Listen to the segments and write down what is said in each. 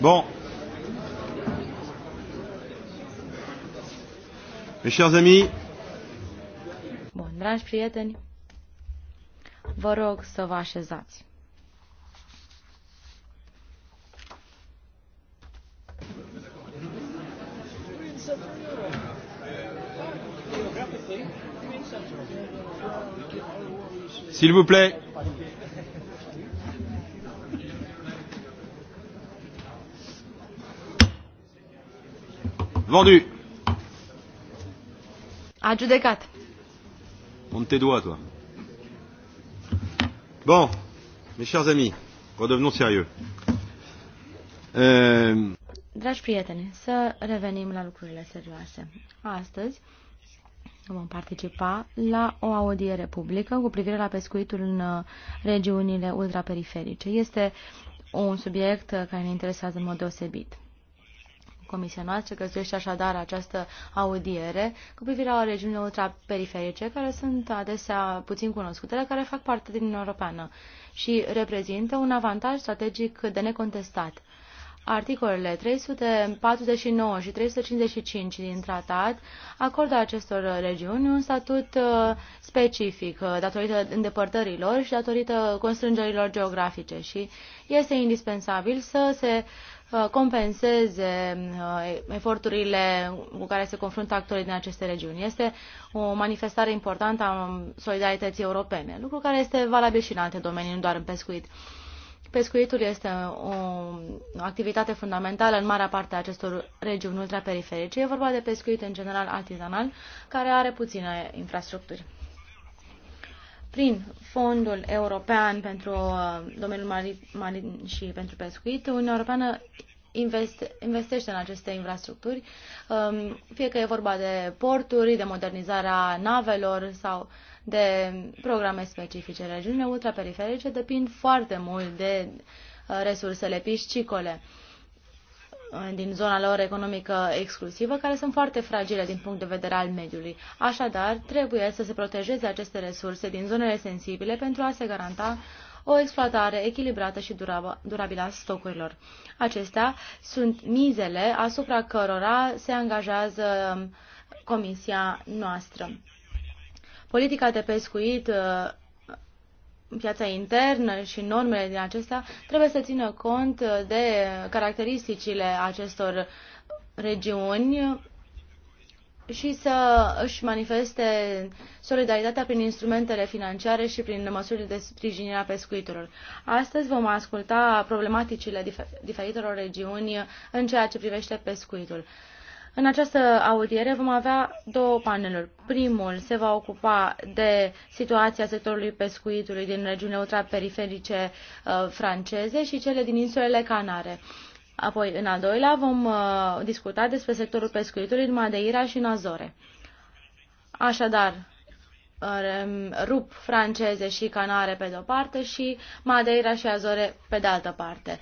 Bon. Mes chers amis. Bun, dragi prieteni, vă rog să vă așezați. S'il vous plaît. Vendu. Adjudecat. On tes doigts, toi. Bon, mes chers amis, redevenons sérieux. Euh... Dragi prieteni, să revenim la lucrurile serioase. Astăzi vom participa la o audiere publică cu privire la pescuitul în regiunile ultraperiferice. Este un subiect care ne interesează în mod deosebit comisia noastră găzduiește așadar această audiere cu privire la regiunile ultraperiferice, care sunt adesea puțin cunoscute, dar care fac parte din Uniunea Europeană și reprezintă un avantaj strategic de necontestat. Articolele 349 și 355 din tratat acordă acestor regiuni un statut uh, specific uh, datorită îndepărtărilor și datorită constrângerilor geografice și este indispensabil să se Uh, compenseze uh, eforturile cu care se confruntă actorii din aceste regiuni. Este o manifestare importantă a solidarității europene, lucru care este valabil și în alte domenii, nu doar în pescuit. Pescuitul este o activitate fundamentală în marea parte a acestor regiuni ultraperiferice. E vorba de pescuit în general artizanal, care are puține infrastructuri prin Fondul European pentru uh, domeniul marin, și pentru pescuit, Uniunea Europeană investește în aceste infrastructuri, um, fie că e vorba de porturi, de modernizarea navelor sau de programe specifice. Regiunile ultraperiferice depind foarte mult de uh, resursele piscicole din zona lor economică exclusivă, care sunt foarte fragile din punct de vedere al mediului. Așadar, trebuie să se protejeze aceste resurse din zonele sensibile pentru a se garanta o exploatare echilibrată și durabilă a stocurilor. Acestea sunt mizele asupra cărora se angajează comisia noastră. Politica de pescuit piața internă și normele din acestea trebuie să țină cont de caracteristicile acestor regiuni și să își manifeste solidaritatea prin instrumentele financiare și prin măsurile de sprijinire a pescuitelor. Astăzi vom asculta problematicile diferitelor regiuni în ceea ce privește pescuitul. În această audiere vom avea două paneluri. Primul se va ocupa de situația sectorului pescuitului din regiunile ultraperiferice uh, franceze și cele din insulele Canare. Apoi, în al doilea, vom uh, discuta despre sectorul pescuitului în Madeira și în Azore. Așadar, rup franceze și canare pe de-o parte și Madeira și Azore pe de altă parte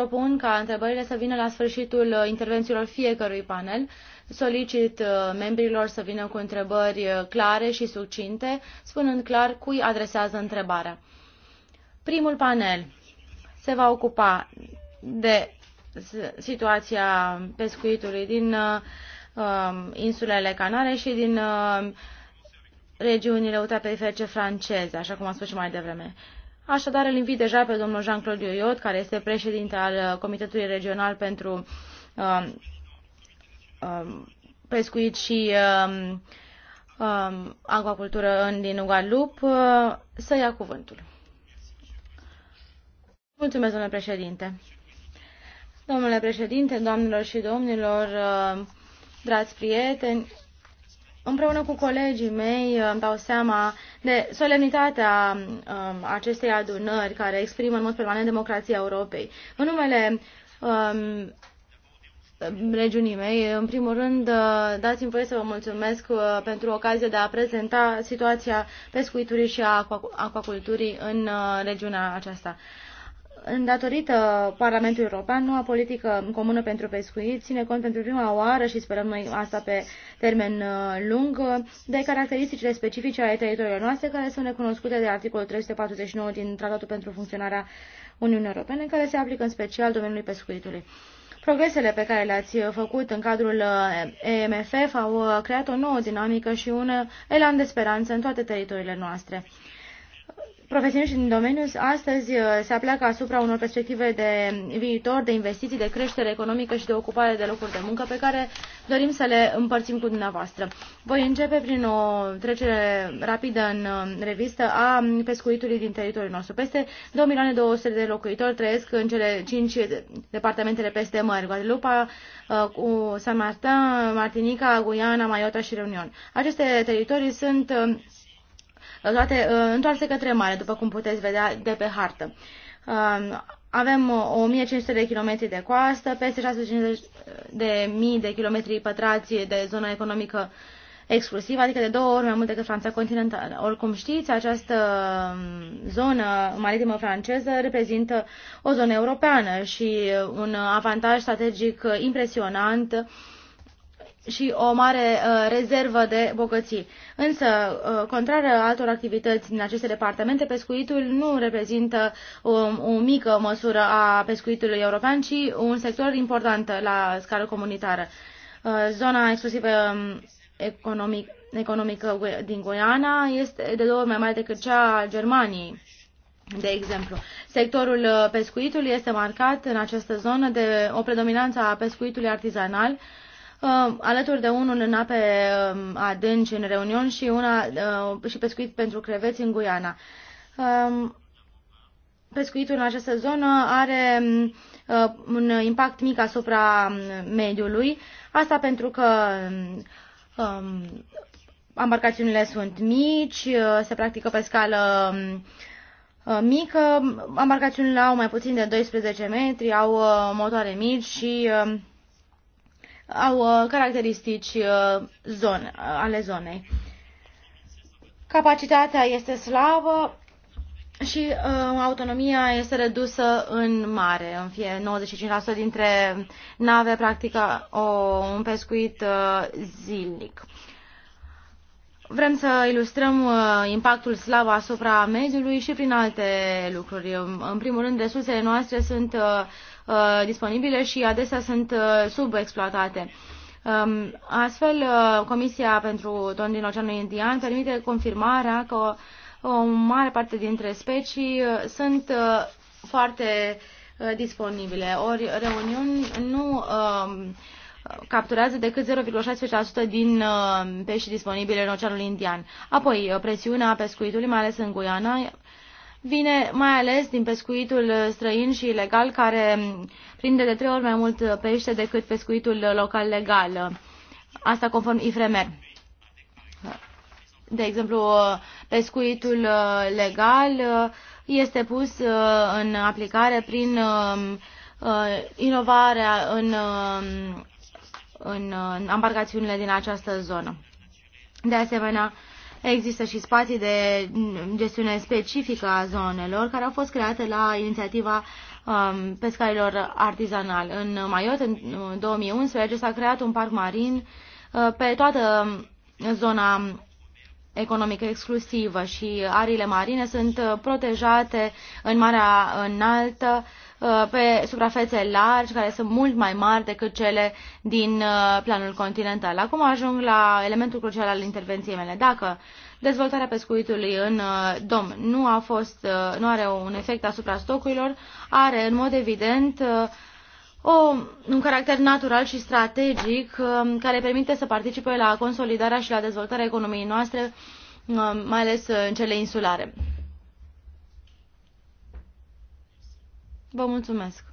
propun ca întrebările să vină la sfârșitul uh, intervențiilor fiecărui panel. Solicit uh, membrilor să vină cu întrebări uh, clare și succinte, spunând clar cui adresează întrebarea. Primul panel se va ocupa de situația pescuitului din uh, um, insulele Canare și din uh, regiunile ultraperiferice franceze, așa cum am spus și mai devreme. Așadar, îl invit deja pe domnul Jean-Claude Ioiot, care este președinte al uh, Comitetului Regional pentru um, um, Pescuit și uh, um, Aquacultură în, din Ugalup, uh, să ia cuvântul. Mulțumesc, domnule președinte. Domnule președinte, doamnelor și domnilor, uh, dragi prieteni, Împreună cu colegii mei îmi dau seama de solemnitatea um, acestei adunări care exprimă în mod permanent democrația Europei. În numele um, regiunii mei. În primul rând, uh, dați-mi voie să vă mulțumesc uh, pentru ocazia de a prezenta situația pescuiturii și a aquaculturii în uh, regiunea aceasta. Datorită Parlamentului European, noua politică comună pentru pescuit ține cont pentru prima oară și sperăm noi asta pe termen uh, lung de caracteristicile specifice ale teritoriilor noastre care sunt recunoscute de articolul 349 din Tratatul pentru funcționarea Uniunii Europene, care se aplică în special domeniului pescuitului. Progresele pe care le-ați uh, făcut în cadrul uh, EMFF au creat o nouă dinamică și un elan de speranță în toate teritoriile noastre profesioniști din domeniu astăzi uh, se apleacă asupra unor perspective de viitor, de investiții, de creștere economică și de ocupare de locuri de muncă pe care dorim să le împărțim cu dumneavoastră. Voi începe prin o trecere rapidă în uh, revistă a pescuitului din teritoriul nostru. Peste 2.200.000 de locuitori trăiesc în cele 5 departamentele peste mări, Guadalupe, uh, cu San Martin, Martinica, Guiana, Maiota și Reunion. Aceste teritorii sunt toate uh, întoarse către mare, după cum puteți vedea de pe hartă. Uh, avem 1500 uh, de kilometri de coastă, peste 650 de mii de kilometri pătrați de zonă economică exclusivă, adică de două ori mai mult decât Franța continentală. Oricum știți, această um, zonă maritimă franceză reprezintă o zonă europeană și un avantaj strategic impresionant uh, și o mare uh, rezervă de bogății. Însă, uh, contrar altor activități din aceste departamente, pescuitul nu reprezintă o, um, o mică măsură a pescuitului european, ci un sector important la scară comunitară. Uh, zona exclusivă um, economic, economică din Goiana este de două ori mai mare decât cea a Germaniei. De exemplu, sectorul uh, pescuitului este marcat în această zonă de o predominanță a pescuitului artizanal, uh, Um, alături de unul în ape um, adânci în Reunion și, una, uh, și pescuit pentru creveți în Guiana. Um, pescuitul în această zonă are uh, un impact mic asupra mediului, asta pentru că embarcațiunile sunt mici, uh, se practică pe scală mică, embarcațiunile au mai puțin de 12 metri, au motoare mici și au uh, caracteristici uh, zone, uh, ale zonei. Capacitatea este slabă și autonomia este redusă în mare. În fie 95% dintre nave practică o, un pescuit zilnic. Vrem să ilustrăm impactul slab asupra mediului și prin alte lucruri. În primul rând, resursele noastre sunt Uh, disponibile și adesea sunt uh, subexploatate. Um, astfel, uh, Comisia pentru Ton din Oceanul Indian permite confirmarea că o, o mare parte dintre specii uh, sunt uh, foarte uh, disponibile. Ori reuniuni nu uh, capturează decât 0,16% din uh, pești disponibile în Oceanul Indian. Apoi, uh, presiunea pescuitului, mai ales în Guiana, vine mai ales din pescuitul străin și ilegal, care prinde de trei ori mai mult pește decât pescuitul local legal. Asta conform IFREMER. De exemplu, pescuitul legal este pus în aplicare prin uh, inovarea în, uh, în embarcațiunile din această zonă. De asemenea, Există și spații de gestiune specifică a zonelor care au fost create la inițiativa um, pescarilor artizanali. În Maiot, în 2011, uh, s-a creat un parc marin uh, pe toată um, zona economică exclusivă și ariile marine sunt uh, protejate în Marea Înaltă Uh, pe suprafețe largi, care sunt mult mai mari decât cele din uh, planul continental. Acum ajung la elementul crucial al intervenției mele. Dacă dezvoltarea pescuitului în uh, dom nu, a fost, nu are un efect asupra stocurilor, are în mod evident o, un caracter natural și strategic care permite să participe la consolidarea și la dezvoltarea economiei noastre, mai ales în cele insulare. Vă mulțumesc.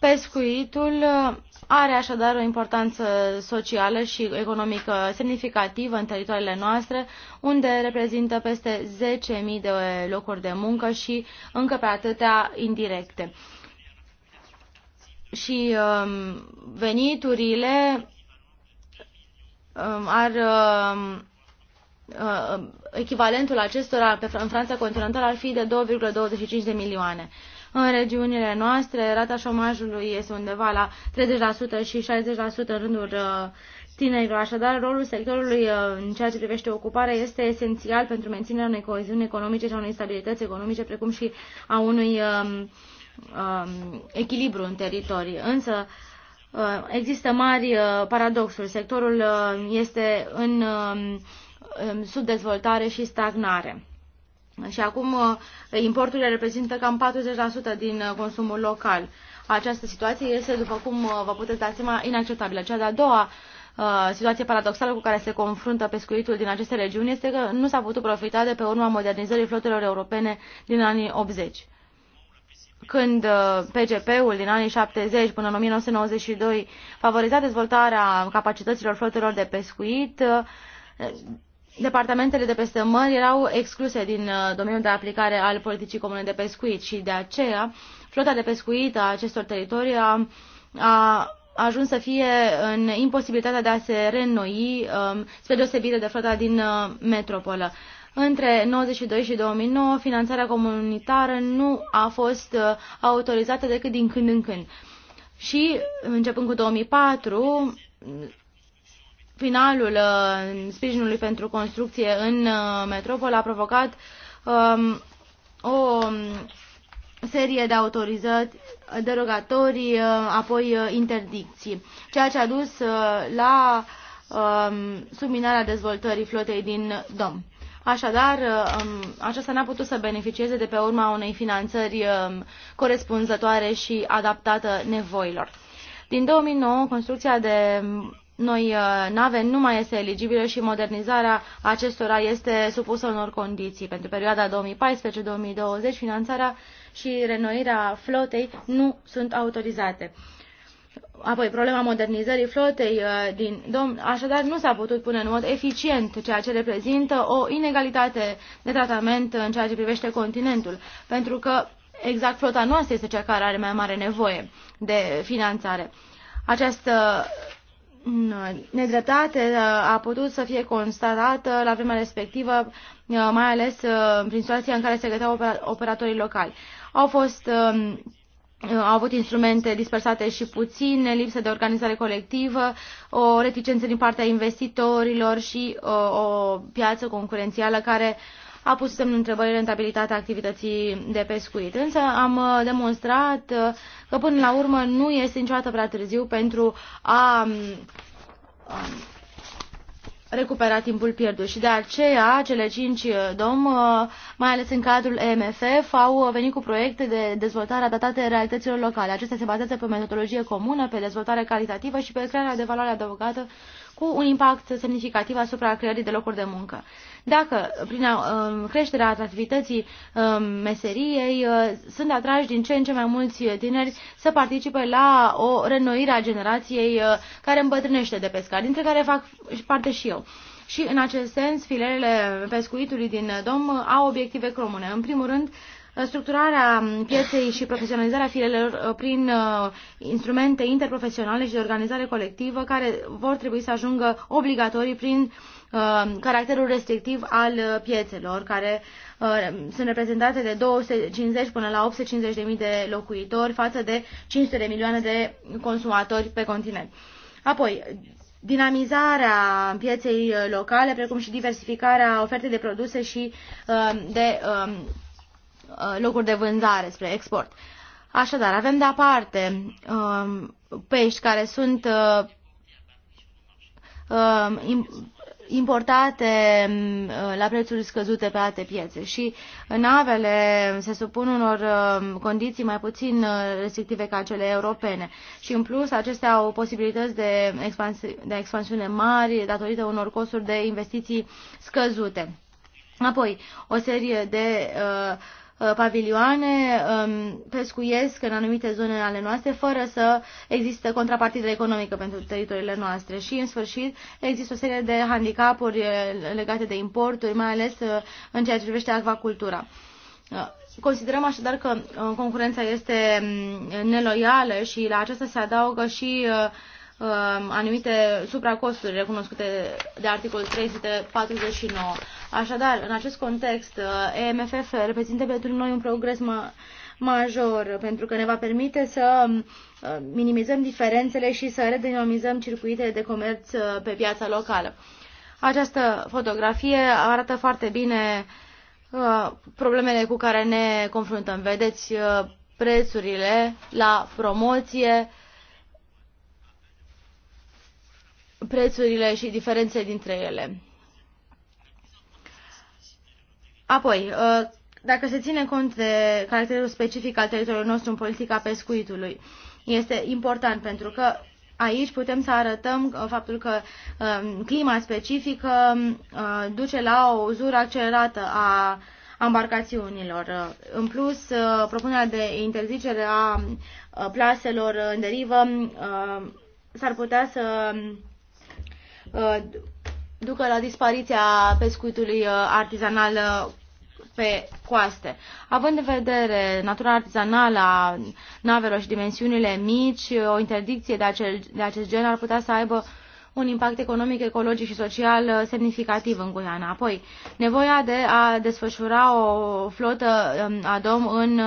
Pescuitul uh, are așadar o importanță socială și economică semnificativă în teritoriile noastre, unde reprezintă peste 10.000 de locuri de muncă și încă pe atâtea indirecte. Și um, veniturile um, ar um, Uh, echivalentul acestora pe, în Franța continentală ar fi de 2,25 de milioane. În regiunile noastre, rata șomajului este undeva la 30% și 60% în rândul uh, tinerilor. Așadar, rolul sectorului uh, în ceea ce privește ocuparea este esențial pentru menținerea unei coeziuni economice și a unei stabilități economice, precum și a unui um, um, echilibru în teritorii. Însă, există mari paradoxuri. Sectorul este în um, Um, subdezvoltare și stagnare. Și acum uh, importurile reprezintă cam 40% din uh, consumul local. Această situație este, după cum uh, vă puteți da seama, inacceptabilă. Cea de-a doua situație paradoxală cu care se confruntă pescuitul din aceste regiuni este că nu s-a putut profita de pe urma modernizării flotelor europene din anii 80. Când PGP-ul din anii 70 până în 1992 favoriza dezvoltarea capacităților flotelor de pescuit, departamentele de peste mări erau excluse din uh, domeniul de aplicare al politicii comune de pescuit și de aceea flota de pescuit a acestor teritorii a, a ajuns să fie în imposibilitatea de a se reînnoi, um, spre deosebire de flota din uh, metropolă. Între 92 și 2009, finanțarea comunitară nu a fost uh, autorizată decât din când în când. Și, începând cu 2004, finalul uh, sprijinului pentru construcție în uh, metropol a provocat um, o um, serie de autorizări derogatorii, uh, apoi interdicții, ceea ce a dus la uh, subminarea dezvoltării flotei din Dom. Așadar, acesta um, aceasta n-a putut să beneficieze de pe urma unei finanțări corespunzătoare și adaptată nevoilor. Din 2009, construcția de noi uh, nave nu mai este eligibilă și modernizarea acestora este supusă unor condiții. Pentru perioada 2014-2020 finanțarea și renoirea flotei nu sunt autorizate. Apoi, problema modernizării flotei uh, din domn, așadar nu s-a putut pune în mod eficient, ceea ce reprezintă o inegalitate de tratament în ceea ce privește continentul, pentru că exact flota noastră este cea care are mai mare nevoie de finanțare. Această Mm, nedreptate uh, a putut să fie constatată la vremea respectivă, uh, mai ales uh, prin situația în care se găteau operatorii locali. Au fost um, au avut instrumente dispersate și puține, lipsă de organizare colectivă, o reticență din partea investitorilor și o, o piață concurențială care uh, a pus semnul întrebării rentabilitatea activității de pescuit. Însă am uh, demonstrat uh, că până la urmă nu este niciodată prea târziu pentru a um, recupera timpul pierdut și de aceea cele cinci uh, dom, mai ales în cadrul EMFF, au venit cu proiecte de dezvoltare adaptate realităților locale. Acestea se bazează pe metodologie comună, pe dezvoltare calitativă și pe crearea de valoare adăugată cu un impact semnificativ asupra creării de locuri de muncă. Dacă prin uh, creșterea atractivității um, meseriei uh, sunt atrași din ce în ce mai mulți tineri să participe la o renoire a generației uh, care îmbătrânește de pescar, dintre care fac parte și eu. Și în acest sens, filerele pescuitului din DOM au obiective comune. În primul rând, structurarea pieței și profesionalizarea filelor prin instrumente interprofesionale și de organizare colectivă care vor trebui să ajungă obligatorii prin uh, Uh, caracterul restrictiv al uh, piețelor, care uh, sunt reprezentate de 250 până la 850 de mii de locuitori față de 500 de milioane de consumatori pe continent. Apoi, dinamizarea pieței locale, precum și diversificarea ofertei de produse și de um, locuri de vânzare spre export. Așadar, avem de aparte um, pești care sunt um, importate mm, la prețuri scăzute pe alte piețe și navele se supun unor mm, condiții mai puțin mm, restrictive ca cele europene și în plus acestea au posibilități de, expansi- de expansiune mari datorită unor costuri de investiții scăzute. Apoi, o serie de uh, Uh, pavilioane um, pescuiesc în anumite zone ale noastre fără să există contrapartidă economică pentru teritoriile noastre și în sfârșit există o serie de handicapuri uh, legate de importuri, mai ales uh, în ceea ce privește acvacultura. Considerăm așadar că concurența este mm, neloială și la aceasta se adaugă și uh, Um, anumite supracosturi recunoscute de articolul 349. Așadar, în acest context, uh, EMFF reprezintă pentru noi un progres ma major, pentru că ne va permite să um, minimizăm diferențele și să redenomizăm circuitele de comerț uh, pe piața locală. Această fotografie arată foarte bine uh, problemele cu care ne confruntăm. Vedeți prețurile la promoție, prețurile și diferențe dintre ele. Apoi, uh, dacă se ține cont de caracterul specific al teritoriului nostru în politica pescuitului, este important pentru că aici putem să arătăm uh, faptul că um, clima specifică um, uh, duce la o uzură accelerată a embarcațiunilor. În plus, propunerea de interzicere a plaselor în derivă s-ar putea să um, Uh, ducă la dispariția pescuitului uh, artizanal uh, pe coaste. Având în vedere natura artizanală a navelor și dimensiunile mici, o interdicție de, acel, de acest gen ar putea să aibă un impact economic, ecologic și social semnificativ în Guiana. Apoi, nevoia de a desfășura o flotă um, a dom în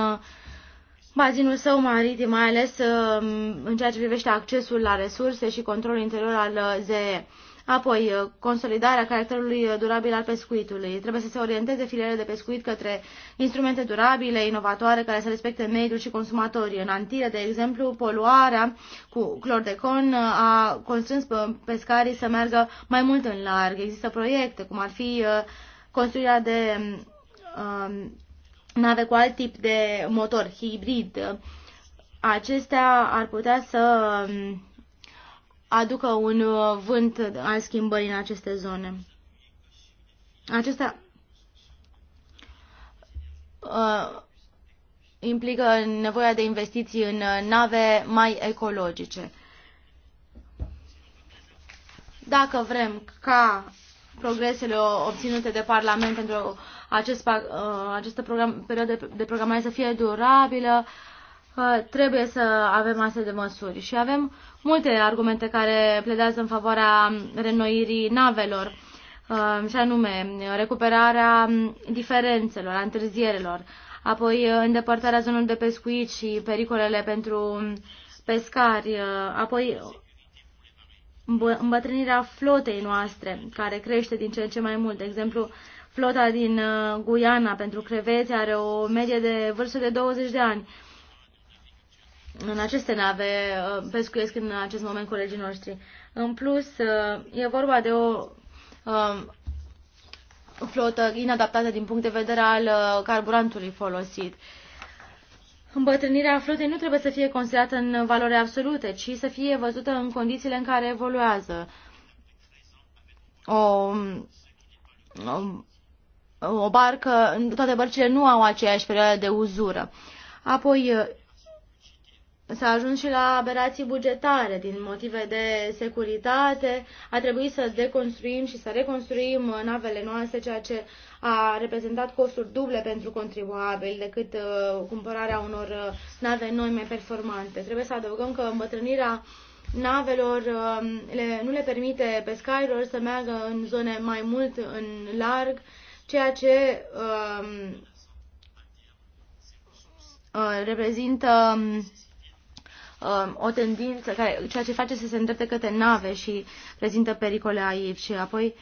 bazinul său maritim, mai ales um, în ceea ce privește accesul la resurse și controlul interior al ZE. Apoi, uh, consolidarea caracterului uh, durabil al pescuitului. Trebuie să se orienteze filele de pescuit către instrumente durabile, inovatoare, care să respecte mediul și consumatorii. În Antile, de exemplu, poluarea cu clordecon uh, a constrâns pescarii să meargă mai mult în larg. Există proiecte, cum ar fi construirea de um, nave cu alt tip de motor hibrid. Acestea ar putea să um, aducă un uh, vânt al schimbării în aceste zone. Acesta uh, implică nevoia de investiții în uh, nave mai ecologice. Dacă vrem ca progresele obținute de Parlament pentru acest, uh, această program, perioadă de programare să fie durabilă, uh, trebuie să avem astfel de măsuri. Și avem multe argumente care pledează în favoarea renoirii navelor, uh, și anume recuperarea diferențelor, a întârzierelor, apoi uh, îndepărtarea zonelor de pescuit și pericolele pentru pescari, uh, apoi îmbătrânirea flotei noastre, care crește din ce în ce mai mult. De exemplu, flota din Guiana pentru creveți are o medie de vârstă de 20 de ani în aceste nave uh, pescuiesc în acest moment colegii noștri. În plus, uh, e vorba de um, o flotă inadaptată din punct de vedere al uh, carburantului folosit. Îmbătrânirea flotei nu trebuie să fie considerată în valori absolute, ci să fie văzută în condițiile în care evoluează. O, o, um, o barcă, toate bărcile nu au aceeași perioadă de uzură. Apoi, S-a ajuns și la aberații bugetare din motive de securitate. A trebuit să deconstruim și să reconstruim navele noastre, ceea ce a reprezentat costuri duble pentru contribuabili decât uh, cumpărarea unor uh, nave noi mai performante. Trebuie să adăugăm că îmbătrânirea navelor uh, le, nu le permite pescarilor să meargă în zone mai mult în larg, ceea ce um, uh, reprezintă um, Um, o tendință, care, ceea ce face să se îndrepte către nave și prezintă pericole aici. Și apoi,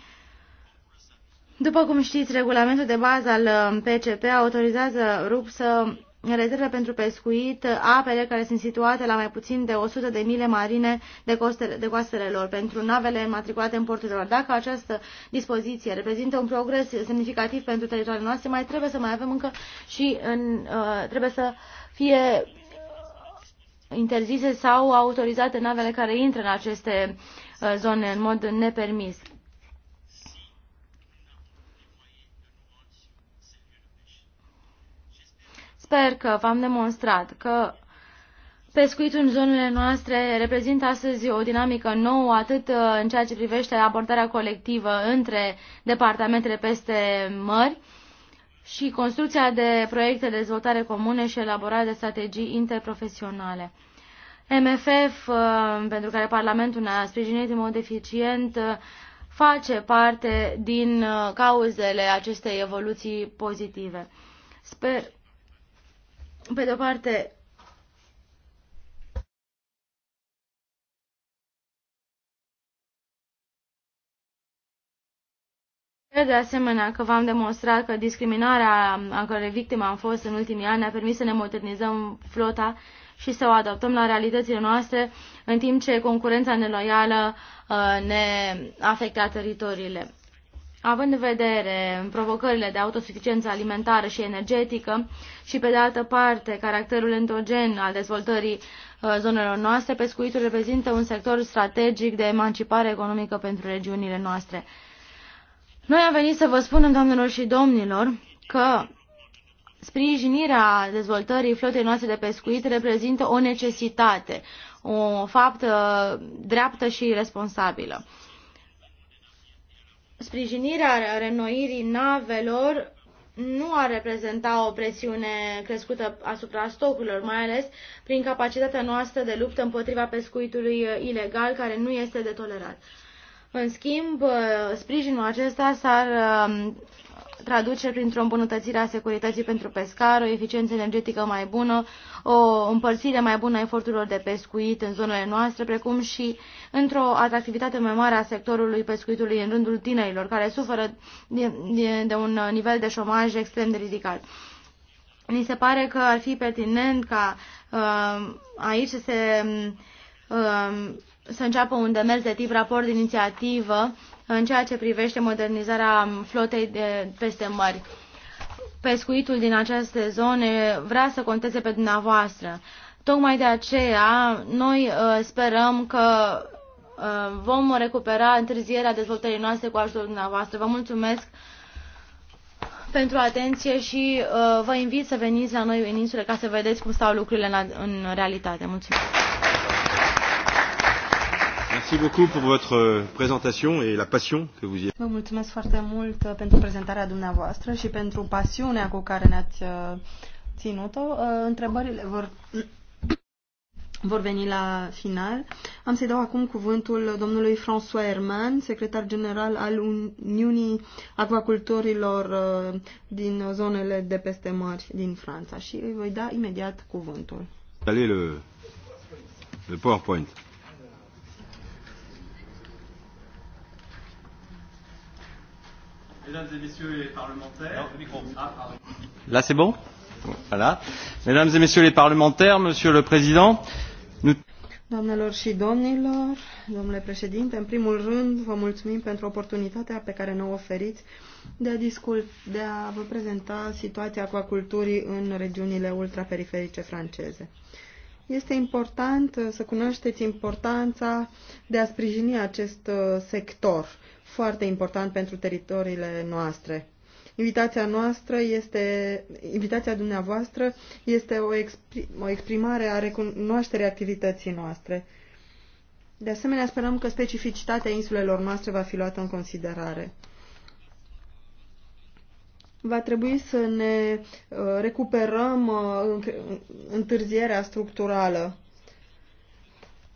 după cum știți, regulamentul de bază al PCP um, autorizează RUP să rezerve pentru pescuit apele care sunt situate la mai puțin de 100 de mile marine de, costele, de coastele lor pentru navele matriculate în porturile lor. Dacă această dispoziție reprezintă un progres semnificativ pentru teritoriile noastre, mai trebuie să mai avem încă și în, uh, trebuie să fie interzise sau autorizate navele care intră în aceste uh, zone în mod nepermis. Sper că v-am demonstrat că pescuitul în zonele noastre reprezintă astăzi o dinamică nouă atât uh, în ceea ce privește abordarea colectivă între departamentele peste mări, și construcția de proiecte de dezvoltare comune și elaborarea de strategii interprofesionale. MFF, uh, pentru care Parlamentul ne-a sprijinit în mod eficient, uh, face parte din uh, cauzele acestei evoluții pozitive. Sper, pe de o parte, Cred de asemenea că v-am demonstrat că discriminarea a care victime am fost în ultimii ani ne-a permis să ne modernizăm flota și să o adaptăm la realitățile noastre, în timp ce concurența neloială uh, ne afecta teritoriile. Având în vedere provocările de autosuficiență alimentară și energetică și, pe de altă parte, caracterul endogen al dezvoltării uh, zonelor noastre, pescuitul reprezintă un sector strategic de emancipare economică pentru regiunile noastre. Noi am venit să vă spunem, doamnelor și domnilor, că sprijinirea dezvoltării flotei noastre de pescuit reprezintă o necesitate, o faptă dreaptă și responsabilă. Sprijinirea renoirii navelor nu ar reprezenta o presiune crescută asupra stocurilor, mai ales prin capacitatea noastră de luptă împotriva pescuitului ilegal, care nu este de tolerat. În schimb, uh, sprijinul acesta s-ar um, traduce printr-o îmbunătățire a securității pentru pescar, o eficiență energetică mai bună, o împărțire mai bună a eforturilor de pescuit în zonele noastre, precum și într-o atractivitate mai mare a sectorului pescuitului în rândul tinerilor, care suferă de un nivel de șomaj extrem de ridicat. Mi se pare că ar fi pertinent ca um, aici să se um, să înceapă un demers de tip raport de inițiativă în ceea ce privește modernizarea flotei de peste mări. Pescuitul din aceste zone vrea să conteze pe dumneavoastră. Tocmai de aceea, noi uh, sperăm că uh, vom recupera întârzierea dezvoltării noastre cu ajutorul dumneavoastră. Vă mulțumesc pentru atenție și uh, vă invit să veniți la noi în insule ca să vedeți cum stau lucrurile în realitate. Mulțumesc! Merci beaucoup pour votre euh, présentation et la passion que vous y avez. Vă mulțumesc foarte mult uh, pentru prezentarea dumneavoastră și pentru pasiunea cu care ne-ați uh, ținut-o. Uh, întrebările vor, vor veni la final. Am să-i dau acum cuvântul domnului François Herman, secretar general al Uniunii aquaculturilor din zonele de peste mări din Franța și îi voi da imediat cuvântul. Allez le, le PowerPoint. Mesdames et messieurs les parlementaires. Ah, Là, c'est bon Voilà. Mesdames et messieurs les parlementaires, monsieur le président. Nous... Doamnelor și domnilor, domnule președinte, în primul rând vă mulțumim pentru oportunitatea pe care ne-o oferiți de a, discul- de a vă prezenta situația aquaculturii în regiunile ultraperiferice franceze. Este important să cunoașteți importanța de a sprijini acest uh, sector foarte important pentru teritoriile noastre. Invitația noastră este, invitația dumneavoastră este o, exprim, o exprimare a recunoașterii activității noastre. De asemenea, sperăm că specificitatea insulelor noastre va fi luată în considerare. Va trebui să ne uh, recuperăm uh, întârzierea structurală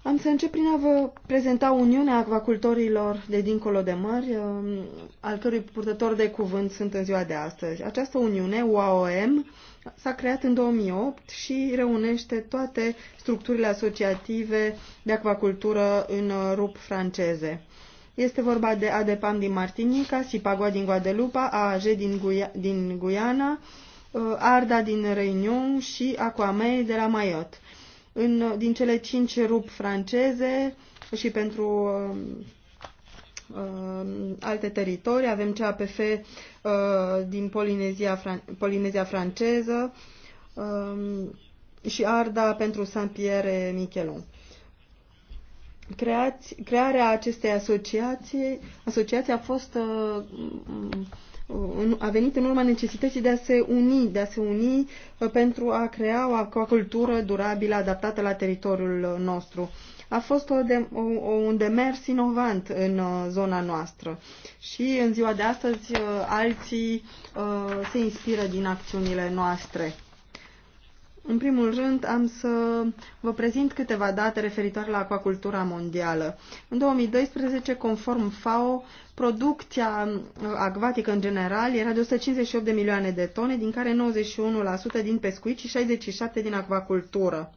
am să încep prin a vă prezenta Uniunea Acvacultorilor de dincolo de mări, um, al cărui purtător de cuvânt sunt în ziua de astăzi. Această Uniune, UAOM, s-a creat în 2008 și reunește toate structurile asociative de acvacultură în rup franceze. Este vorba de ADEPAM din Martinica, Sipagua din Guadelupa, AAJ din, Guia- din Guiana, uh, Arda din Reunion și Aquamei de la Mayotte în, din cele cinci rup franceze și pentru um, um, alte teritorii. Avem CAPF uh, din Polinezia, Fran- Polinezia franceză um, și Arda pentru Saint-Pierre Michelon. Creați, crearea acestei asociații, asociații a fost uh, a venit în urma necesității de a se uni, de a se uni uh, pentru a crea o acvacultură durabilă adaptată la teritoriul uh, nostru. A fost o de, o, un demers inovant în uh, zona noastră și în ziua de astăzi alții se inspiră din acțiunile noastre. În primul rând, am să vă prezint câteva date referitoare la acuacultura mondială. În 2012, conform FAO, producția uh, acvatică în general era de 158 de milioane de tone, din care 91% din pescuit și 67% din acvacultură.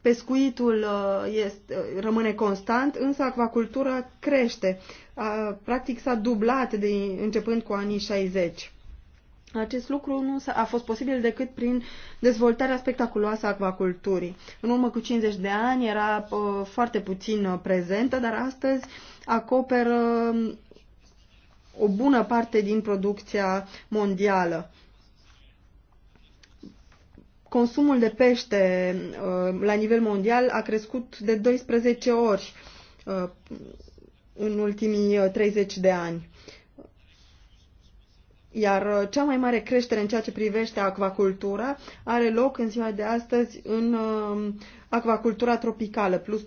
Pescuitul uh, este, uh, rămâne constant, însă acvacultura crește. Practic s-a dublat de, începând cu anii 60 acest lucru nu a fost posibil decât prin dezvoltarea spectaculoasă a acvaculturii. În urmă cu 50 de ani era uh, foarte puțin uh, prezentă, dar astăzi acoperă um, o bună parte din producția mondială. Consumul de pește uh, la nivel mondial a crescut de 12 ori uh, în ultimii 30 uh, de ani iar uh, cea mai mare creștere în ceea ce privește acvacultura are loc în ziua de astăzi în uh, acvacultura tropicală, plus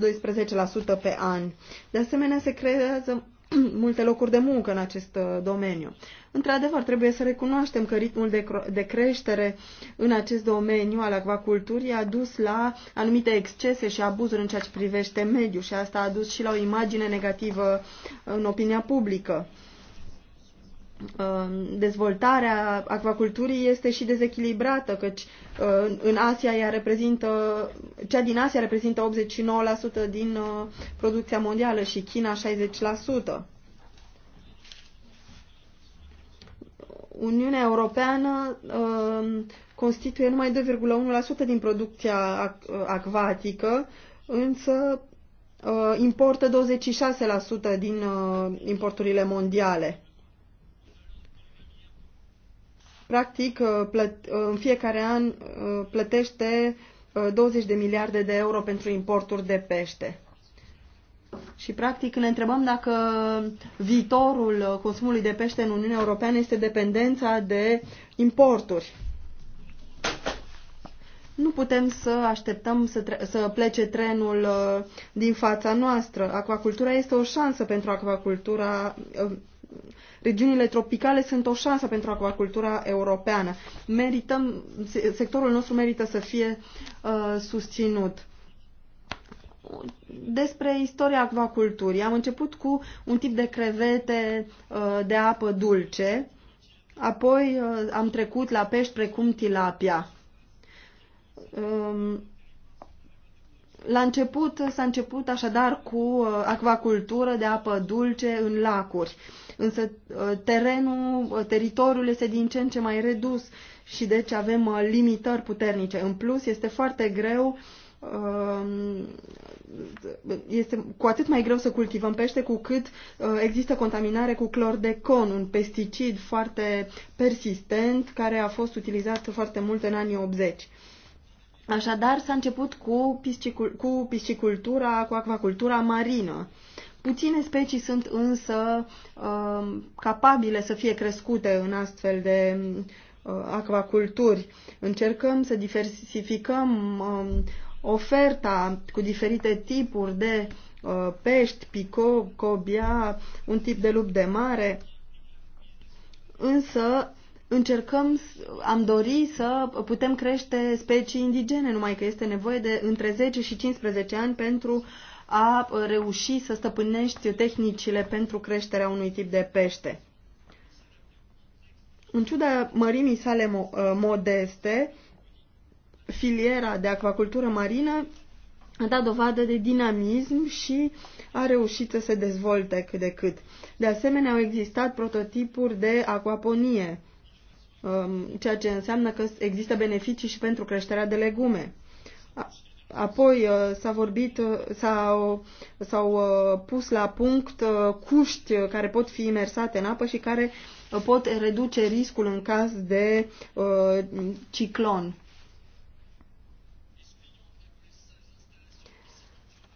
12% pe an. De asemenea, se creează multe locuri de muncă în acest uh, domeniu. Într-adevăr, trebuie să recunoaștem că ritmul de, de creștere în acest domeniu al acvaculturii a dus la anumite excese și abuzuri în ceea ce privește mediul și asta a dus și la o imagine negativă în opinia publică. Uh, dezvoltarea acvaculturii este și dezechilibrată, căci uh, în Asia ea reprezintă, cea din Asia reprezintă 89% din uh, producția mondială și China 60%. Uniunea Europeană constituie numai 2,1% din producția acvatică, însă importă 26% din importurile mondiale practic uh, plăt, uh, în fiecare an uh, plătește 20 de miliarde de euro pentru importuri de pește. Și practic ne întrebăm dacă viitorul consumului de pește în Uniunea Europeană este dependența de importuri. Nu putem să așteptăm să, să plece trenul uh, din fața noastră. Acvacultura este o șansă pentru acvacultura uh, Regiunile tropicale sunt o șansă pentru acvacultura europeană. Merităm, sectorul nostru merită să fie uh, susținut despre istoria acvaculturii. Am început cu un tip de crevete uh, de apă dulce, apoi uh, am trecut la pești precum tilapia. Um, la început s-a început așadar cu uh, acvacultură de apă dulce în lacuri, însă uh, terenul, uh, teritoriul este din ce în ce mai redus și deci avem limitări puternice. În plus, este foarte greu um, este cu atât mai greu să cultivăm pește cu cât există contaminare cu clordecon, un pesticid foarte persistent care a fost utilizat foarte mult în anii 80 Așadar, s-a început cu, piscicul, cu piscicultura, cu acvacultura marină. Puține specii sunt însă uh, capabile să fie crescute în astfel de uh, acvaculturi. Încercăm să diversificăm uh, oferta cu diferite tipuri de uh, pești, pico, cobia, un tip de lup de mare, însă încercăm, am dori să putem crește specii indigene, numai că este nevoie de între 10 și 15 ani pentru a reuși să stăpânești tehnicile pentru creșterea unui tip de pește. În ciuda mărimii sale ă, modeste, filiera de acvacultură marină a dat dovadă de dinamism și a reușit să se dezvolte cât de cât. De asemenea, au existat prototipuri de aquaponie Um, ceea ce înseamnă că există beneficii și pentru creșterea de legume. Apoi uh, s-a vorbit, uh, s-au, s-au uh, pus la punct cuști care pot fi imersate în apă și care pot reduce riscul în caz de ciclon.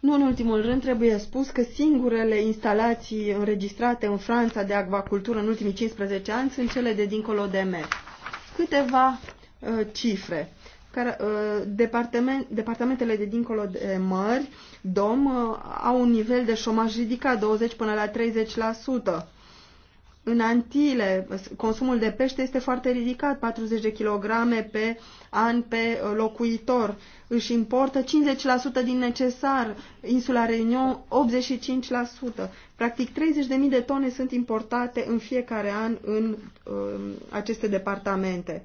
Nu în ultimul rând, trebuie spus că singurele instalații înregistrate în Franța de acvacultură în ultimii 15 ani sunt cele de dincolo de mer. Câteva uh, cifre. Care, uh, departament, departamentele de dincolo de mări, DOM, uh, au un nivel de șomaj ridicat, 20 până la 30%. În Antile, consumul de pește este foarte ridicat, 40 de kilograme pe an pe uh, locuitor. Își importă 50% din necesar, insula Reunion 85%. Practic 30.000 de tone sunt importate în fiecare an în um, aceste departamente.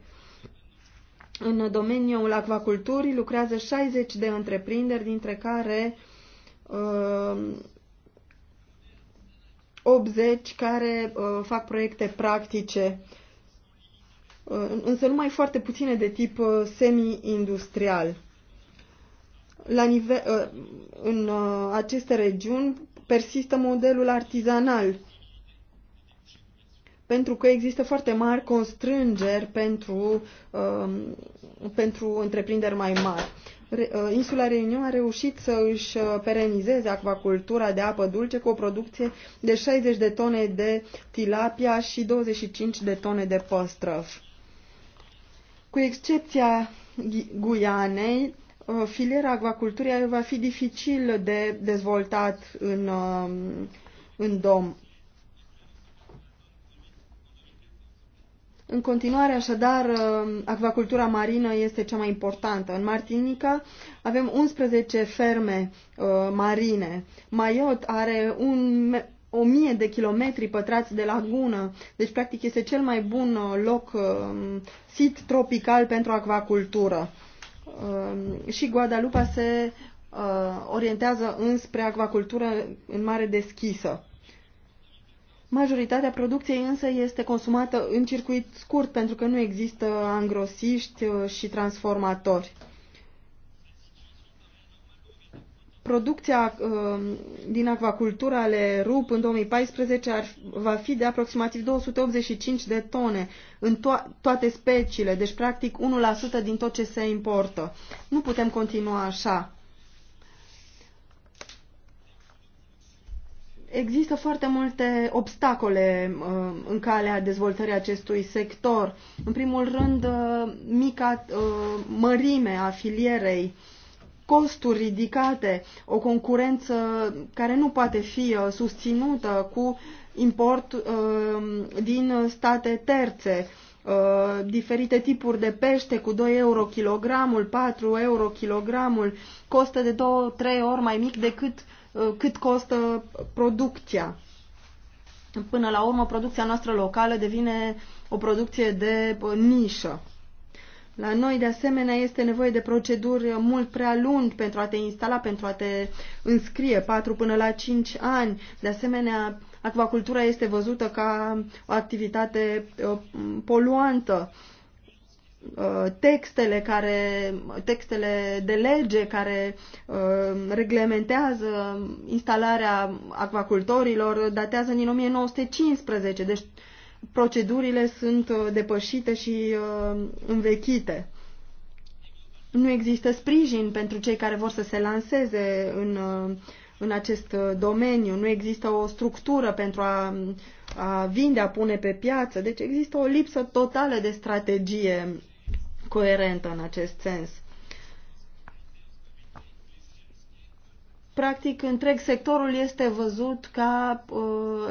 În domeniul acvaculturii lucrează 60 de întreprinderi, dintre care Um, 80 care uh, fac proiecte practice, uh, însă numai foarte puține de tip uh, semi-industrial. La nivel, uh, în uh, aceste regiuni persistă modelul artizanal, pentru că există foarte mari constrângeri pentru, uh, pentru întreprinderi mai mari. Uh, insula Reunion a reușit să își uh, perenizeze acvacultura de apă dulce cu o producție de 60 de tone de tilapia și 25 de tone de păstrăv. Cu excepția Guianei, uh, filiera acvaculturii va fi dificil de dezvoltat în, în dom. În continuare, așadar, uh, acvacultura marină este cea mai importantă. În Martinica avem 11 ferme uh, marine. Maiot are un, 1000 de kilometri pătrați de lagună, deci practic este cel mai bun uh, loc, uh, sit tropical pentru acvacultură. și Guadalupe se orientează înspre acvacultură în mare deschisă. Majoritatea producției însă este consumată în circuit scurt pentru că nu există angrosiști uh, și transformatori. Producția uh, din acvacultură ale RUP în 2014 ar, va fi de aproximativ 285 de tone în to- toate speciile, deci practic 1% din tot ce se importă. Nu putem continua așa Există foarte multe obstacole uh, în calea dezvoltării acestui sector. În primul rând, uh, mica uh, mărime a filierei, costuri ridicate, o concurență care nu poate fi susținută cu import din state terțe, diferite tipuri de pește cu 2 euro kilogramul, 4 euro kilogramul, costă de 2-3 ori mai mic decât Uh, cât costă producția. Până la urmă, producția noastră locală devine o producție de uh, nișă. La noi, de asemenea, este nevoie de proceduri mult prea lungi pentru a te instala, pentru a te înscrie, 4 până la 5 ani. De asemenea, acvacultura este văzută ca o activitate uh, poluantă Uh, textele care textele de lege care uh, reglementează instalarea acvacultorilor datează din 1915, deci procedurile sunt uh, depășite și învechite. Nu există sprijin pentru cei care vor să se lanseze în, în acest domeniu, nu există o structură pentru a, a vinde, a pune pe piață, deci există o lipsă totală de strategie coerentă în acest sens. Practic, întreg sectorul este văzut ca uh,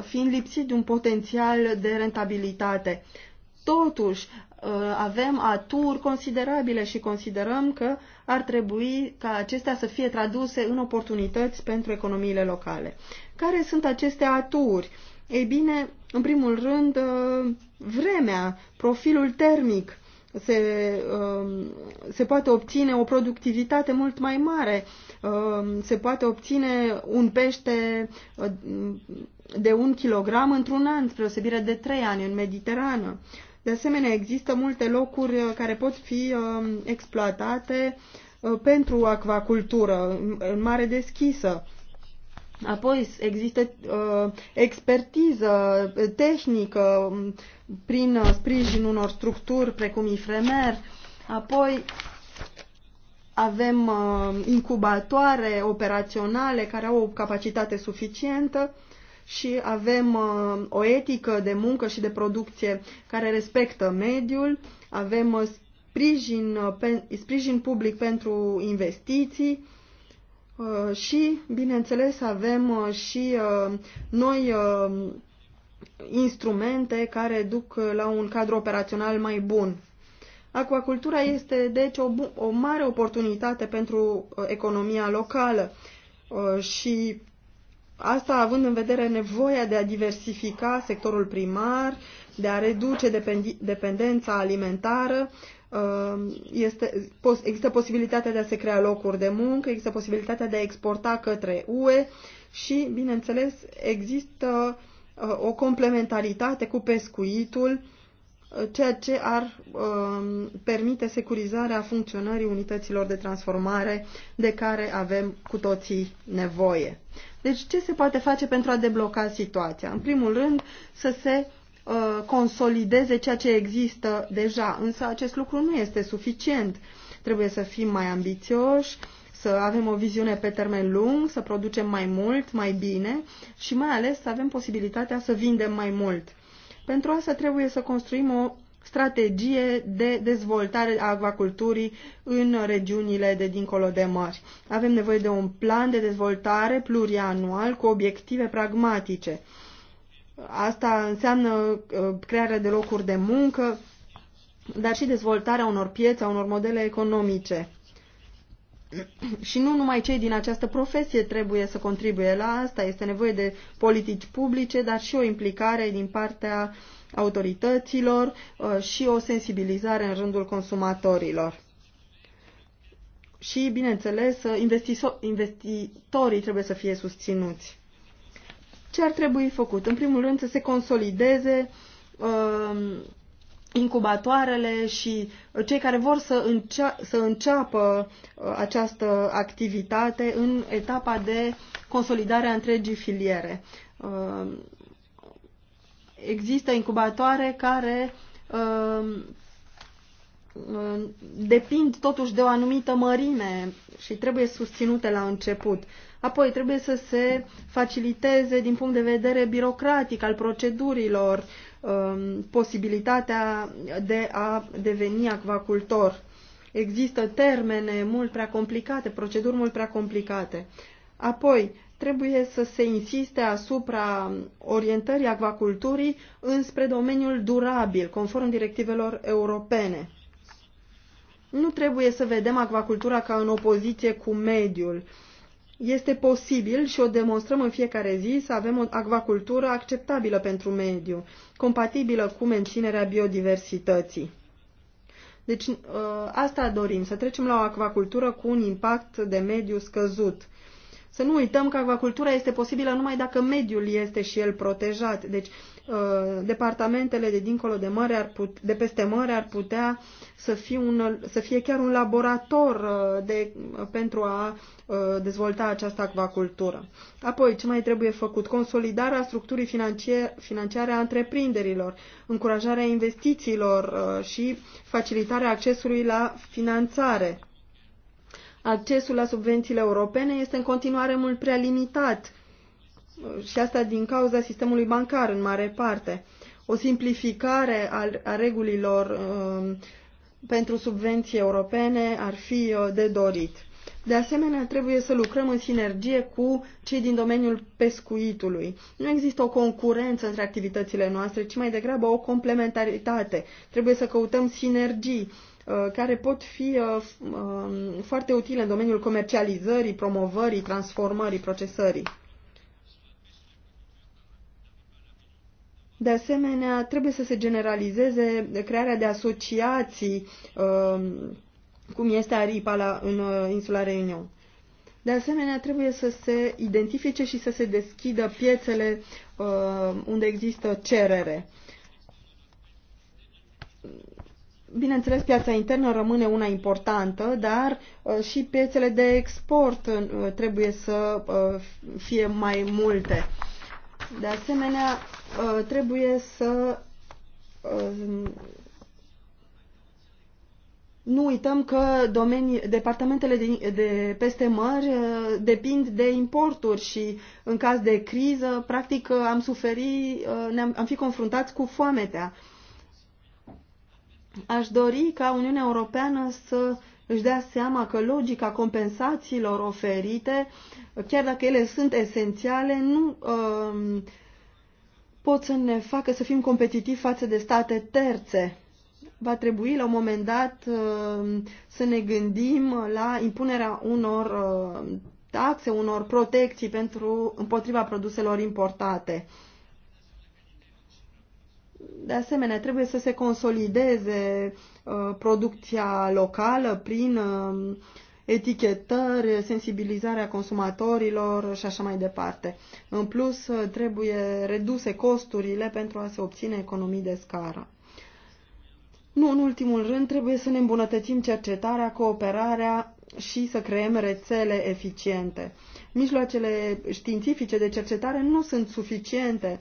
fiind lipsit de un potențial de rentabilitate. Totuși, uh, avem aturi considerabile și considerăm că ar trebui ca acestea să fie traduse în oportunități pentru economiile locale. Care sunt aceste aturi? Ei bine, în primul rând, uh, vremea, profilul termic se, um, se poate obține o productivitate mult mai mare, um, se poate obține un pește uh, de un kilogram într-un an, spre osebire de trei ani în Mediterană. De asemenea, există multe locuri uh, care pot fi um, exploatate uh, pentru acvacultură în mare deschisă. Apoi există uh, expertiză tehnică um, prin sprijin unor structuri precum IFREMER. Apoi avem uh, incubatoare operaționale care au o capacitate suficientă și avem uh, o etică de muncă și de producție care respectă mediul, avem uh, sprijin, uh, pe, sprijin public pentru investiții, Uh, și, bineînțeles, avem uh, și uh, noi instrumente care duc la un cadru operațional mai bun. Aquacultura este, deci, o, o mare oportunitate pentru economia locală și asta având în vedere nevoia de a diversifica sectorul primar, de a reduce dependența alimentară Um, este, există posibilitatea de a se crea locuri de muncă, există posibilitatea de a exporta către UE și, bineînțeles, există uh, o complementaritate cu pescuitul, uh, ceea ce ar um, permite securizarea funcționării unităților de transformare de care avem cu toții nevoie. Deci, ce se poate face pentru a debloca situația? În primul rând, să se Uh, consolideze ceea ce există deja. Însă acest lucru nu este suficient. Trebuie să fim mai ambițioși, să avem o viziune pe termen lung, să producem mai mult, mai bine și mai ales să avem posibilitatea să vindem mai mult. Pentru asta trebuie să construim o strategie de dezvoltare a acvaculturii în regiunile de dincolo de mări. Avem nevoie de un plan de dezvoltare plurianual cu obiective pragmatice. Asta înseamnă uh, crearea de locuri de muncă, dar și dezvoltarea unor piețe, a unor modele economice. Și nu numai cei din această profesie trebuie să contribuie la asta, este nevoie de politici publice, dar și o implicare din partea autorităților uh, și o sensibilizare în rândul consumatorilor. Și, bineînțeles, uh, investitorii trebuie să fie susținuți ce ar trebui făcut? În primul rând să se consolideze uh, incubatoarele și uh, cei care vor să, încea- să înceapă uh, această activitate în etapa de consolidare a întregii filiere. Uh, există incubatoare care um, uh, depind totuși de o anumită mărime și trebuie susținute la început. Apoi trebuie să se faciliteze din punct de vedere birocratic al procedurilor um, posibilitatea de a deveni acvacultor. Există termene mult prea complicate, proceduri mult prea complicate. Apoi, trebuie să se insiste asupra orientării acvaculturii înspre domeniul durabil, conform directivelor europene. Nu trebuie să vedem acvacultura ca în opoziție cu mediul este posibil și o demonstrăm în fiecare zi să avem o acvacultură acceptabilă pentru mediu, compatibilă cu menținerea biodiversității. Deci uh, asta dorim, să trecem la o acvacultură cu un impact de mediu scăzut. Să nu uităm că acvacultura este posibilă numai dacă mediul este și el protejat. Deci Uh, departamentele de dincolo de mare, ar put, de peste mare ar putea să fie, un, să fie chiar un laborator uh, de, pentru a uh, dezvolta această acvacultură. Apoi, ce mai trebuie făcut? Consolidarea structurii financiare, financiare a întreprinderilor, încurajarea investițiilor și facilitarea accesului la finanțare. Accesul la subvențiile europene este în continuare mult prea limitat și asta din cauza sistemului bancar în mare parte. O simplificare a regulilor um, pentru subvenții europene ar fi uh, de dorit. De asemenea, trebuie să lucrăm în sinergie cu cei din domeniul pescuitului. Nu există o concurență între activitățile noastre, ci mai degrabă o complementaritate. Trebuie să căutăm sinergii uh, care pot fi uh, um, foarte utile în domeniul comercializării, promovării, transformării, procesării. De asemenea, trebuie să se generalizeze crearea de asociații, um, cum este ARIPA la, în uh, insula Reunion. De asemenea, trebuie să se identifice și să se deschidă piețele uh, unde există cerere. Bineînțeles, piața internă rămâne una importantă, dar uh, și piețele de export trebuie să fie mai multe de asemenea, uh, trebuie să uh, nu uităm că domenii, departamentele de, de peste mări uh, depind de importuri și în caz de criză, practic, am suferit, ne-am am fi confruntați cu foametea. Aș dori ca Uniunea Europeană să uh, își dea seama că logica compensațiilor oferite, chiar dacă ele sunt esențiale, nu uh, pot să ne facă să fim competitivi față de state terțe. Va trebui la un moment dat uh, să ne gândim la impunerea unor uh, taxe, unor protecții pentru, împotriva produselor importate. De asemenea, trebuie să se consolideze uh, Uh, producția locală prin um, etichetări, sensibilizarea consumatorilor și așa mai departe. În plus, uh, trebuie reduse costurile pentru a se obține economii de scară. Nu în ultimul rând, trebuie să ne îmbunătățim cercetarea, cooperarea și să creăm rețele eficiente. Mijloacele științifice de cercetare nu sunt suficiente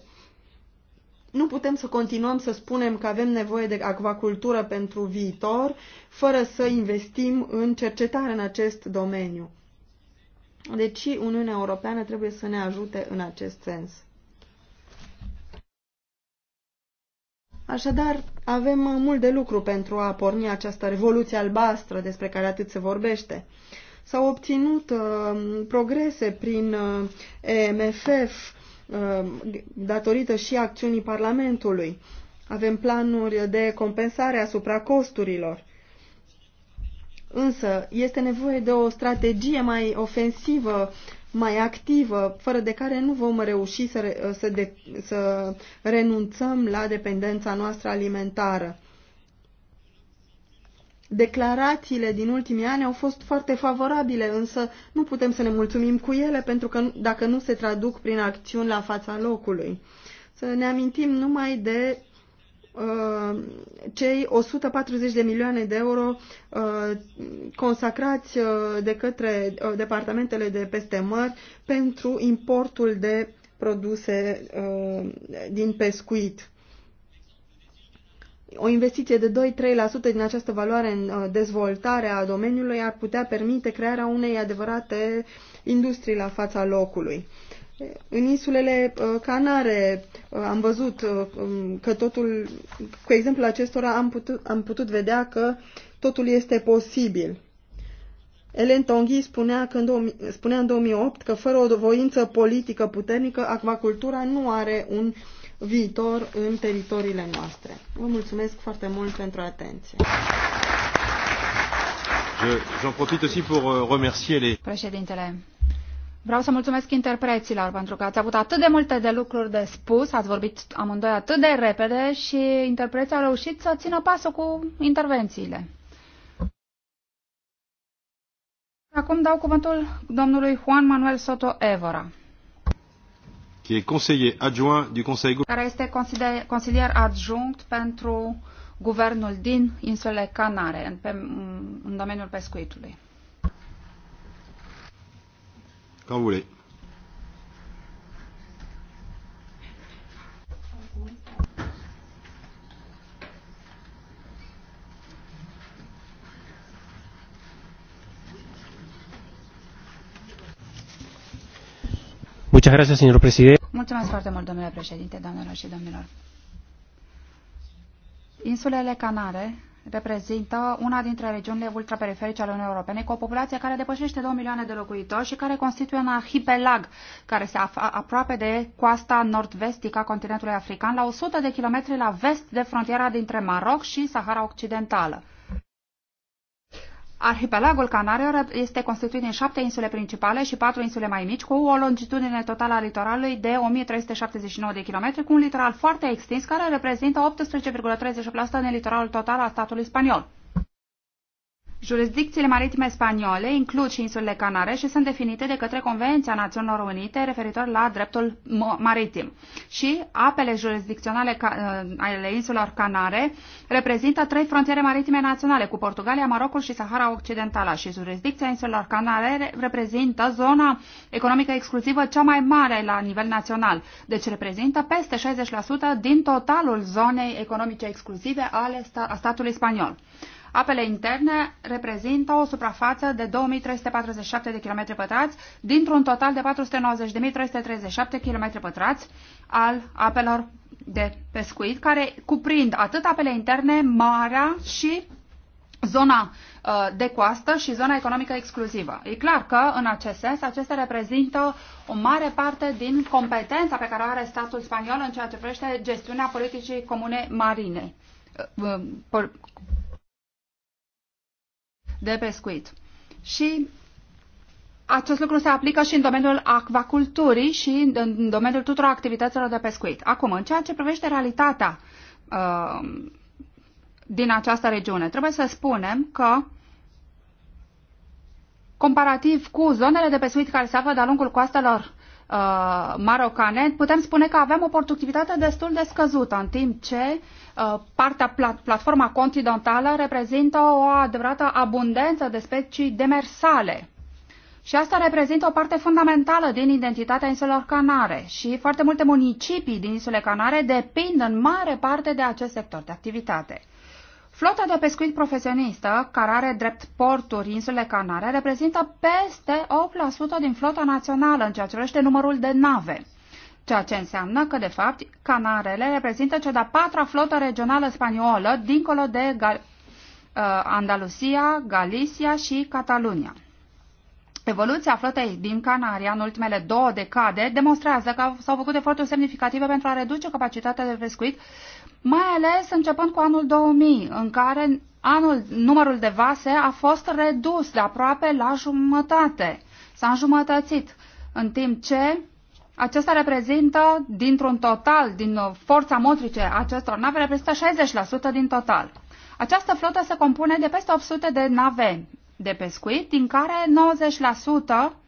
nu putem să continuăm să spunem că avem nevoie de acvacultură pentru viitor, fără să investim în cercetare în acest domeniu. Deci Uniunea Europeană trebuie să ne ajute în acest sens. Așadar, avem mult de lucru pentru a porni această revoluție albastră despre care atât se vorbește. S-au obținut uh, progrese prin uh, EMFF, Um, datorită și acțiunii Parlamentului. Avem planuri de compensare asupra costurilor. Însă este nevoie de o strategie mai ofensivă, mai activă, fără de care nu vom reuși să, re, să, de, să renunțăm la dependența noastră alimentară. Declarațiile din ultimii ani au fost foarte favorabile, însă nu putem să ne mulțumim cu ele pentru că dacă nu se traduc prin acțiuni la fața locului. Să ne amintim numai de uh, cei 140 de milioane de euro uh, consacrați uh, de către uh, departamentele de peste mări pentru importul de produse uh, din pescuit o investiție de 2-3% din această valoare în uh, dezvoltarea domeniului ar putea permite crearea unei adevărate industrii la fața locului. În insulele uh, Canare uh, am văzut um, că totul, cu exemplul acestora am putut, am putut vedea că totul este posibil. Elen Tonghi spunea, că în 2000, spunea în 2008 că fără o voință politică puternică, acvacultura nu are un uh, viitor în teritoriile noastre. Vă mulțumesc foarte mult pentru atenție. J'en profite aussi pour euh, remercier les... Președintele, vreau să mulțumesc interpreților pentru că ați avut atât de multe de lucruri de spus, ați vorbit amândoi atât de repede și interpreții au reușit să țină pasul cu intervențiile. Acum dau cuvântul domnului Juan Manuel Soto Evora qui est conseiller adjoint du Conseil care este consilier, adjunct pentru guvernul din insulele Canare, în, pe, în domeniul pescuitului. Quand vous voulez. Muchas gracias, señor presidente. Mulțumesc foarte mult, domnule președinte, doamnelor și domnilor. Insulele Canare reprezintă una dintre regiunile ultraperiferice ale Uniunii Europene, cu o populație care depășește 2 milioane de locuitori și care constituie un arhipelag care se află aproape de coasta nord-vestică a continentului african, la 100 de kilometri la vest de frontiera dintre Maroc și Sahara Occidentală. Arhipelagul Canarelor este constituit din șapte insule principale și patru insule mai mici, cu o longitudine totală a litoralului de 1379 de km, cu un litoral foarte extins care reprezintă 18,38% din litoralul total al statului spaniol. Jurisdicțiile maritime spaniole includ și insulele Canare și sunt definite de către Convenția Națiunilor Unite referitor la dreptul maritim. Și apele jurisdicționale eh, ale insulelor Canare reprezintă trei frontiere maritime naționale cu Portugalia, Marocul și Sahara Occidentală și jurisdicția insulelor Canare reprezintă zona economică exclusivă cea mai mare la nivel național, deci reprezintă peste 60% din totalul zonei economice exclusive ale statului spaniol. Apele interne reprezintă o suprafață de 2347 de km pătrați dintr-un total de 490.337 km pătrați al apelor de pescuit, care cuprind atât apele interne, marea și zona uh, de coastă și zona economică exclusivă. E clar că, în acest sens, acestea reprezintă o mare parte din competența pe care o are statul spaniol în ceea ce privește gestiunea politicii comune marine, uh, uh, de pescuit. Și acest lucru se aplică și în domeniul acvaculturii și în domeniul tuturor activităților de pescuit. Acum, în ceea ce privește realitatea uh, din această regiune, trebuie să spunem că comparativ cu zonele de pescuit care se află de-a lungul coastelor Uh, marocane, putem spune că avem o productivitate destul de scăzută, în timp ce uh, partea platforma continentală reprezintă o adevărată abundență de specii demersale. Și asta reprezintă o parte fundamentală din identitatea insulelor Canare și foarte multe municipii din insule Canare depind în mare parte de acest sector de activitate. Flota de pescuit profesionistă, care are drept porturi insule Canare, reprezintă peste 8% din flota națională în ceea ce privește numărul de nave ceea ce înseamnă că, de fapt, Canarele reprezintă cea de-a patra flotă regională spaniolă, dincolo de Gal- uh, Andalusia, Galicia și Catalunia. Evoluția flotei din Canaria în ultimele două decade demonstrează că s-au făcut eforturi semnificative pentru a reduce capacitatea de pescuit mai ales începând cu anul 2000, în care anul, numărul de vase a fost redus de aproape la jumătate, s-a înjumătățit, în timp ce acesta reprezintă, dintr-un total, din uh, forța motrice a acestor nave, reprezintă 60% din total. Această flotă se compune de peste 800 de nave de pescuit, din care 90%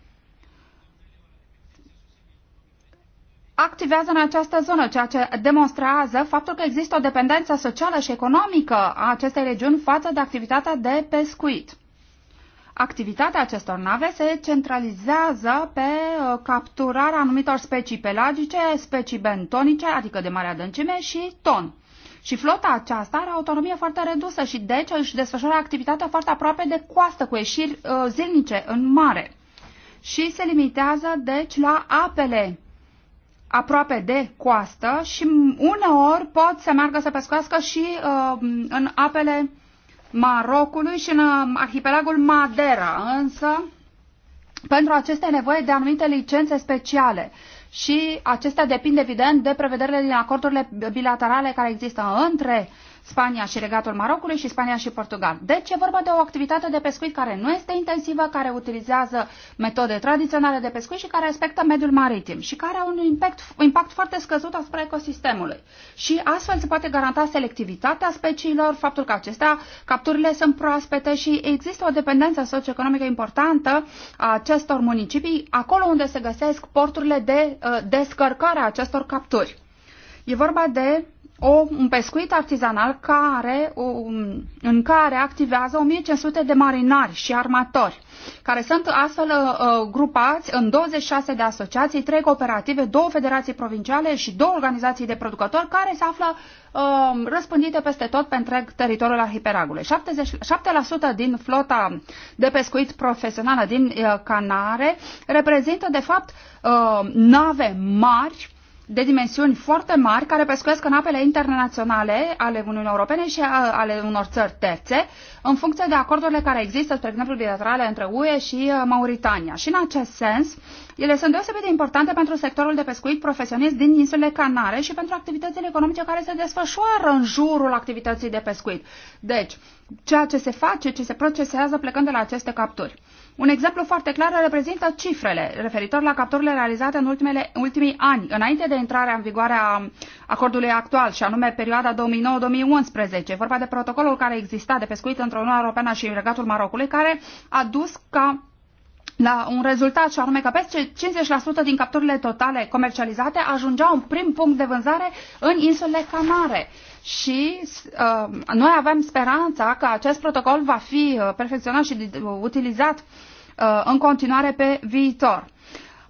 activează în această zonă, ceea ce demonstrează faptul că există o dependență socială și economică a acestei regiuni față de activitatea de pescuit. Activitatea acestor nave se centralizează pe uh, capturarea anumitor specii pelagice, specii bentonice, adică de mare adâncime, și ton. Și flota aceasta are autonomie foarte redusă și deci își desfășoară activitatea foarte aproape de coastă, cu ieșiri uh, zilnice în mare. Și se limitează deci la apele aproape de coastă și uneori pot să meargă să pescuască și uh, în apele Marocului și în uh, arhipelagul Madeira, însă pentru acestea e nevoie de anumite licențe speciale și acestea depind evident de prevederile din acordurile bilaterale care există între uh, Spania și Regatul Marocului și Spania și Portugal. Deci e vorba de o activitate de pescuit care nu este intensivă, care utilizează metode tradiționale de pescuit și care respectă mediul maritim și care au un impact, un impact foarte scăzut asupra ecosistemului. Și astfel se poate garanta selectivitatea speciilor, faptul că acestea, capturile sunt proaspete și există o dependență socioeconomică importantă a acestor municipii, acolo unde se găsesc porturile de uh, descărcare a acestor capturi. E vorba de o, un pescuit artizanal care, um, în care activează 1500 de marinari și armatori, care sunt astfel uh, uh grupați în 26 de asociații, 3 cooperative, 2 federații provinciale și 2 organizații de producători care se află uh, răspândite peste tot pe întreg teritoriul arhipelagului. 7% din flota de pescuit profesională din uh, Canare reprezintă, de fapt, uh, nave mari de dimensiuni foarte mari care pescuiesc în apele internaționale ale Uniunii Europene și uh, ale unor țări terțe, în funcție de acordurile care există, spre exemplu, bilaterale între UE și uh, Mauritania. Și în acest sens, ele sunt deosebit de importante pentru sectorul de pescuit profesionist din insulele Canare și pentru activitățile economice care se desfășoară în jurul activității de pescuit. Deci, ceea ce se face, ce se procesează plecând de la aceste capturi. Un exemplu foarte clar reprezintă cifrele referitor la capturile realizate în ultimele, ultimii ani, înainte de intrarea în vigoare a acordului actual, și anume perioada 2009-2011, vorba de protocolul care exista de pescuit între Uniunea Europeană și Regatul Marocului, care a dus ca la un rezultat și anume că peste 50% din capturile totale comercializate ajungeau în prim punct de vânzare în insulele Canare și uh, noi avem speranța că acest protocol va fi uh, perfecționat și utilizat uh, în continuare pe viitor.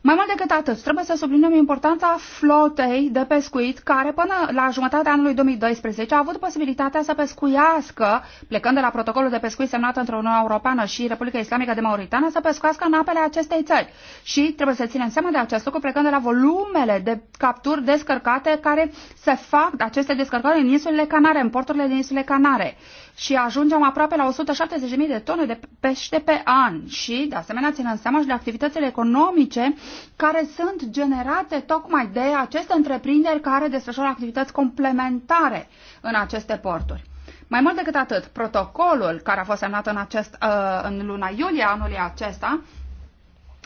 Mai mult decât atât, trebuie să subliniem importanța flotei de pescuit care până la jumătatea anului 2012 a avut posibilitatea să pescuiască, plecând de la protocolul de pescuit semnat între Uniunea Europeană și Republica Islamică de Mauritania, să pescuiască în apele acestei țări. Și trebuie să ținem seama de acest lucru plecând de la volumele de capturi descărcate care se fac aceste descărcări în insulele Canare, în porturile din insulele Canare și ajungem aproape la 170.000 de tone de pește pe an și, de asemenea, ținând seama și de activitățile economice care sunt generate tocmai de aceste întreprinderi care desfășoară activități complementare în aceste porturi. Mai mult decât atât, protocolul care a fost semnat în, acest, uh, în luna iulie anului acesta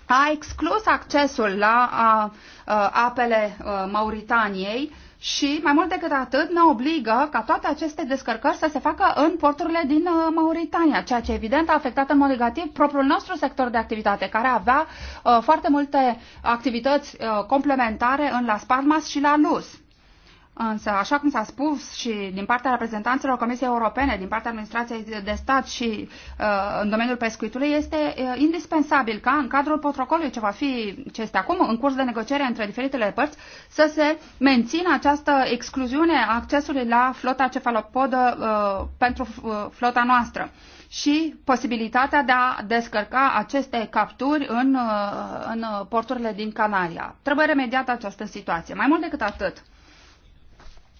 a exclus accesul la a, uh, a, uh, apele a, Mauritaniei și, mai mult decât atât, ne obligă ca toate aceste descărcări să se facă în porturile din uh, Mauritania, ceea ce, evident, a afectat în mod negativ propriul nostru sector de activitate, care avea uh, foarte multe activități uh, complementare în Las Palmas și la Luz. Însă, așa cum s-a spus și din partea reprezentanților Comisiei Europene, din partea administrației de stat și uh, în domeniul pescuitului, este uh, indispensabil ca în cadrul protocolului ce va fi, ce este acum în curs de negociere între diferitele părți, să se mențină această excluziune a accesului la flota cefalopodă uh, pentru uh, flota noastră și posibilitatea de a descărca aceste capturi în, uh, în porturile din Canaria. Trebuie remediată această situație. Mai mult decât atât,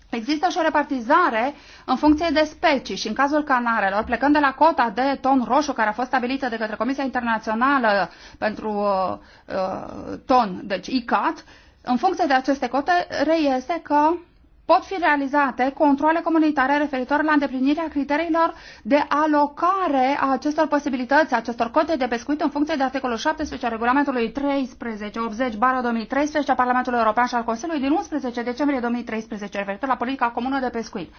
Există și o repartizare în funcție de specii și în cazul canarelor, plecând de la cota de ton roșu care a fost stabilită de către Comisia Internațională pentru uh, uh, ton, deci ICAT, în funcție de aceste cote reiese că pot fi realizate controle comunitare referitor la îndeplinirea criteriilor de alocare a acestor posibilități, a acestor cote de pescuit în funcție de articolul 17 al regulamentului 1380 2013 a Parlamentului European și al Consiliului din 11 decembrie 2013 referitor la politica comună de pescuit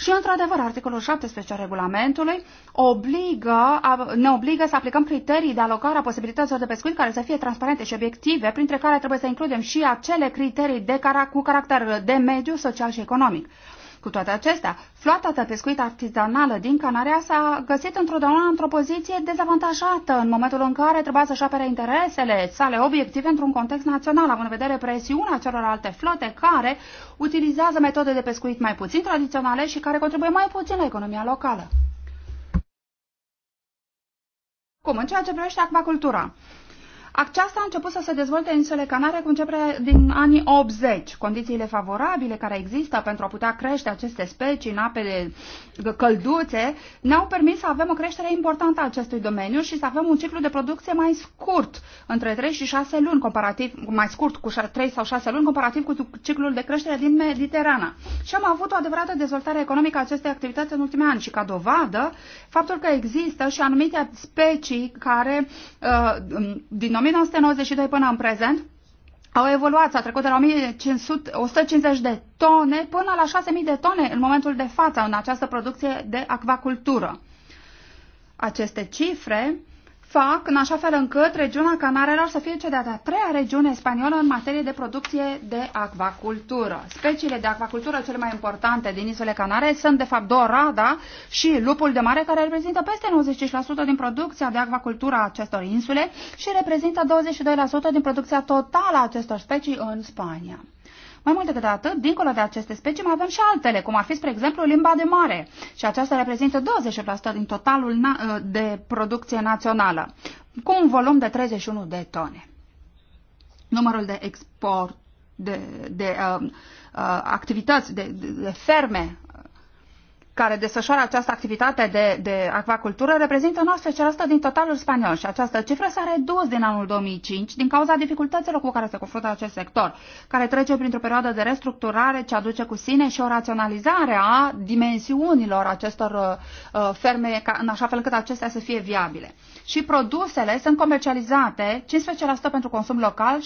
și, într-adevăr, articolul 17 al regulamentului obligă, ne obligă să aplicăm criterii de alocare a posibilităților de pescuit care să fie transparente și obiective, printre care trebuie să includem și acele criterii de, cu caracter de mediu, social și economic. Cu toate acestea, flota de pescuit artizanală din Canarea s-a găsit întotdeauna într-o poziție dezavantajată în momentul în care trebuia să-și apere interesele sale obiective într-un context național, având în vedere presiunea celorlalte flote care utilizează metode de pescuit mai puțin tradiționale și care contribuie mai puțin la economia locală. Cum în ceea ce privește acvacultura? Aceasta a început să se dezvolte în insulele Canare cu începere din anii 80. Condițiile favorabile care există pentru a putea crește aceste specii în apele călduțe ne-au permis să avem o creștere importantă a acestui domeniu și să avem un ciclu de producție mai scurt, între 3 și 6 luni, comparativ, mai scurt cu 3 sau 6 luni, comparativ cu ciclul de creștere din Mediterana. Și am avut o adevărată dezvoltare economică a acestei activități în ultimii ani și ca dovadă faptul că există și anumite specii care, uh, din 1992 până în prezent, au evoluat, s-a trecut de la 1500, 150 de tone până la 6000 de tone în momentul de față în această producție de acvacultură. Aceste cifre fac în așa fel încât regiunea Canarelor să fie cea de-a treia regiune spaniolă în materie de producție de acvacultură. Speciile de acvacultură cele mai importante din insulele Canare sunt de fapt dorada și lupul de mare care reprezintă peste 95% din producția de acvacultură a acestor insule și reprezintă 22% din producția totală a acestor specii în Spania. Mai mult decât atât, dincolo de aceste specii mai avem și altele, cum ar fi, spre exemplu, limba de mare. Și aceasta reprezintă 20% din totalul ă, de producție națională, cu un volum de 31 de tone. Numărul de export de, de uh, uh, activități, de, de ferme care desfășoară această activitate de, de acvacultură reprezintă 19% din totalul spaniol și această cifră s-a redus din anul 2005 din cauza dificultăților cu care se confruntă acest sector, care trece printr-o perioadă de restructurare ce aduce cu sine și o raționalizare a dimensiunilor acestor uh, uh ferme ca, în așa fel încât acestea să fie viabile. Și produsele sunt comercializate 15% pentru consum local,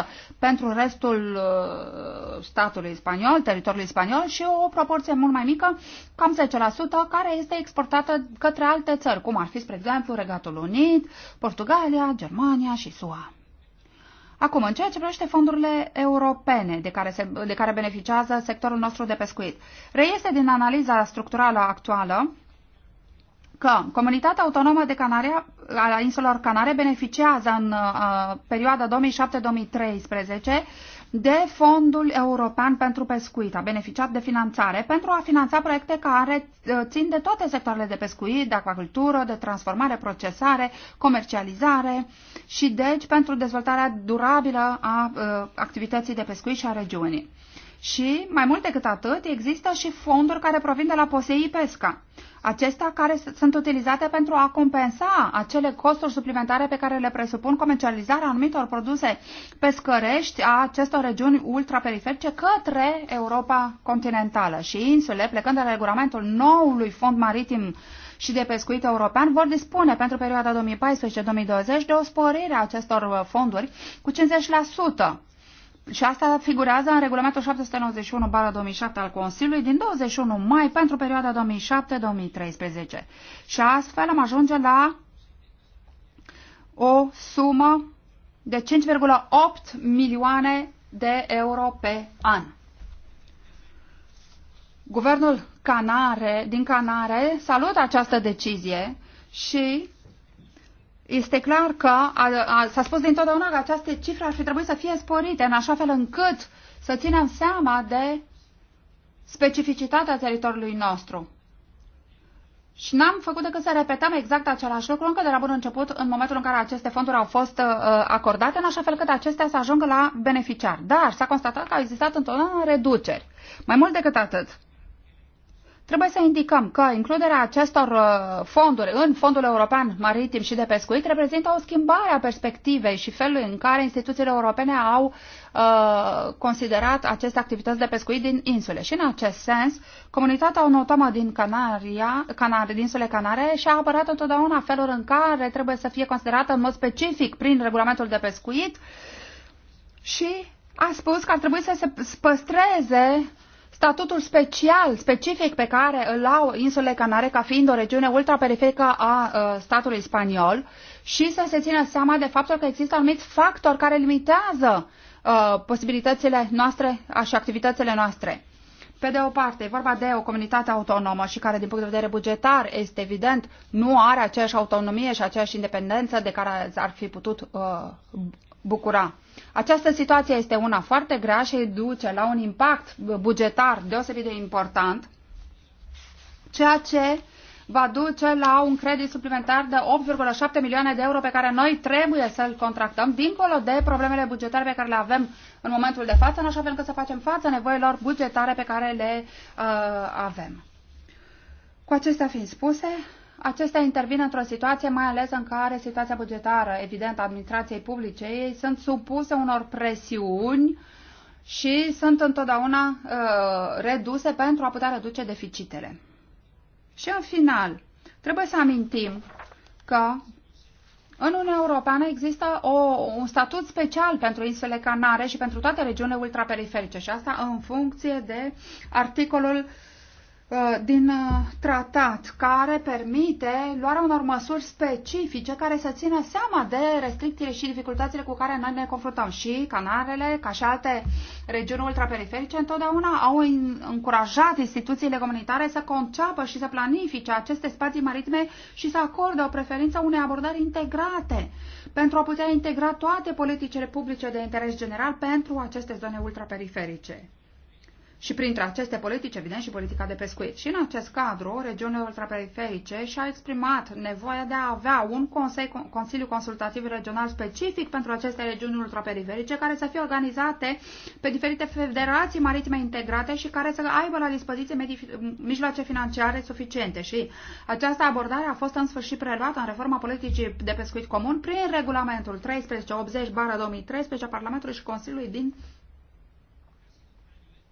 75% pentru restul uh, statului spaniol, teritoriului spaniol și o proporție mult mai mică cam 10%, care este exportată către alte țări, cum ar fi, spre exemplu, Regatul Unit, Portugalia, Germania și SUA. Acum, în ceea ce privește fondurile europene de care, se, de care beneficiază sectorul nostru de pescuit, reiese din analiza structurală actuală că Comunitatea Autonomă de Canarea, a insulor Canare beneficiază în a, uh, perioada 2007-2013 de Fondul European pentru Pescuit. A beneficiat de finanțare pentru a finanța proiecte care ă, țin de toate sectoarele de pescuit, de acvacultură, de transformare, procesare, comercializare și deci pentru dezvoltarea durabilă a ă, activității de pescuit și a regiunii. Și, mai mult decât atât, există și fonduri care provin de la POSEI Pesca. Acestea care sunt utilizate pentru a compensa acele costuri suplimentare pe care le presupun comercializarea anumitor produse pescărești a acestor regiuni ultraperiferice către Europa continentală. Și insule, plecând de la regulamentul noului fond maritim și de pescuit european vor dispune pentru perioada 2014-2020 de o sporire a acestor uh, fonduri cu 50% și asta figurează în regulamentul 791-2007 al Consiliului din 21 mai pentru perioada 2007-2013. Și astfel am ajunge la o sumă de 5,8 milioane de euro pe an. Guvernul Canare, din Canare salută această decizie și este clar că s-a spus dintotdeauna că aceste cifre ar fi trebuit să fie sporite în așa fel încât să ținem seama de specificitatea teritoriului nostru. Și n-am făcut decât să repetăm exact același lucru încă de la bun început, în momentul în care aceste fonduri au fost uh, uh acordate, în așa fel cât acestea să ajungă la beneficiar. Dar s-a constatat că au existat întotdeauna reduceri. Mai mult decât atât, Trebuie să indicăm că includerea acestor uh, fonduri în Fondul European Maritim și de Pescuit reprezintă o schimbare a perspectivei și felului în care instituțiile europene au uh, considerat aceste activități de pescuit din insule. Și în acest sens, comunitatea onotomă din Canaria, Canare, din insule Canare și-a apărat întotdeauna felul în care trebuie să fie considerată în mod specific prin regulamentul de pescuit și a spus că ar trebui să se păstreze statutul special, specific pe care îl au insulele Canare ca fiind o regiune ultraperiferică a uh, statului spaniol și să se țină seama de faptul că există anumiți factori care limitează uh, posibilitățile noastre și activitățile noastre. Pe de o parte, e vorba de o comunitate autonomă și care, din punct de vedere bugetar, este evident, nu are aceeași autonomie și aceeași independență de care ar fi putut uh, bucura. Această situație este una foarte grea și duce la un impact bugetar deosebit de important, ceea ce va duce la un credit suplimentar de 8,7 milioane de euro pe care noi trebuie să-l contractăm, dincolo de problemele bugetare pe care le avem în momentul de față, în așa fel încât să facem față nevoilor bugetare pe care le uh, avem. Cu acestea fiind spuse, acestea intervin într-o situație mai ales în care situația bugetară, evident, a administrației publice, ei sunt supuse unor presiuni și sunt întotdeauna uh, reduse pentru a putea reduce deficitele. Și în final, trebuie să amintim că în Uniunea Europeană există o, un statut special pentru insulele Canare și pentru toate regiunile ultraperiferice și asta în funcție de articolul uh, Uh, din uh, tratat care permite luarea unor măsuri specifice care să țină seama de restricțiile și dificultățile cu care noi ne confruntăm. Și Canarele, ca și alte regiuni ultraperiferice, întotdeauna au încurajat instituțiile comunitare să conceapă și să planifice aceste spații maritime și să acorde o preferință unei abordări integrate pentru a putea integra toate politicile publice de interes general pentru aceste zone ultraperiferice și printre aceste politici, evident, și politica de pescuit. Și în acest cadru, regiunile ultraperiferice și-au exprimat nevoia de a avea un consei, Consiliu Consultativ Regional specific pentru aceste regiuni ultraperiferice, care să fie organizate pe diferite federații maritime integrate și care să aibă la dispoziție mijloace financiare suficiente. Și această abordare a fost în sfârșit preluată în reforma politicii de pescuit comun prin regulamentul 1380-2013 a Parlamentului și Consiliului din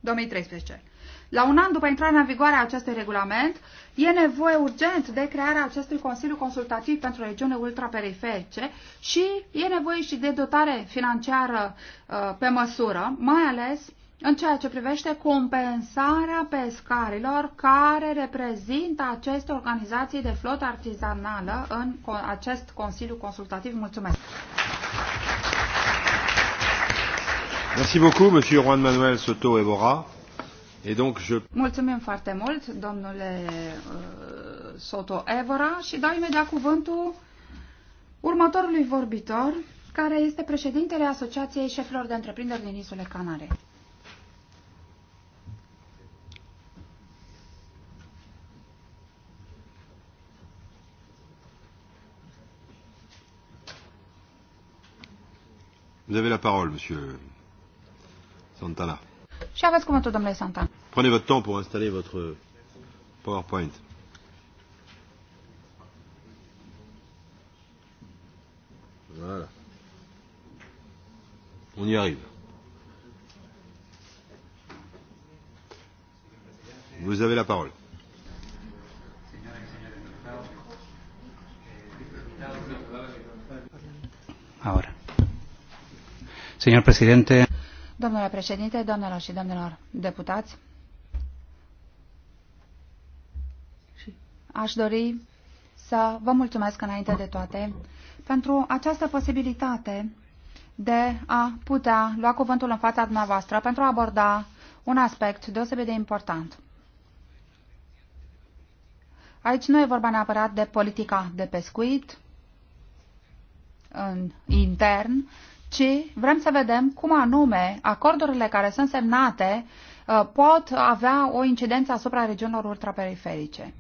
2013. La un an după intrarea în vigoare a acestui regulament, e nevoie urgent de crearea acestui Consiliu Consultativ pentru regiune ultraperiferice și e nevoie și de dotare financiară uh, pe măsură, mai ales în ceea ce privește compensarea pescarilor care reprezintă aceste organizații de flotă artizanală în acest Consiliu Consultativ. Mulțumesc! Mulțumim foarte mult, domnule uh, Soto Evora, și dau imediat cuvântul următorului vorbitor, care este președintele Asociației Șefilor de Întreprinderi din Insule Canare. Vous avez la parole, monsieur Santana. Și aveți cuvântul, domnule Santana. Prenez votre temps pour installer votre PowerPoint. Voilà. On y arrive. Vous avez la parole. Ahora. Señor presidente. Domnule președinte, doamnelor și domnilor deputați, aș dori să vă mulțumesc înainte de toate pentru această posibilitate de a putea lua cuvântul în fața dumneavoastră pentru a aborda un aspect deosebit de important. Aici nu e vorba neapărat de politica de pescuit în intern, ci vrem să vedem cum anume acordurile care sunt semnate uh, pot avea o incidență asupra regiunilor ultraperiferice.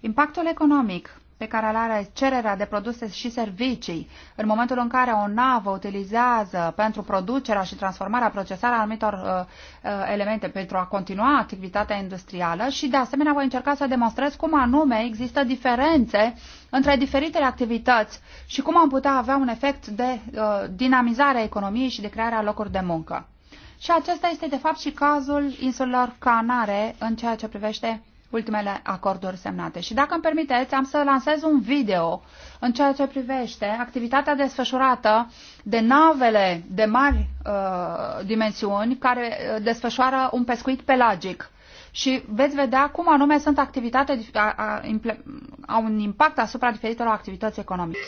Impactul economic pe care îl are cererea de produse și servicii, în momentul în care o navă utilizează pentru producerea și transformarea, procesarea anumitor uh, uh, elemente pentru a continua activitatea industrială și de asemenea voi încerca să demonstrez cum anume există diferențe între diferitele activități și cum am putea avea un efect de uh, dinamizare a economiei și de creare a locuri de muncă. Și acesta este de fapt și cazul insulelor Canare în ceea ce privește ultimele acorduri semnate. Și dacă îmi permiteți, am să lansez un video în ceea ce privește activitatea desfășurată de navele de mari uh, dimensiuni care uh, desfășoară un pescuit pelagic. Și veți vedea cum anume sunt activitate, a, a, au un impact asupra diferitelor activități economice.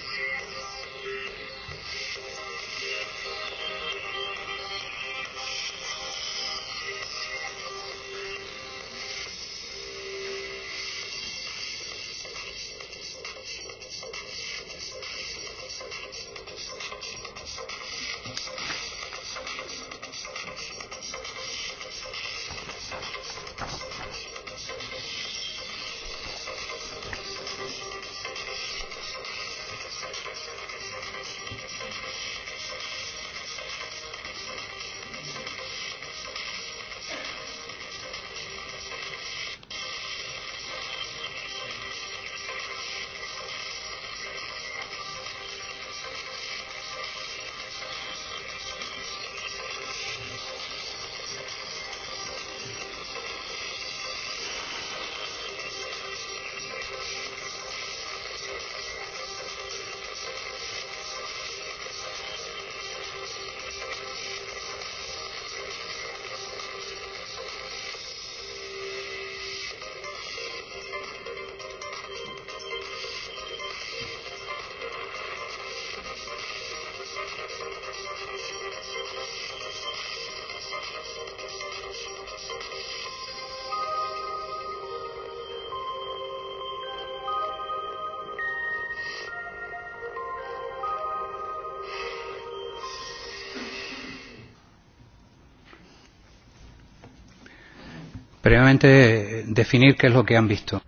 brevemente definir qué es lo que han visto.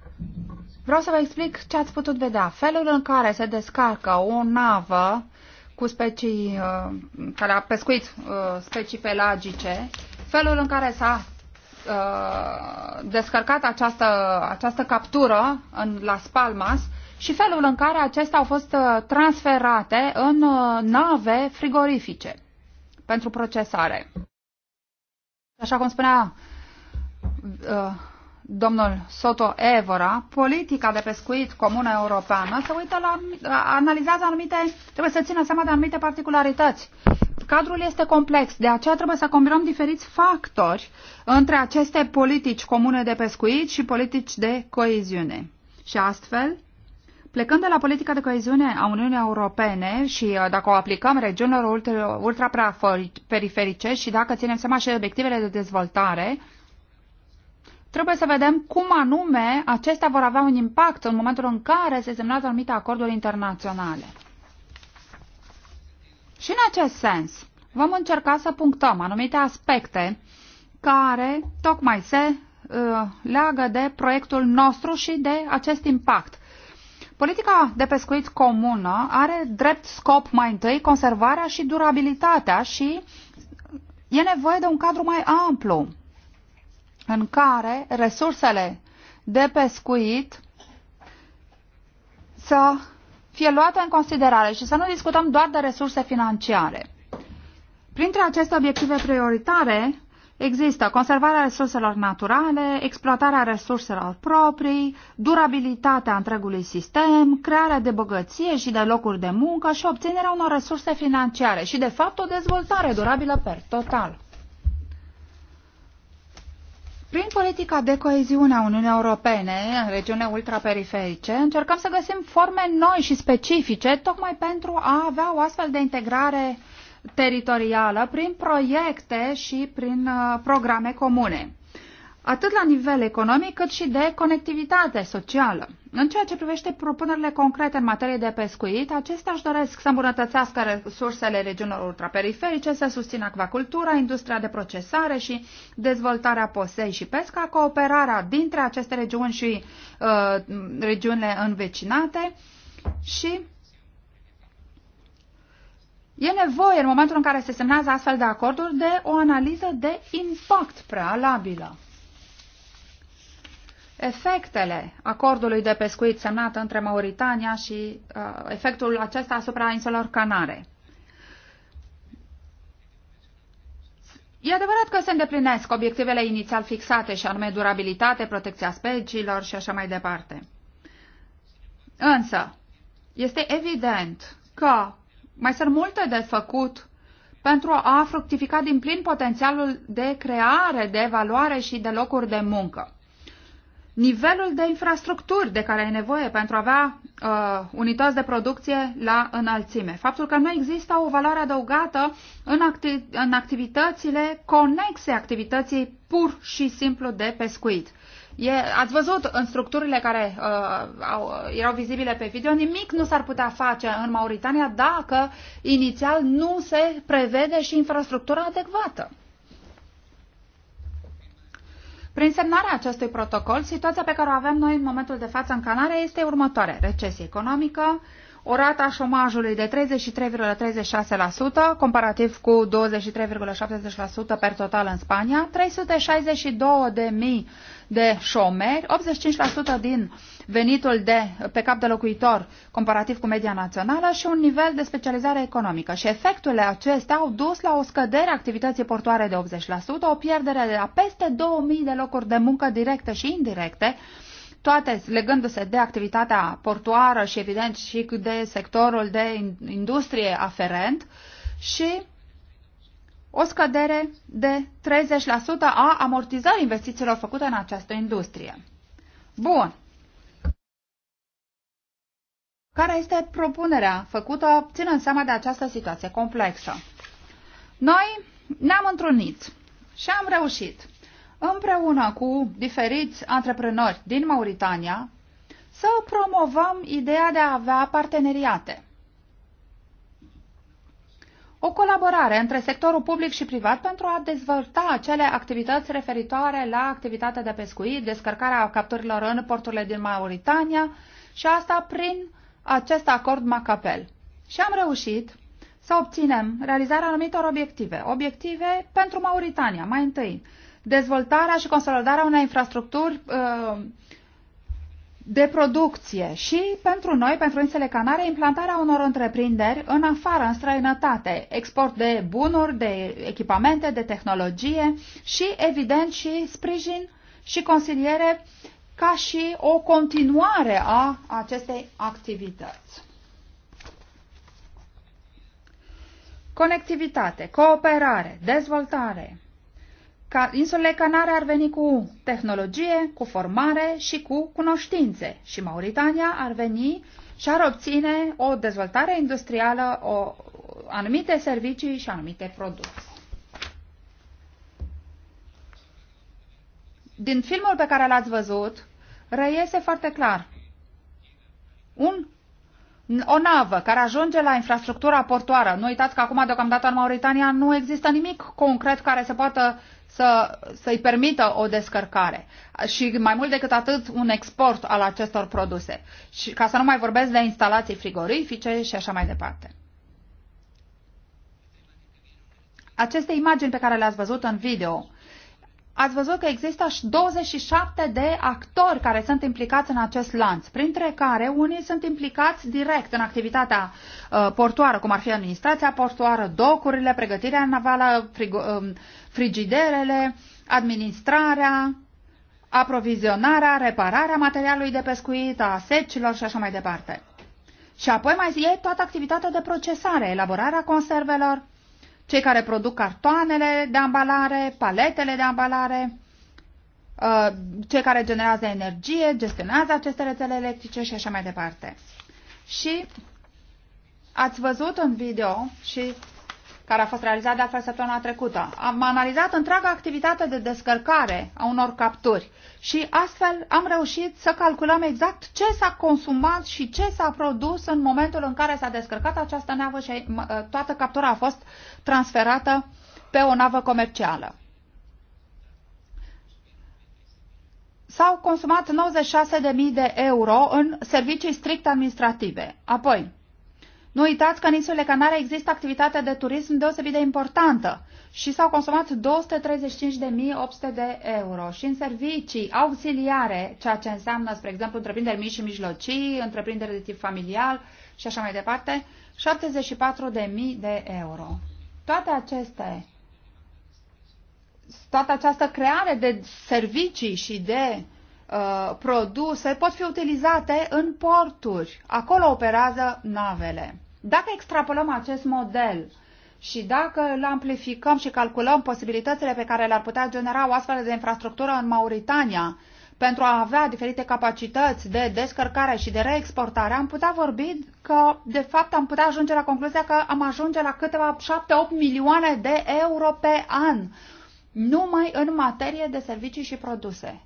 Vreau să vă explic ce ați putut vedea. Felul în care se descarcă o navă cu specii uh, care a pescuit uh, specii pelagice, felul în care s-a uh, descărcat această, această captură în Las Palmas și felul în care acestea au fost uh, transferate în uh, nave frigorifice pentru procesare. Așa cum spunea Uh, domnul Soto Evora, politica de pescuit comună europeană se uită la, uh, analizează anumite, trebuie să țină seama de anumite particularități. Cadrul este complex, de aceea trebuie să combinăm diferiți factori între aceste politici comune de pescuit și politici de coeziune. Și astfel, Plecând de la politica de coeziune a Uniunii Europene și uh, dacă o aplicăm regiunilor ultraperiferice periferice și dacă ținem seama și obiectivele de dezvoltare, Trebuie să vedem cum anume acestea vor avea un impact în momentul în care se semnează anumite acorduri internaționale. Și în acest sens, vom încerca să punctăm anumite aspecte care tocmai se uh, leagă de proiectul nostru și de acest impact. Politica de pescuit comună are drept scop mai întâi conservarea și durabilitatea și e nevoie de un cadru mai amplu în care resursele de pescuit să fie luate în considerare și să nu discutăm doar de resurse financiare. Printre aceste obiective prioritare există conservarea resurselor naturale, exploatarea resurselor proprii, durabilitatea întregului sistem, crearea de bogăție și de locuri de muncă și obținerea unor resurse financiare și, de fapt, o dezvoltare durabilă per total. Prin politica de coeziune a Uniunii Europene în regiune ultraperiferice, încercăm să găsim forme noi și specifice tocmai pentru a avea o astfel de integrare teritorială prin proiecte și prin uh, programe comune atât la nivel economic cât și de conectivitate socială. În ceea ce privește propunerile concrete în materie de pescuit, acestea își doresc să îmbunătățească resursele regiunilor ultraperiferice, să susțină acvacultura, industria de procesare și dezvoltarea posei și pesca, cooperarea dintre aceste regiuni și uh, regiunile învecinate și E nevoie, în momentul în care se semnează astfel de acorduri, de o analiză de impact prealabilă efectele acordului de pescuit semnat între Mauritania și uh, efectul acesta asupra insulor Canare. E adevărat că se îndeplinesc obiectivele inițial fixate, și anume durabilitate, protecția speciilor și așa mai departe. Însă, este evident că mai sunt multe de făcut pentru a fructifica din plin potențialul de creare, de valoare și de locuri de muncă nivelul de infrastructuri de care ai nevoie pentru a avea uh, unități de producție la înălțime. Faptul că nu există o valoare adăugată în, acti- în activitățile conexe activității pur și simplu de pescuit. E, ați văzut în structurile care uh, au, erau vizibile pe video, nimic nu s-ar putea face în Mauritania dacă inițial nu se prevede și infrastructura adecvată. Prin semnarea acestui protocol, situația pe care o avem noi în momentul de față în Canare este următoare. Recesie economică, o rată a șomajului de 33,36%, comparativ cu 23,70% per total în Spania, 362.000 de șomeri, 85% din venitul de, pe cap de locuitor comparativ cu media națională și un nivel de specializare economică. Și efectele acestea au dus la o scădere a activității portoare de 80%, o pierdere de la peste 2000 de locuri de muncă directe și indirecte, toate legându-se de activitatea portoară și evident și de sectorul de industrie aferent și o scădere de 30% a amortizării investițiilor făcute în această industrie. Bun. Care este propunerea făcută ținând seama de această situație complexă? Noi ne-am întrunit și am reușit împreună cu diferiți antreprenori din Mauritania, să promovăm ideea de a avea parteneriate. O colaborare între sectorul public și privat pentru a dezvolta acele activități referitoare la activitatea de pescuit, descărcarea capturilor în porturile din Mauritania și asta prin acest acord Macapel. Și am reușit să obținem realizarea anumitor obiective. Obiective pentru Mauritania, mai întâi, dezvoltarea și consolidarea unei infrastructuri uh, de producție și pentru noi, pentru insulele Canare, implantarea unor întreprinderi în afară, în străinătate, export de bunuri, de echipamente, de tehnologie și, evident, și sprijin și consiliere ca și o continuare a acestei activități. Conectivitate, cooperare, dezvoltare, ca insulele Canare ar veni cu tehnologie, cu formare și cu cunoștințe și Mauritania ar veni și ar obține o dezvoltare industrială, o, anumite servicii și anumite produse. Din filmul pe care l-ați văzut, reiese foarte clar. Un o navă care ajunge la infrastructura portoară. Nu uitați că acum, deocamdată, în Mauritania nu există nimic concret care să poată să, să-i permită o descărcare și mai mult decât atât un export al acestor produse. Și ca să nu mai vorbesc de instalații frigorifice și așa mai departe. Aceste imagini pe care le-ați văzut în video ați văzut că există 27 de actori care sunt implicați în acest lanț, printre care unii sunt implicați direct în activitatea uh, portoară, cum ar fi administrația portoară, docurile, pregătirea navală, um, frigiderele, administrarea, aprovizionarea, repararea materialului de pescuit, a secilor și așa mai departe. Și apoi mai e toată activitatea de procesare, elaborarea conservelor, cei care produc cartoanele de ambalare, paletele de ambalare, uh, cei care generează energie, gestionează aceste rețele electrice și așa mai departe. Și ați văzut în video și care a fost realizat de altfel săptămâna trecută. Am analizat întreaga activitate de descărcare a unor capturi și astfel am reușit să calculăm exact ce s-a consumat și ce s-a produs în momentul în care s-a descărcat această navă și toată captura a fost transferată pe o navă comercială. S-au consumat 96.000 de euro în servicii strict administrative. Apoi, nu uitați că în insulele Canare există activitatea de turism deosebit de importantă și s-au consumat 235.800 de euro și în servicii auxiliare, ceea ce înseamnă, spre exemplu, întreprinderi mici și mijlocii, întreprinderi de tip familial și așa mai departe, 74.000 de euro. Toate aceste, toată această creare de servicii și de uh, produse pot fi utilizate în porturi. Acolo operează navele. Dacă extrapolăm acest model și dacă îl amplificăm și calculăm posibilitățile pe care le-ar putea genera o astfel de infrastructură în Mauritania, pentru a avea diferite capacități de descărcare și de reexportare, am putea vorbi că, de fapt, am putea ajunge la concluzia că am ajunge la câteva 7-8 milioane de euro pe an, numai în materie de servicii și produse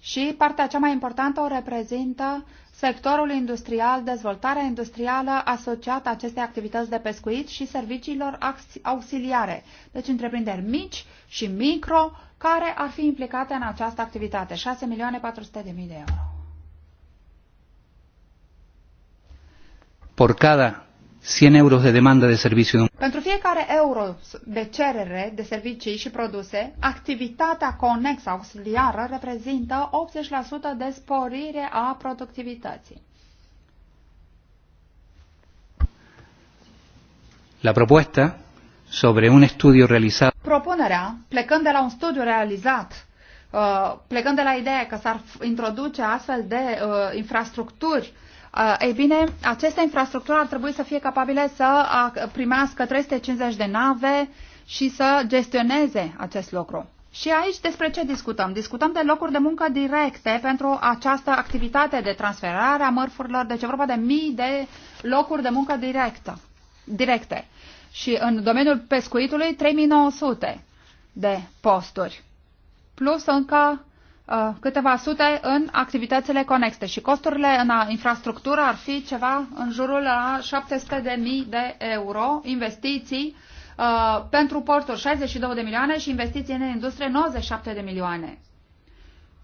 și partea cea mai importantă o reprezintă sectorul industrial, dezvoltarea industrială asociată acestei activități de pescuit și serviciilor auxiliare, deci întreprinderi mici și micro care ar fi implicate în această activitate, 6.400.000 de euro. Por cada 100 euros de demanda de serviciu. Pentru fiecare euro de cerere de servicii și produse, activitatea conexă auxiliară reprezintă 80% de sporire a productivității. La propuesta sobre un estudio realizado. Propunerea, plecând de la un studiu realizat, uh, plecând de la ideea că s-ar introduce astfel de uh, infrastructuri ei bine, aceste infrastructuri ar trebui să fie capabile să primească 350 de nave și să gestioneze acest lucru. Și aici despre ce discutăm? Discutăm de locuri de muncă directe pentru această activitate de transferare a mărfurilor, deci e vorba de mii de locuri de muncă directă, directe. Și în domeniul pescuitului 3900 de posturi, plus încă Uh, câteva sute în activitățile conexe și costurile în infrastructură ar fi ceva în jurul la 700 de mii de euro investiții uh, pentru porturi 62 de milioane și investiții în industrie 97 de milioane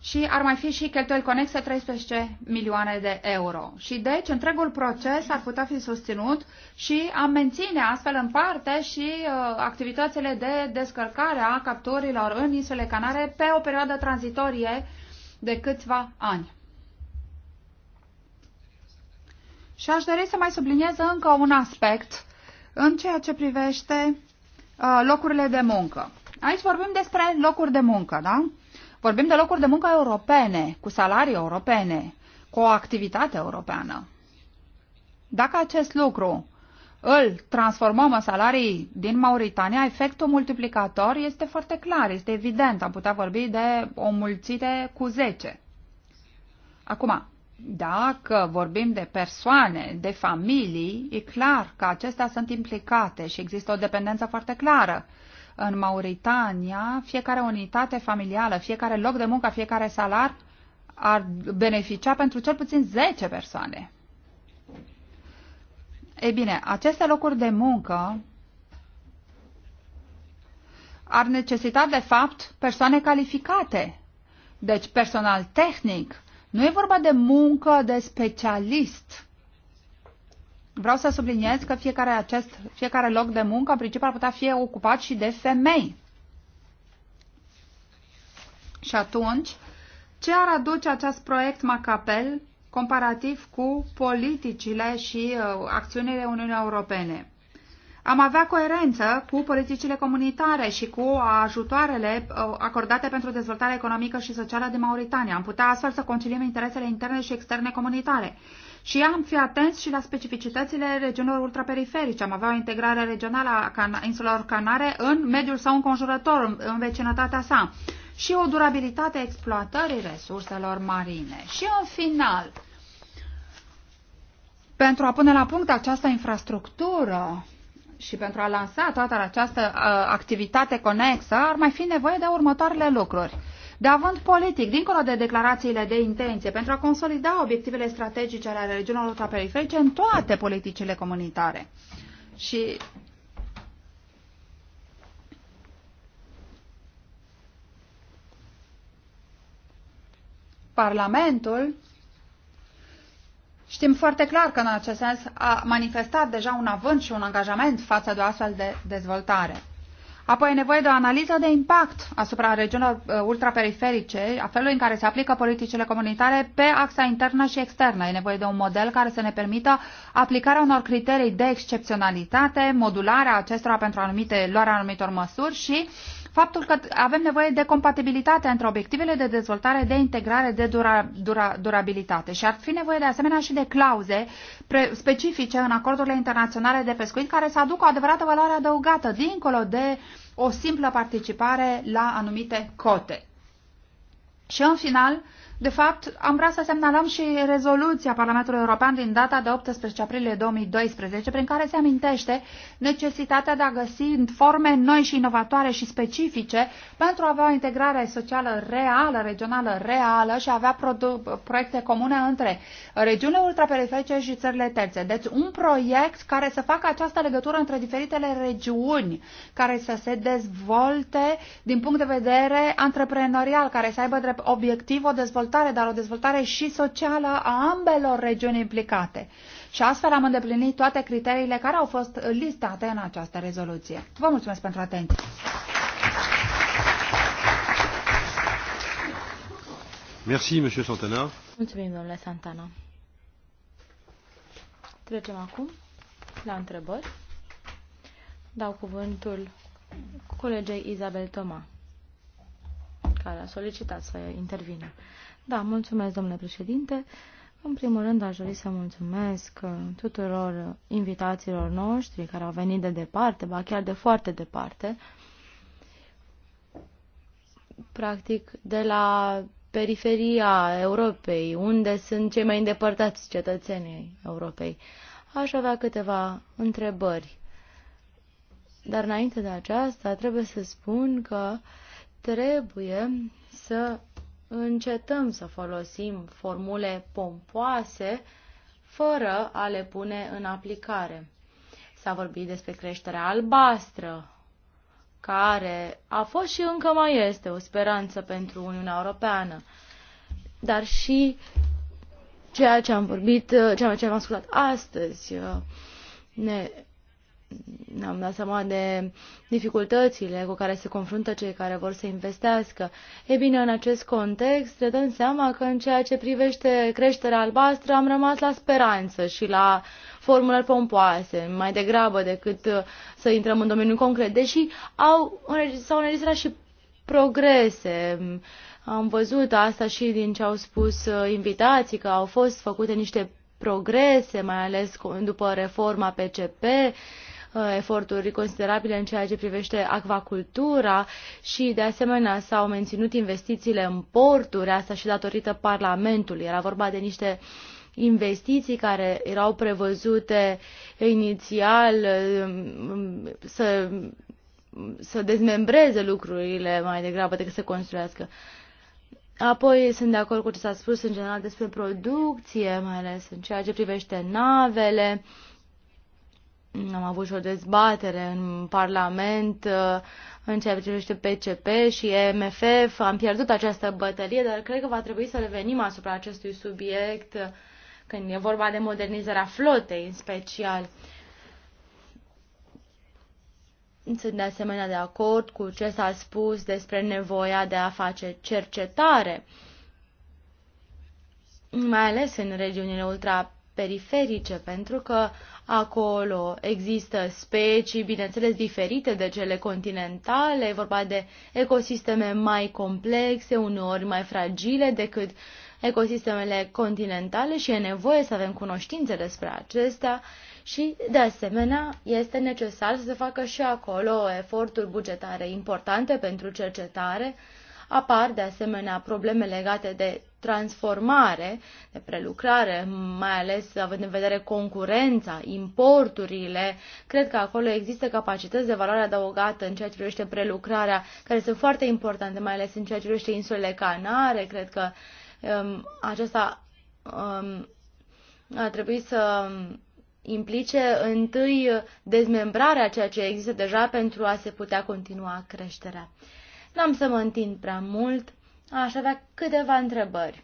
și ar mai fi și cheltuieli conexe 13 milioane de euro. Și deci întregul proces ar putea fi susținut și am menține astfel în parte și uh, activitățile de descărcare a capturilor în insule Canare pe o perioadă tranzitorie de câțiva ani. Și aș dori să mai subliniez încă un aspect în ceea ce privește uh, locurile de muncă. Aici vorbim despre locuri de muncă, da? Vorbim de locuri de muncă europene, cu salarii europene, cu o activitate europeană. Dacă acest lucru îl transformăm în salarii din Mauritania, efectul multiplicator este foarte clar, este evident. Am putea vorbi de o mulțire cu 10. Acum, dacă vorbim de persoane, de familii, e clar că acestea sunt implicate și există o dependență foarte clară în Mauritania, fiecare unitate familială, fiecare loc de muncă, fiecare salar ar beneficia pentru cel puțin 10 persoane. Ei bine, aceste locuri de muncă ar necesita, de fapt, persoane calificate, deci personal tehnic. Nu e vorba de muncă de specialist Vreau să subliniez că fiecare, acest, fiecare loc de muncă, în principiu, ar putea fi ocupat și de femei. Și atunci, ce ar aduce acest proiect Macapel comparativ cu politicile și uh, acțiunile Uniunii Europene? Am avea coerență cu politicile comunitare și cu ajutoarele uh, acordate pentru dezvoltarea economică și socială din Mauritania. Am putea astfel să conciliem interesele interne și externe comunitare și am fi atenți și la specificitățile regiunilor ultraperiferice. Am avea o integrare regională a insulelor Canare în mediul sau înconjurător, în, în vecinătatea sa și o durabilitate a exploatării resurselor marine. Și în final, pentru a pune la punct această infrastructură și pentru a lansa toată această uh, activitate conexă, ar mai fi nevoie de următoarele lucruri de avânt politic, dincolo de declarațiile de intenție, pentru a consolida obiectivele strategice ale regiunilor ultraperiferice în toate politicile comunitare. Și Parlamentul Știm foarte clar că în acest sens a manifestat deja un avânt și un angajament față de o astfel de dezvoltare. Apoi e nevoie de o analiză de impact asupra regiunilor uh, ultraperiferice, a felului în care se aplică politicile comunitare pe axa internă și externă. E nevoie de un model care să ne permită aplicarea unor criterii de excepționalitate, modularea acestora pentru anumite, luarea anumitor măsuri și uh, faptul că avem nevoie de compatibilitate între obiectivele de dezvoltare, de integrare, de dura, dura, durabilitate și ar fi nevoie de asemenea și de clauze pre, specifice în acordurile internaționale de pescuit care să aducă o adevărată valoare adăugată dincolo de o simplă participare la anumite cote. Și în final, de fapt, am vrea să semnalăm și rezoluția Parlamentului European din data de 18 aprilie 2012, prin care se amintește necesitatea de a găsi forme noi și inovatoare și specifice pentru a avea o integrare socială reală, regională reală și a avea proiecte comune între regiunile ultraperiferice și țările terțe. Deci un proiect care să facă această legătură între diferitele regiuni, care să se dezvolte din punct de vedere antreprenorial, care să aibă drept obiectiv o dezvoltare dezvoltare, dar o dezvoltare și socială a ambelor regiuni implicate. Și astfel am îndeplinit toate criteriile care au fost listate în această rezoluție. Vă mulțumesc pentru atenție! Merci, Monsieur Santana. Mulțumim, domnule Santana. Trecem acum la întrebări. Dau cuvântul colegei Isabel Toma, care a solicitat să intervină. Da, mulțumesc, domnule președinte. În primul rând, aș dori să mulțumesc uh, tuturor uh, invitațiilor noștri care au venit de departe, ba chiar de foarte departe, practic de la periferia Europei, unde sunt cei mai îndepărtați cetățenii Europei. Aș avea câteva întrebări. Dar înainte de aceasta, trebuie să spun că trebuie să încetăm să folosim formule pompoase fără a le pune în aplicare. S-a vorbit despre creșterea albastră, care a fost și încă mai este o speranță pentru Uniunea Europeană, dar și ceea ce am vorbit, ceea ce am ascultat astăzi, ne am dat seama de dificultățile cu care se confruntă cei care vor să investească. E bine, în acest context, ne dăm seama că în ceea ce privește creșterea albastră am rămas la speranță și la formulări pompoase, mai degrabă decât uh, să intrăm în domeniul concret, deși au, s-au înregistrat și progrese. Am văzut asta și din ce au spus uh, invitații, că au fost făcute niște progrese, mai ales după reforma PCP, Uh, eforturi considerabile în ceea ce privește acvacultura și, de asemenea, s-au menținut investițiile în porturi, asta și datorită Parlamentului. Era vorba de niște investiții care erau prevăzute inițial um, să, să dezmembreze lucrurile mai degrabă decât să construiască. Apoi sunt de acord cu ce s-a spus în general despre producție, mai ales în ceea ce privește navele. Uh, am avut și o dezbatere în Parlament uh, în ceea ce privește PCP și MFF. Am pierdut această bătălie, dar cred că va trebui să revenim asupra acestui subiect uh, când e vorba de modernizarea flotei în special. Sunt de asemenea de acord cu ce s-a spus despre nevoia de a face cercetare, mai ales în regiunile ultraperiferice, pentru că Acolo există specii, bineînțeles, diferite de cele continentale, e vorba de ecosisteme mai complexe, uneori mai fragile decât ecosistemele continentale și e nevoie să avem cunoștințe despre acestea și, de asemenea, este necesar să se facă și acolo eforturi bugetare importante pentru cercetare, Apar de asemenea probleme legate de transformare, de prelucrare, mai ales având în vedere concurența, importurile. Cred că acolo există capacități de valoare adăugată în ceea ce privește prelucrarea, care sunt foarte importante, mai ales în ceea ce privește insulele Canare. Cred că um, aceasta um, a trebuit să implice întâi dezmembrarea ceea ce există deja pentru a se putea continua creșterea. N-am să mă întind prea mult, aș avea câteva întrebări.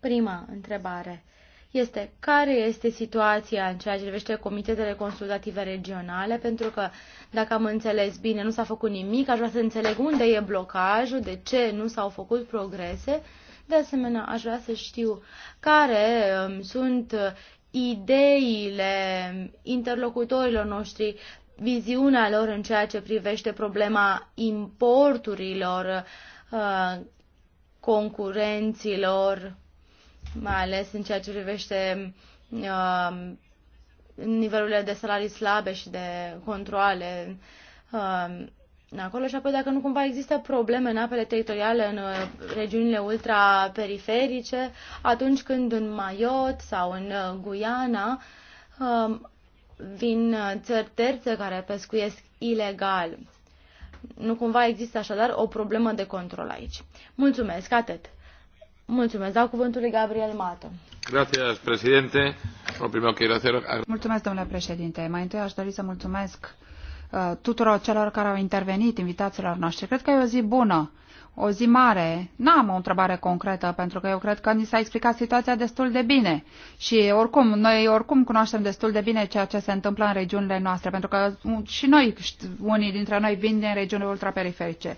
Prima întrebare este care este situația în ceea ce privește comitetele consultative regionale, pentru că, dacă am înțeles bine, nu s-a făcut nimic, aș vrea să înțeleg unde e blocajul, de ce nu s-au făcut progrese. De asemenea, aș vrea să știu care um, sunt uh, ideile interlocutorilor noștri viziunea lor în ceea ce privește problema importurilor, uh, concurenților, mai ales în ceea ce privește uh, nivelurile de salarii slabe și de controle uh, acolo și apoi dacă nu cumva există probleme în apele teritoriale în regiunile ultraperiferice, atunci când în Maiot sau în Guiana vin uh, țări terțe care pescuiesc ilegal. Nu cumva există așadar o problemă de control aici. Mulțumesc, atât. Mulțumesc. Dau cuvântul lui Gabriel Mato. Gracias, presidente. Lo primero que quiero hacer... Mulțumesc, domnule președinte. Mai întâi aș dori să mulțumesc uh, tuturor celor care au intervenit, invitațiilor noștri. Cred că e o zi bună o zi mare. N-am o întrebare concretă, pentru că eu cred că ni s-a explicat situația destul de bine. Și oricum, noi oricum cunoaștem destul de bine ceea ce se întâmplă în regiunile noastre, pentru că și noi, unii dintre noi, vin din regiunile ultraperiferice.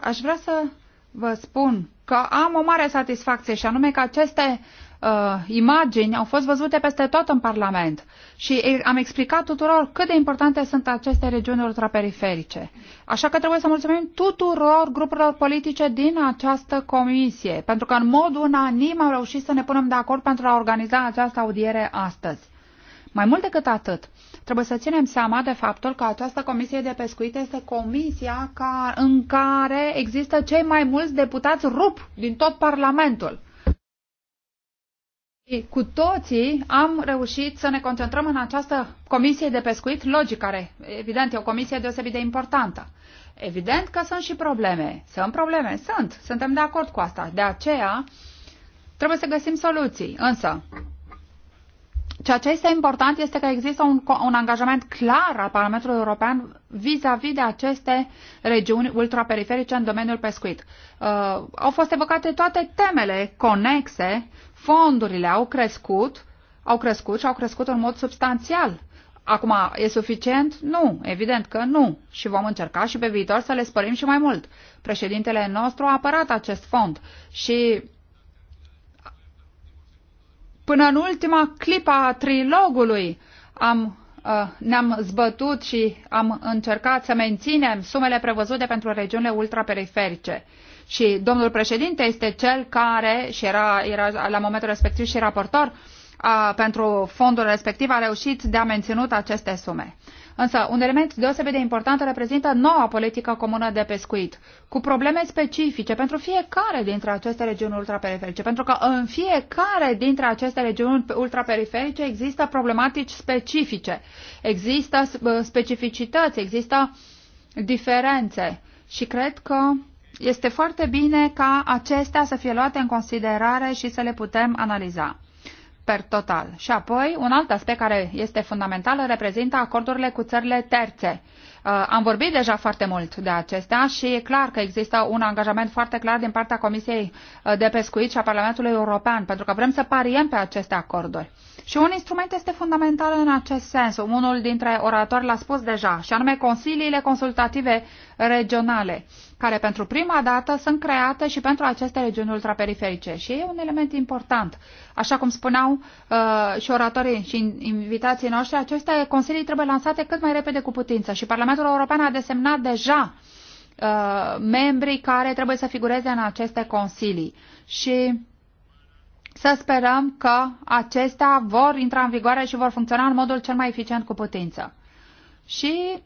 Aș vrea să vă spun că am o mare satisfacție și anume că aceste uh, imagini au fost văzute peste tot în Parlament și am explicat tuturor cât de importante sunt aceste regiuni ultraperiferice. Așa că trebuie să mulțumim tuturor grupurilor politice din această comisie, pentru că în mod unanim am reușit să ne punem de acord pentru a organiza această audiere astăzi. Mai mult decât atât, trebuie să ținem seama de faptul că această comisie de pescuit este comisia ca, în care există cei mai mulți deputați rup din tot Parlamentul cu toții am reușit să ne concentrăm în această comisie de pescuit logic, care evident e o comisie deosebit de importantă. Evident că sunt și probleme. Sunt probleme, sunt. Suntem de acord cu asta. De aceea trebuie să găsim soluții. Însă, ceea ce este important este că există un, un angajament clar al Parlamentului European vis-a-vis -vis de aceste regiuni ultraperiferice în domeniul pescuit. Uh, au fost evocate toate temele conexe fondurile au crescut, au crescut și au crescut în mod substanțial. Acum, e suficient? Nu, evident că nu. Și vom încerca și pe viitor să le spărim și mai mult. Președintele nostru a apărat acest fond și până în ultima clipa trilogului am, uh, ne-am zbătut și am încercat să menținem sumele prevăzute pentru regiunile ultraperiferice. Uh, și domnul președinte este cel care, și era, era la momentul respectiv și raportor, a, pentru fondul respectiv a reușit de a menținut aceste sume. Însă, un element deosebit de important reprezintă noua politică comună de pescuit, cu probleme specifice pentru fiecare dintre aceste regiuni ultraperiferice, pentru că în fiecare dintre aceste regiuni ultraperiferice există problematici specifice, există specificități, există diferențe și cred că este foarte bine ca acestea să fie luate în considerare și să le putem analiza per total. Și apoi, un alt aspect care este fundamental reprezintă acordurile cu țările terțe. Uh, am vorbit deja foarte mult de acestea și e clar că există un angajament foarte clar din partea Comisiei uh, de Pescuit și a Parlamentului European, pentru că vrem să pariem pe aceste acorduri. Și un instrument este fundamental în acest sens. Unul dintre oratori l-a spus deja, și anume consiliile consultative regionale, care pentru prima dată sunt create și pentru aceste regiuni ultraperiferice. Și e un element important. Așa cum spuneau uh, și oratorii și invitații noștri, aceste consilii trebuie lansate cât mai repede cu putință. Și Parlamentul European a desemnat deja uh, membrii care trebuie să figureze în aceste consilii. Și să sperăm că acestea vor intra în vigoare și vor funcționa în modul cel mai eficient cu putință. Și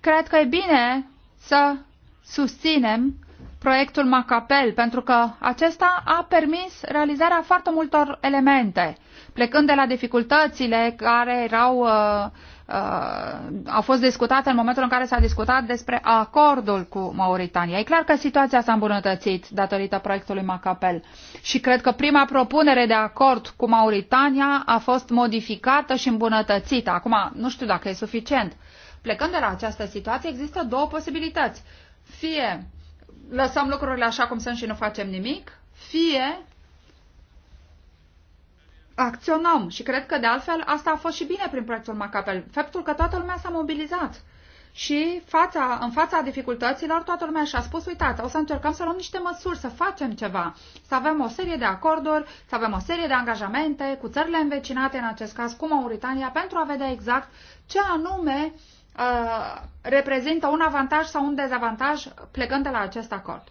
cred că e bine să susținem proiectul Macapel, pentru că acesta a permis realizarea foarte multor elemente, plecând de la dificultățile care erau uh, Uh, a fost discutată în momentul în care s-a discutat despre acordul cu Mauritania. E clar că situația s-a îmbunătățit datorită proiectului Macapel și cred că prima propunere de acord cu Mauritania a fost modificată și îmbunătățită. Acum, nu știu dacă e suficient. Plecând de la această situație, există două posibilități. Fie lăsăm lucrurile așa cum sunt și nu facem nimic, fie acționăm și cred că de altfel asta a fost și bine prin proiectul Macapel, faptul că toată lumea s-a mobilizat și fața, în fața dificultăților toată lumea și-a spus, uitați, o să încercăm să luăm niște măsuri, să facem ceva, să avem o serie de acorduri, să avem o serie de angajamente cu țările învecinate, în acest caz cu Mauritania, pentru a vedea exact ce anume uh, reprezintă un avantaj sau un dezavantaj plecând de la acest acord.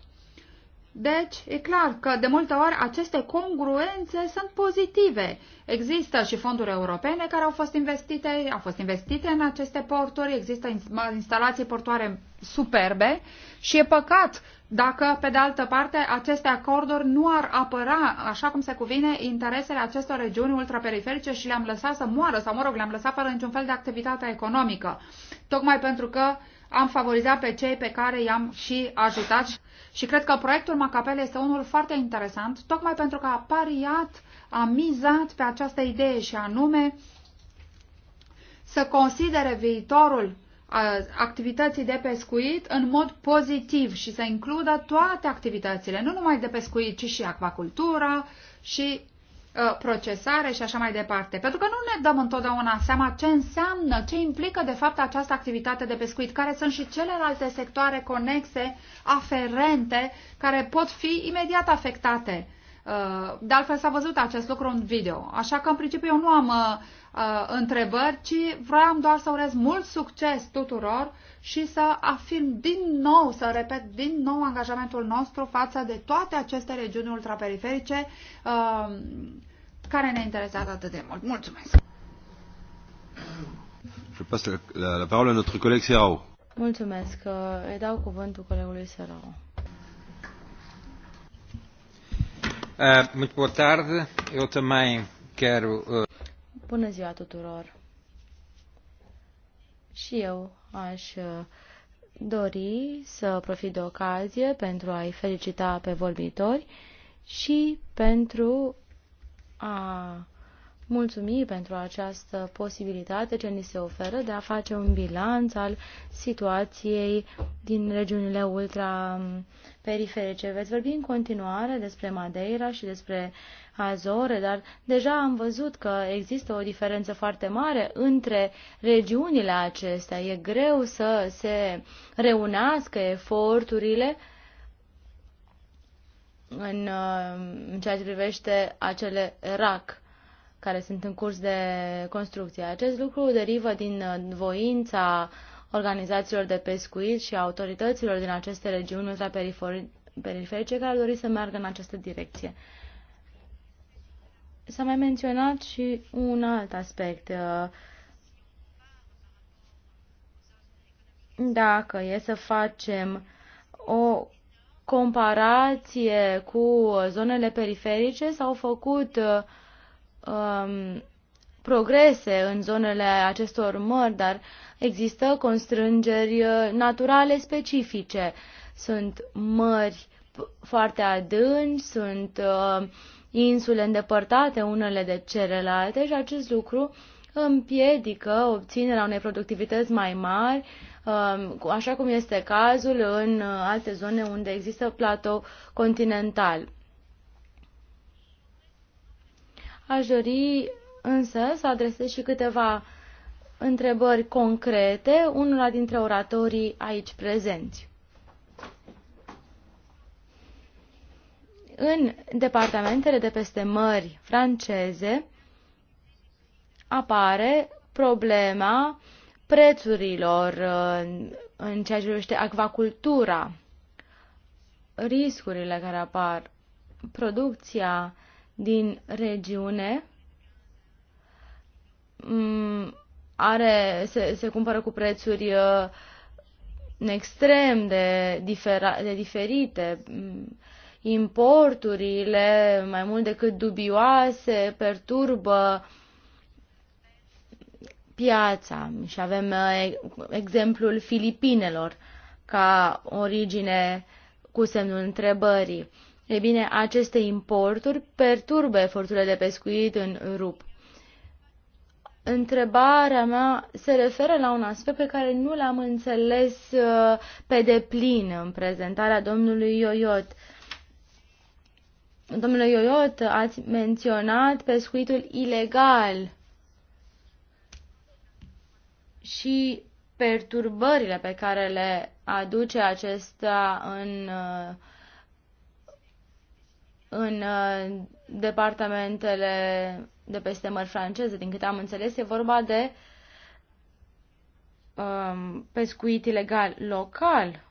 Deci, e clar că de multe ori aceste congruențe sunt pozitive. Există și fonduri europene care au fost investite, au fost investite în aceste porturi, există instalații portoare superbe și e păcat dacă, pe de altă parte, aceste acorduri nu ar apăra, așa cum se cuvine, interesele acestor regiuni ultraperiferice și le-am lăsat să moară, sau, mă rog, le-am lăsat fără niciun fel de activitate economică, tocmai pentru că am favorizat pe cei pe care i-am și ajutat și cred că proiectul macapele este unul foarte interesant, tocmai pentru că a pariat, a mizat pe această idee și anume să considere viitorul activității de pescuit în mod pozitiv și să includă toate activitățile, nu numai de pescuit, ci și acvacultura și Uh, procesare și așa mai departe. Pentru că nu ne dăm întotdeauna seama ce înseamnă, ce implică de fapt această activitate de pescuit, care sunt și celelalte sectoare conexe, aferente, care pot fi imediat afectate. Uh, de altfel s-a văzut acest lucru în video. Așa că în principiu eu nu am uh, întrebări, ci vreau doar să urez mult succes tuturor și să afirm din nou, să repet din nou angajamentul nostru față de toate aceste regiuni ultraperiferice uh, care ne interesează atât de mult. Mulțumesc! la, Mulțumesc. Uh, îi dau cuvântul colegului Serau. Uh, muito boa tarde. Eu também quero... Uh... Bună ziua tuturor. Și eu aș uh, dori să profit de ocazie pentru a-i felicita pe vorbitori și pentru a mulțumi pentru această posibilitate ce ni se oferă de a face un bilanț al situației din regiunile ultraperiferice. Veți vorbi în continuare despre Madeira și despre oră, dar deja am văzut că există o diferență foarte mare între regiunile acestea. E greu să se reunească eforturile în, uh, în ceea ce privește acele RAC care sunt în curs de construcție. Acest lucru derivă din uh, voința organizațiilor de pescuit și autorităților din aceste regiuni ultraperiferice care au dorit să meargă în această direcție. S-a mai menționat și un alt aspect. Dacă e să facem o comparație cu zonele periferice, s-au făcut um, progrese în zonele acestor mări, dar există constrângeri naturale specifice. Sunt mări foarte adânci, sunt uh, insule îndepărtate unele de celelalte și acest lucru împiedică obținerea unei productivități mai mari, um, așa cum este cazul în uh, alte zone unde există platou continental. Aș dori însă să adresez și câteva întrebări concrete unora dintre oratorii aici prezenți. în departamentele de peste mări franceze apare problema prețurilor uh, în ceea ce privește acvacultura, riscurile care apar, producția din regiune mm, are, se, se cumpără cu prețuri uh, extrem de, difera, de diferite mm, importurile mai mult decât dubioase perturbă piața și avem eh, exemplul Filipinelor ca origine cu semnul întrebării. E bine, aceste importuri perturbă eforturile de pescuit în rup. Întrebarea mea se referă la un aspect pe care nu l-am înțeles eh, pe deplin în prezentarea domnului Ioiot. Domnule Ioiot, ați menționat pescuitul ilegal și perturbările pe care le aduce acesta în, în departamentele de peste mări franceze. Din câte am înțeles, e vorba de um, pescuit ilegal local.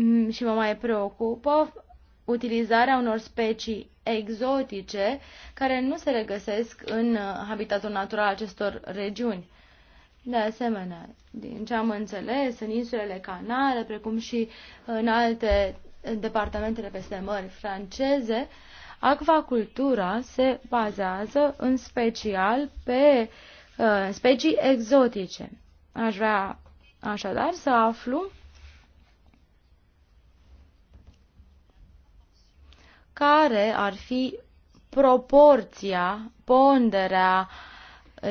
Mm, și mă mai preocupă utilizarea unor specii exotice care nu se regăsesc în uh, habitatul natural acestor regiuni. De asemenea, din ce am înțeles, în insulele Canare, precum și uh, în alte departamentele peste mări franceze, acvacultura se bazează în special pe uh, specii exotice. Aș vrea așadar să aflu care ar fi proporția, ponderea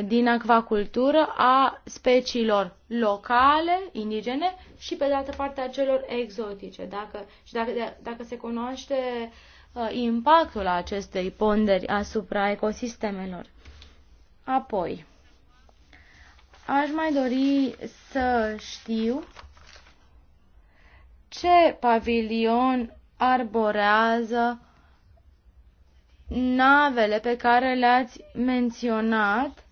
din acvacultură a speciilor locale, indigene și pe de altă parte a celor exotice. Dacă, și dacă, dacă se cunoaște uh, impactul acestei ponderi asupra ecosistemelor. Apoi, aș mai dori să știu ce pavilion arborează navele pe care le-ați menționat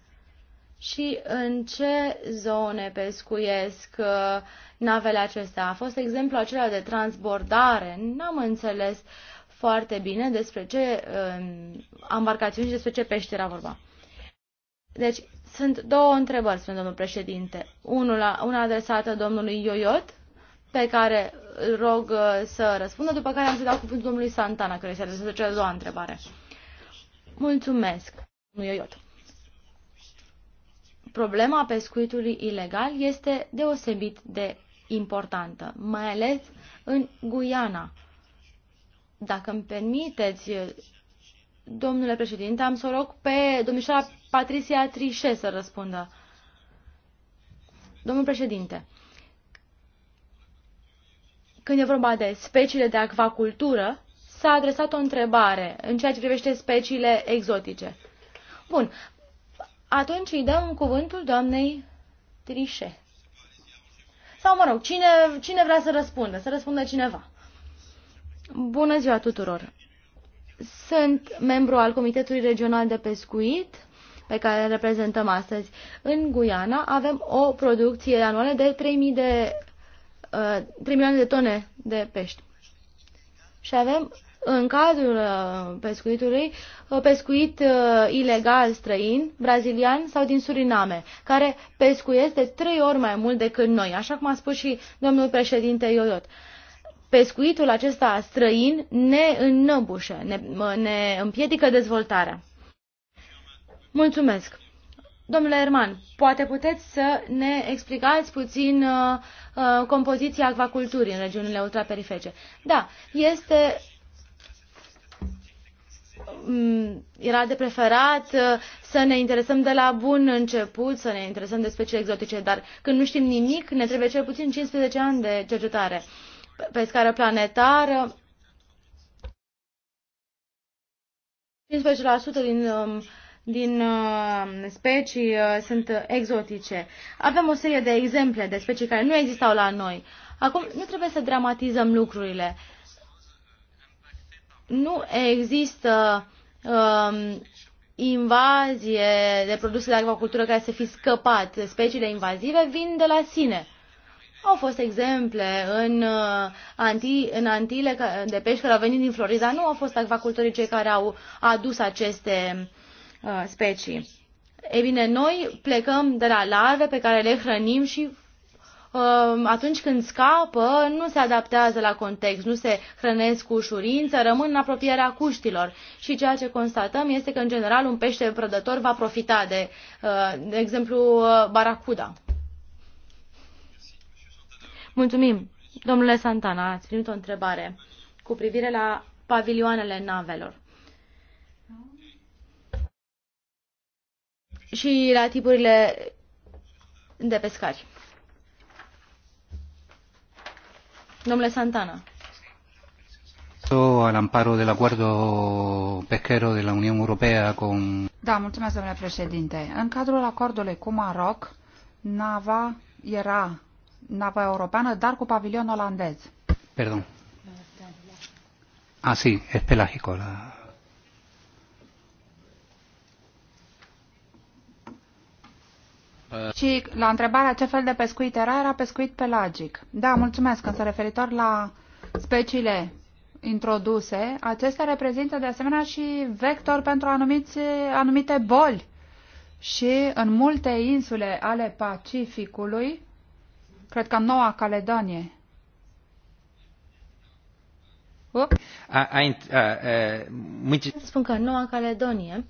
și în ce zone pescuiesc uh, navele acestea. A fost exemplu acela de transbordare. N-am înțeles foarte bine despre ce um, embarcațiuni și despre ce pește era vorba. Deci, sunt două întrebări, spune domnul președinte. Unul, una adresată domnului Ioiot, pe care îl rog uh, să răspundă, după care am să dau cuvântul domnului Santana, care se adresează cea doua întrebare. Mulțumesc, Nu-i e iot. Problema pescuitului ilegal este deosebit de importantă, mai ales în Guiana. Dacă îmi permiteți, domnule președinte, am să rog pe domnișoara Patricia Trișe să răspundă. Domnul președinte, când e vorba de speciile de acvacultură, s-a adresat o întrebare în ceea ce privește speciile exotice. Bun, atunci îi dăm cuvântul doamnei Trișe. Sau, mă rog, cine, cine vrea să răspundă? Să răspundă cineva. Bună ziua tuturor! Sunt membru al Comitetului Regional de Pescuit, pe care îl reprezentăm astăzi. În Guiana avem o producție anuală de 3000 de, uh, 3 milioane de tone de pești. Și avem în cadrul uh, pescuitului uh, pescuit uh, ilegal străin, brazilian sau din Suriname, care pescuiesc de trei ori mai mult decât noi, așa cum a spus și domnul președinte Iodot. Pescuitul acesta străin ne înnăbușe, ne, ne împiedică dezvoltarea. Mulțumesc! Domnule Erman, poate puteți să ne explicați puțin uh, uh, compoziția acvaculturii în regiunile ultraperifece. Da, este Mm, era de preferat uh, să ne interesăm de la bun început, să ne interesăm de specii exotice, dar când nu știm nimic, ne trebuie cel puțin 15 ani de cercetare. Pe scară planetară, 15% din, um, din um, specii uh, sunt exotice. Avem o serie de exemple de specii care nu existau la noi. Acum, nu trebuie să dramatizăm lucrurile. Uh, nu există um, invazie de produse de agricultură care să fi scăpat. Speciile invazive vin de la sine. Au fost exemple în, uh, anti, în antile de pești care au venit din Florida. Nu au fost acvacultorii cei care au adus aceste uh, specii. Ei bine, noi plecăm de la larve pe care le hrănim și Ehm, atunci când scapă, nu se adaptează la context, nu se hrănesc cu ușurință, rămân în apropierea cuștilor. Și ceea ce constatăm este că, în general, un pește prădător va profita de, eh, de exemplu, eh, baracuda. Mulțumim. Domnule Santana, ați primit o întrebare cu privire la pavilioanele navelor. Și la tipurile de pescari. Domnule Santana. Al amparo del acuerdo pesquero de la Unión Europea con... Da, mulțumesc, domnule președinte. În cadrul acordului cu Maroc, nava era nava europeană, dar cu pavilion olandez. Perdon. Ah, sí, es pelágico la, Uh, și la întrebarea ce fel de pescuit era, era pescuit pelagic. Da, mulțumesc, însă referitor la speciile introduse, acestea reprezintă de asemenea și vector pentru anumiți, anumite boli. Și în multe insule ale Pacificului, cred că în Noua Caledonie, Spun că Noua Caledonie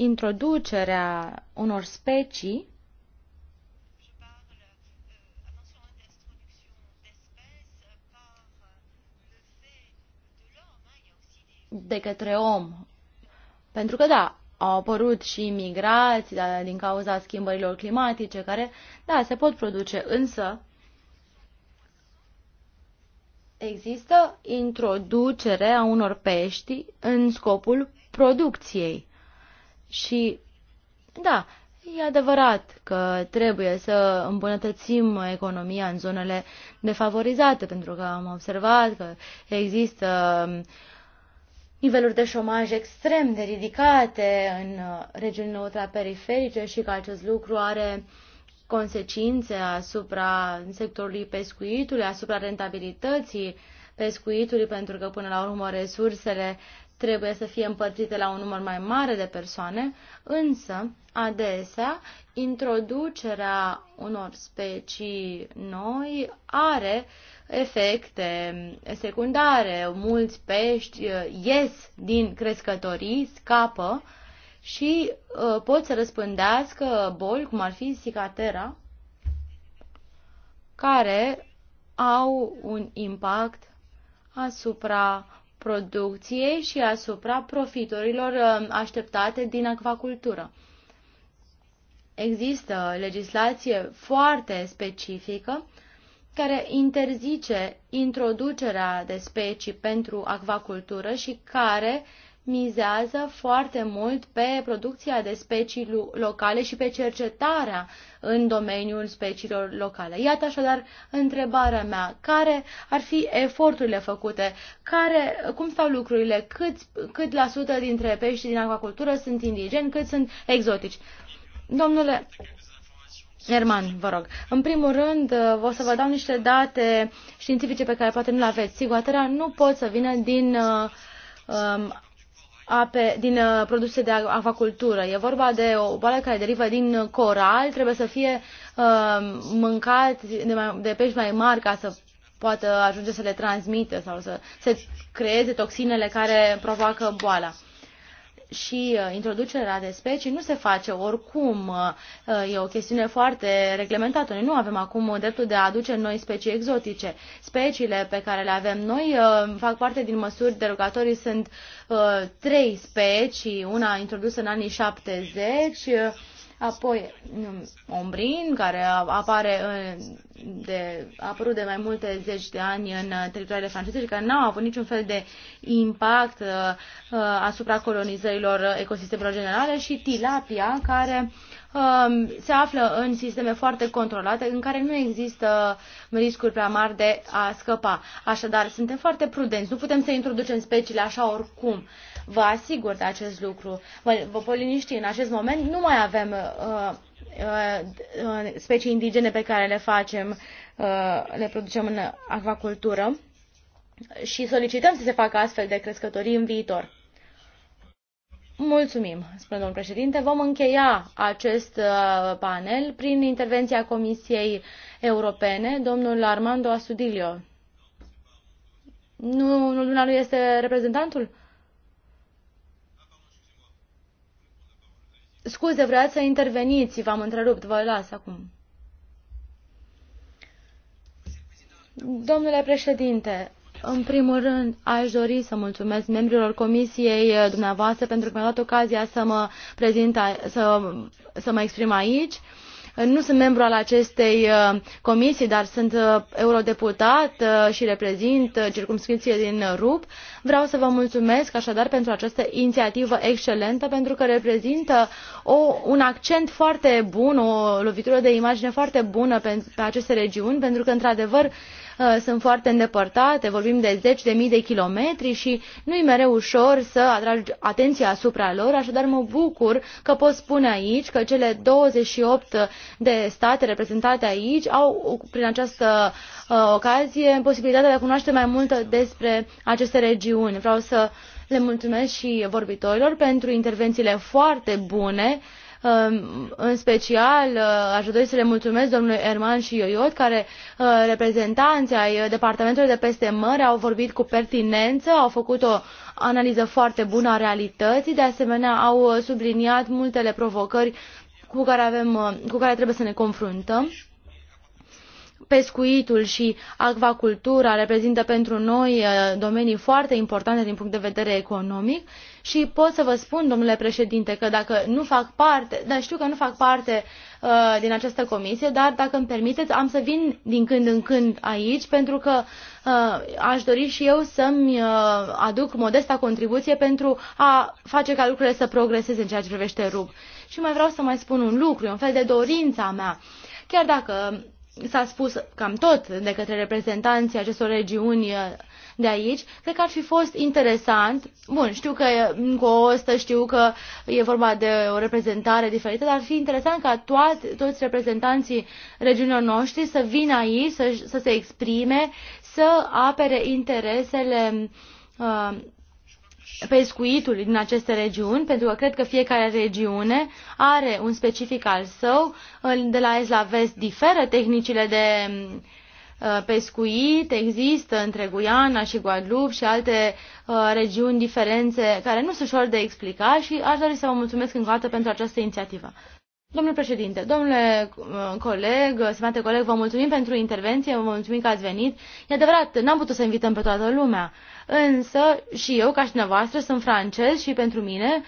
introducerea unor specii de către om. Pentru că, da, au apărut și migrații da, din cauza schimbărilor climatice, care, da, se pot produce, însă există introducerea unor pești în scopul producției. Și, da, e adevărat că trebuie să îmbunătățim economia în zonele defavorizate, pentru că am observat că există um, niveluri de șomaj extrem de ridicate în uh, regiunile ultraperiferice și că acest lucru are consecințe asupra sectorului pescuitului, asupra rentabilității pescuitului, pentru că până la urmă resursele trebuie să fie împărțite la un număr mai mare de persoane, însă, adesea, introducerea unor specii noi are efecte secundare. Mulți pești uh, ies din crescătorii, scapă și uh, pot să răspândească boli, cum ar fi sicatera, care au un impact asupra producției și asupra profiturilor uh, așteptate din acvacultură. Există legislație foarte specifică care interzice introducerea de specii pentru acvacultură și care uh, mizează foarte mult pe producția de specii locale și pe cercetarea în domeniul speciilor locale. Iată așadar întrebarea mea, care ar fi eforturile făcute, care, cum stau lucrurile, cât, cât la sută dintre peștii din acvacultură sunt indigeni, cât sunt exotici. Domnule German, vă rog. În primul rând, uh, o să vă dau niște date științifice pe care poate nu le aveți. Ciguatera nu pot să vină din uh, um, ape, din uh, produse de acvacultură. E vorba de o boală care derivă din coral, trebuie să fie uh, mâncat de, mai, de pești mai mari ca să poată ajunge să le transmită sau să se creeze toxinele care provoacă boala și uh, introducerea de specii nu se face oricum. Uh, uh, e o chestiune foarte reglementată. Noi nu avem acum dreptul de a aduce noi specii exotice. Speciile pe care le avem noi fac parte din măsuri derogatorii. Sunt trei specii, una introdusă în anii 70, Apoi, um, ombrin, care apare uh, de, a apărut de mai multe zeci de ani în uh, teritoriile franceze și care n-au avut niciun fel de impact uh, asupra colonizărilor ecosistemelor generale și tilapia, care um, se află în sisteme foarte controlate în care nu există riscuri prea mari de a scăpa. Așadar, suntem foarte prudenți, nu putem să introducem speciile așa oricum. Vă asigur de acest lucru. Vă, vă pot liniști, în acest moment nu mai avem uh, uh, uh, specii indigene pe care le facem, uh, le producem în acvacultură și solicităm să se facă astfel de crescătorii în viitor. Mulțumim, spune domnul președinte. Vom încheia acest uh, panel prin intervenția Comisiei Europene, domnul Armando Asudilio. Nu, nu, nu este reprezentantul? Scuze, vreau să interveniți, v-am întrerupt, vă las acum. Domnule președinte, în primul rând, aș dori să mulțumesc membrilor comisiei eh, dumneavoastră pentru că mi-a dat ocazia să mă prezint, să, să mă exprim aici. Uh, Uh, nu sunt membru al acestei uh, comisii, dar sunt uh, eurodeputat și reprezint circumscripție din RUP. Vreau să vă mulțumesc așadar pentru această inițiativă excelentă, pentru că reprezintă o, un accent foarte bun, o lovitură de imagine foarte bună pe, pe aceste regiuni, pentru că, într-adevăr, Uh, sunt foarte îndepărtate, vorbim de zeci de mii de kilometri și nu-i mereu ușor să atragi atenția asupra lor, așadar mă bucur că pot spune aici că cele 28 de state reprezentate aici au prin această uh, ocazie posibilitatea de a cunoaște mai mult despre aceste regiuni. Vreau să le mulțumesc și vorbitorilor pentru intervențiile foarte bune Ehm, în special, eh, aș dori să le mulțumesc domnului Erman și Ioiot, care eh, reprezentanții ai Departamentului de Peste Mări au vorbit cu pertinență, au făcut o analiză foarte bună a realității, de asemenea au subliniat multele provocări cu care, avem, eh, cu care trebuie să ne confruntăm pescuitul și acvacultura reprezintă pentru noi domenii foarte importante din punct de vedere economic și pot să vă spun, domnule președinte, că dacă nu fac parte, dar știu că nu fac parte uh, din această comisie, dar dacă îmi permiteți, am să vin din când în când aici, pentru că uh, aș dori și eu să-mi uh, aduc modesta contribuție pentru a face ca lucrurile să progreseze în ceea ce privește RUB. Și mai vreau să mai spun un lucru, un fel de dorința mea. Chiar dacă s-a spus cam tot de către reprezentanții acestor regiuni uh, de aici, cred că ar fi fost interesant, bun, știu că cu o ostă, știu că e vorba de o reprezentare diferită, dar ar fi interesant ca toat, toți reprezentanții regiunilor noștri să vină aici, să, să se exprime, să apere interesele uh, pescuitului din aceste regiuni, pentru că cred că fiecare regiune are un specific al său. De la est la vest diferă tehnicile de Uh, pescuit, există între Guiana și Guadeloupe și alte uh, regiuni diferențe care nu sunt ușor de explicat și aș dori să vă mulțumesc încă o dată pentru această inițiativă. Domnule președinte, domnule uh, coleg, stimate coleg, vă mulțumim pentru intervenție, vă mulțumim că ați venit. E adevărat, n-am putut să invităm pe toată lumea, însă și eu, ca și dumneavoastră, sunt francez și pentru mine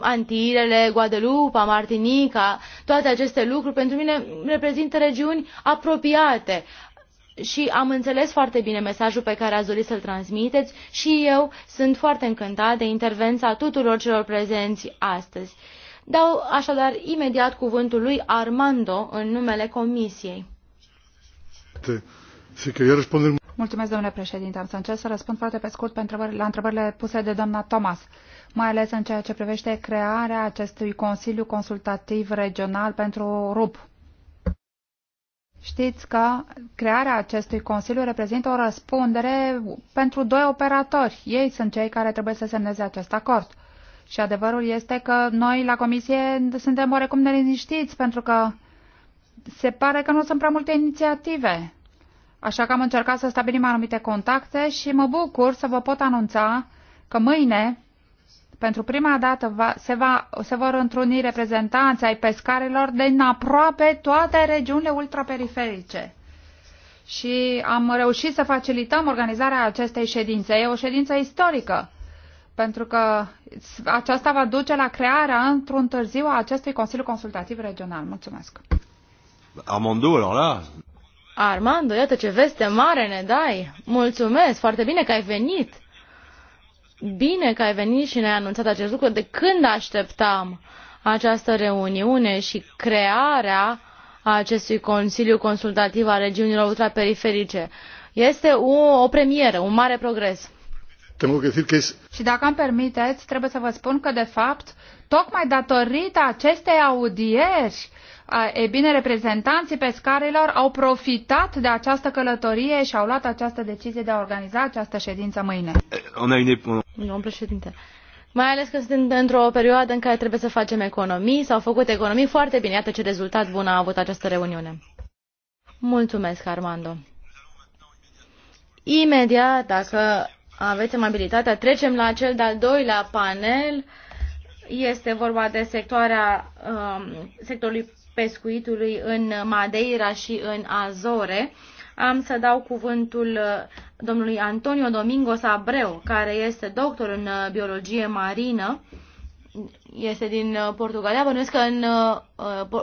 Antilele, Guadeloupe, Martinica, toate aceste lucruri pentru mine reprezintă regiuni apropiate și am înțeles foarte bine mesajul pe care ați dorit să-l transmiteți și eu sunt foarte încântat de intervenția tuturor celor prezenți astăzi. Dau așadar imediat cuvântul lui Armando în numele Comisiei. Mulțumesc, domnule președinte. Am să încerc să răspund foarte pe scurt pe întrebări, la întrebările puse de doamna Thomas, mai ales în ceea ce privește crearea acestui Consiliu Consultativ Regional pentru RUP Știți că crearea acestui Consiliu reprezintă o răspundere pentru doi operatori. Ei sunt cei care trebuie să semneze acest acord. Și adevărul este că noi la Comisie suntem oarecum neliniștiți pentru că se pare că nu sunt prea multe inițiative. Așa că am încercat să stabilim anumite contacte și mă bucur să vă pot anunța că mâine pentru prima dată va, se, va, se vor întruni reprezentanții ai pescarilor din aproape toate regiunile ultraperiferice. Și am reușit să facilităm organizarea acestei ședințe. E o ședință istorică, pentru că aceasta va duce la crearea într-un târziu a acestui Consiliu Consultativ Regional. Mulțumesc! Armando, alors la? Armando, iată ce veste mare ne dai! Mulțumesc, foarte bine că ai venit! bine că ai venit și ne-ai anunțat acest lucru. De când așteptam această reuniune și crearea acestui Consiliu Consultativ al Regiunilor Ultraperiferice? Este o, o premieră, un mare progres. Și dacă îmi permiteți, trebuie să vă spun că, de fapt, tocmai datorită acestei audieri e bine, reprezentanții pescarilor au profitat de această călătorie și au luat această decizie de a organiza această ședință mâine. Domnul președinte, mai ales că sunt într-o perioadă în care trebuie să facem economii, s-au făcut economii foarte bine. Iată ce rezultat bun a avut această reuniune. Mulțumesc, Armando. Imediat, dacă aveți amabilitatea, trecem la cel de-al doilea panel. Este vorba de sectoarea um, sectorului pescuitului în Madeira și în Azore. Am să dau cuvântul uh, domnului Antonio Domingos Abreu, care este doctor în uh, biologie marină. Este din uh, Portugalia, bănuiesc că în,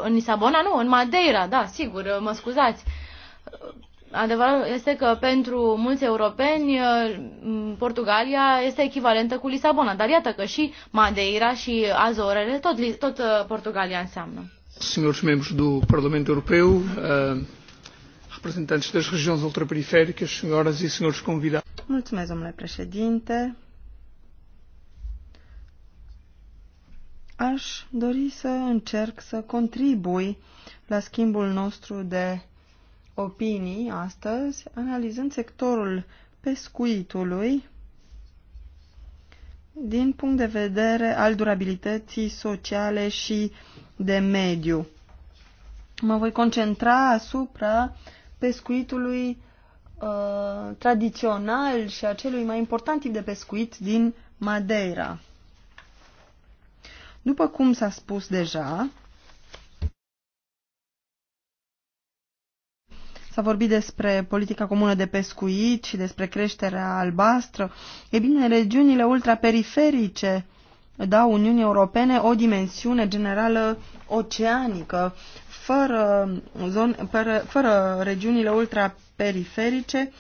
în Lisabona, nu, în Madeira, da, sigur, mă scuzați. Adevărul este că pentru mulți europeni Portugalia este echivalentă cu Lisabona, dar iată că și Madeira și Azorele, tot, tot Portugalia înseamnă senhores membros do Parlamento Europeu, eh, representantes das regiões ultraperiféricas, senhoras e senhores convidados. Mulțumesc, domnule președinte. Aș dori să încerc să contribui la schimbul nostru de opinii astăzi, analizând sectorul pescuitului din punct de vedere al durabilității sociale și uh, de mediu. Mă voi concentra asupra pescuitului uh, tradițional și a celui mai important tip de pescuit din Madeira. După cum s-a spus deja, S-a vorbit despre politica comună de pescuit și despre creșterea albastră. E bine, regiunile ultraperiferice da Uniunii Europene o dimensiune generală oceanică, fără, zone, fără, fără regiunile ultraperiferice,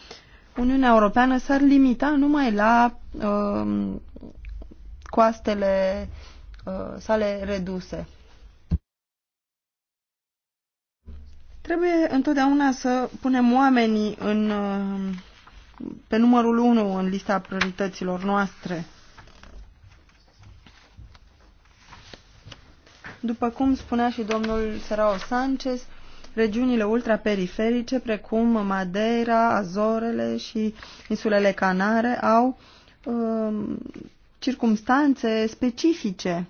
Uniunea Europeană s-ar limita numai la uh, coastele uh, sale reduse. Trebuie întotdeauna să punem oamenii în, uh, pe numărul 1 în lista priorităților noastre. După cum spunea și domnul Serao Sanchez, regiunile ultraperiferice, precum Madeira, Azorele și insulele Canare, au um, circumstanțe specifice.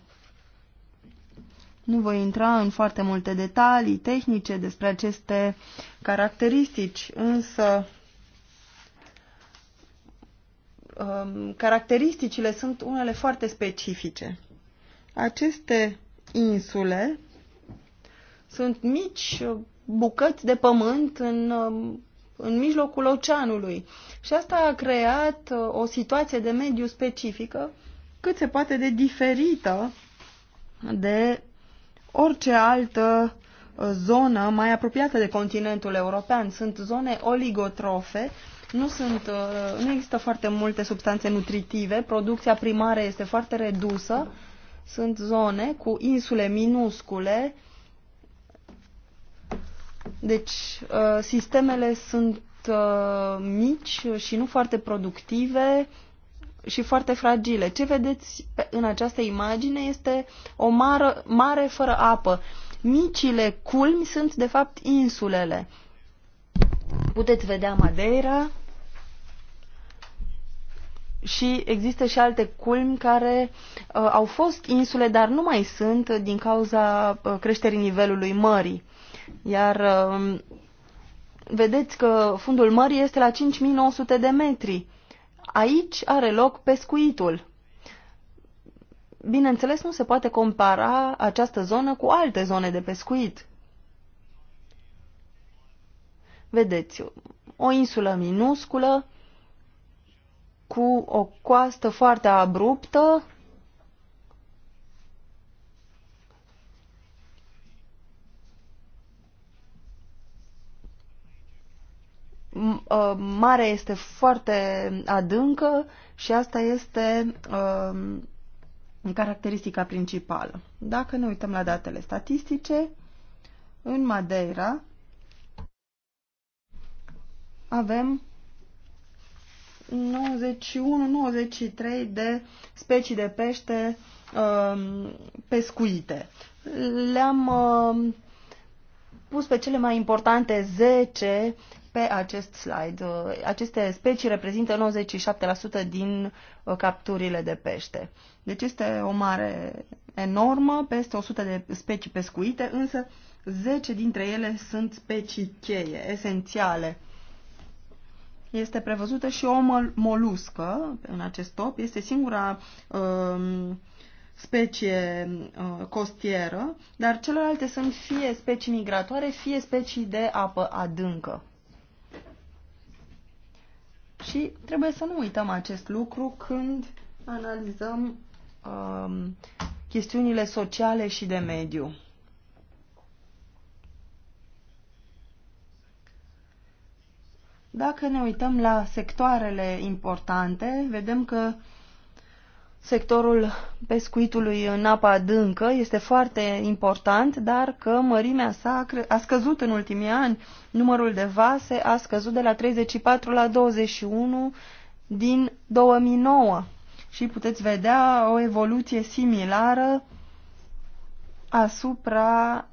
Nu voi intra în foarte multe detalii tehnice despre aceste caracteristici, însă um, caracteristicile sunt unele foarte specifice. Aceste insule sunt mici bucăți de pământ în, um, în mijlocul oceanului. Și asta a creat uh, o situație de mediu specifică cât se poate de diferită de orice altă uh, zonă mai apropiată de continentul european. Sunt zone oligotrofe, nu, sunt, uh, nu există foarte multe substanțe nutritive, producția primară este foarte redusă, sunt zone cu insule minuscule, deci uh, sistemele sunt uh, mici și nu foarte productive și foarte fragile. Ce vedeți în această imagine este o mare, mare fără apă. Micile culmi sunt, de fapt, insulele. Puteți vedea Madeira, și există și alte culmi care uh, au fost insule, dar nu mai sunt din cauza uh, creșterii nivelului mării. Iar uh, vedeți că fundul mării este la 5900 de metri. Aici are loc pescuitul. Bineînțeles, nu se poate compara această zonă cu alte zone de pescuit. Vedeți, o insulă minusculă, cu o coastă foarte abruptă. Uh, marea este foarte adâncă și asta este uh, caracteristica principală. Dacă ne uităm la datele statistice, în Madeira avem 91-93 de specii de pește um, pescuite. Le-am um, pus pe cele mai importante 10 pe acest slide. Uh, aceste specii reprezintă 97% din uh, capturile de pește. Deci este o mare enormă, peste 100 de specii pescuite, însă 10 dintre ele sunt specii cheie, esențiale este prevăzută și o moluscă în acest top. Este singura um, specie uh, costieră, dar celelalte sunt fie specii migratoare, fie specii de apă adâncă. Și trebuie să nu uităm acest lucru când analizăm um, chestiunile sociale și de mediu. Dacă ne uităm la sectoarele importante, vedem că sectorul pescuitului în apa adâncă este foarte important, dar că mărimea sa a scăzut în ultimii ani. Numărul de vase a scăzut de la 34 la 21 din 2009 și puteți vedea o evoluție similară asupra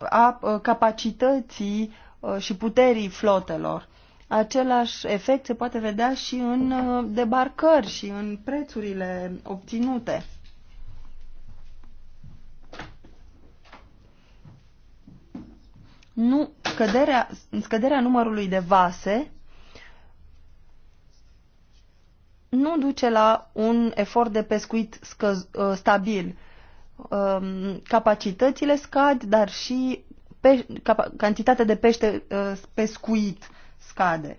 a capacității și puterii flotelor. Același efect se poate vedea și în uh, debarcări și în prețurile obținute. Nu, scăderea, scăderea numărului de vase nu duce la un efort de pescuit scăz, uh, stabil. Um, capacitățile scad, dar și pe, cantitatea de pește uh, pescuit scade.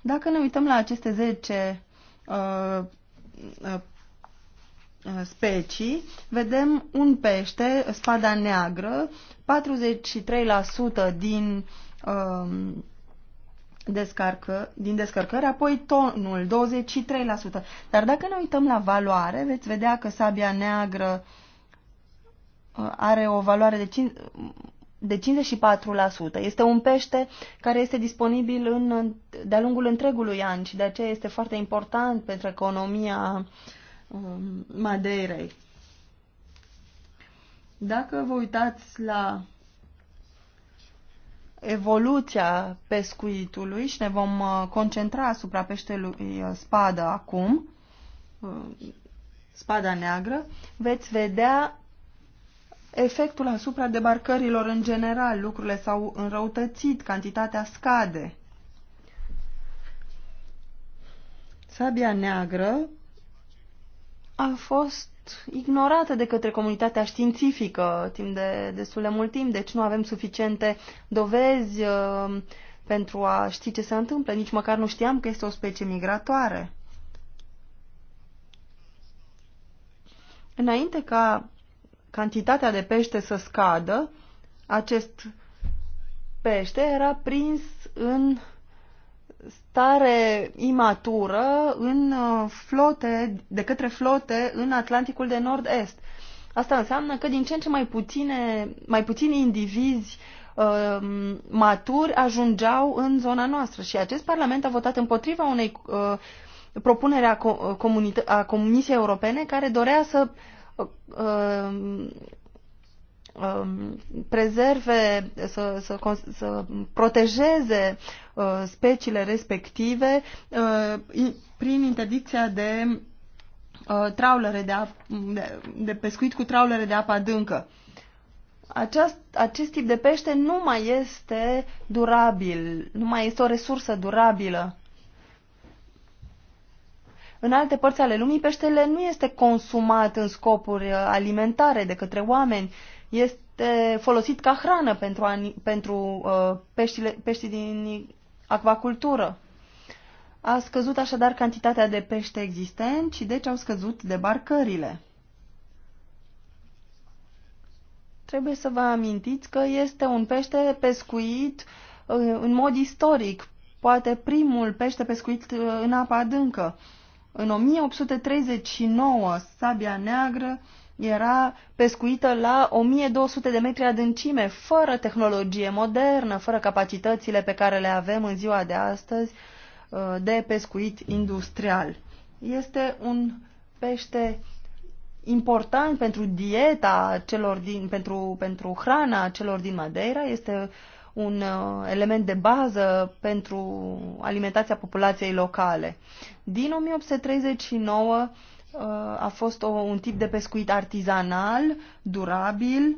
Dacă ne uităm la aceste 10 uh, uh, uh, specii, vedem un pește, spada neagră, 43% din, uh, descarcă, din descărcări, apoi tonul, 23%. Dar dacă ne uităm la valoare, veți vedea că sabia neagră uh, are o valoare de 5, de 54%. Este un pește care este disponibil în, de-a lungul întregului an și de aceea este foarte important pentru economia um, Madeirei. Dacă vă uitați la evoluția pescuitului și ne vom uh, concentra asupra peștelui uh, spadă acum, uh, spada neagră, veți vedea efectul asupra debarcărilor în general. Lucrurile s-au înrăutățit, cantitatea scade. Sabia neagră a fost ignorată de către comunitatea științifică timp de destul de mult timp, deci nu avem suficiente dovezi uh, pentru a ști ce se întâmplă. Nici măcar nu știam că este o specie migratoare. Înainte ca cantitatea de pește să scadă, acest pește era prins în stare imatură în uh, flote, de către flote în Atlanticul de Nord-Est. Asta înseamnă că din ce în ce mai, puține, mai puțini indivizi uh, maturi ajungeau în zona noastră și acest parlament a votat împotriva unei uh, propunere a, co- a Comisiei Europene care dorea să uh, Uh, um, prezerve, să, să, să protejeze uh, speciile respective uh, prin interdicția de traulere de, ap, de, de pescuit cu traulere de apă adâncă. Aceast, acest tip de pește nu mai este durabil, nu mai este o resursă durabilă în alte părți ale lumii, peștele nu este consumat în scopuri uh, alimentare de către oameni, este folosit ca hrană pentru, ani, pentru uh, peștile, peștii din acvacultură. A scăzut așadar cantitatea de pește existent și deci au scăzut debarcările. Trebuie să vă amintiți că este un pește pescuit uh, în mod istoric, poate primul pește pescuit uh, în apa adâncă. În 1839, sabia neagră era pescuită la 1200 de metri adâncime, fără tehnologie modernă, fără capacitățile pe care le avem în ziua de astăzi uh, de pescuit industrial. Este un pește important pentru dieta celor din, pentru, pentru hrana celor din Madeira, este un uh, element de bază pentru alimentația populației locale. Din 1839 uh, a fost o, un tip de pescuit artizanal, durabil,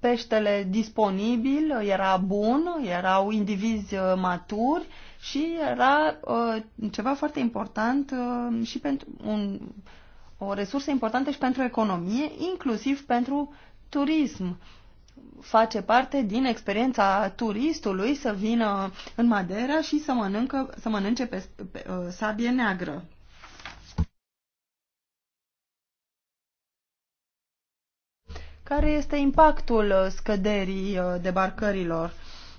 peștele disponibil era bun, erau indivizi uh, maturi și era ceva foarte important și pentru un, o resursă importantă și pentru economie, inclusiv pentru turism. Face parte din experiența turistului să vină în Madeira și să, mănâncă, să mănânce pe, pe uh, sabie neagră. Care este impactul uh, scăderii uh, debarcărilor?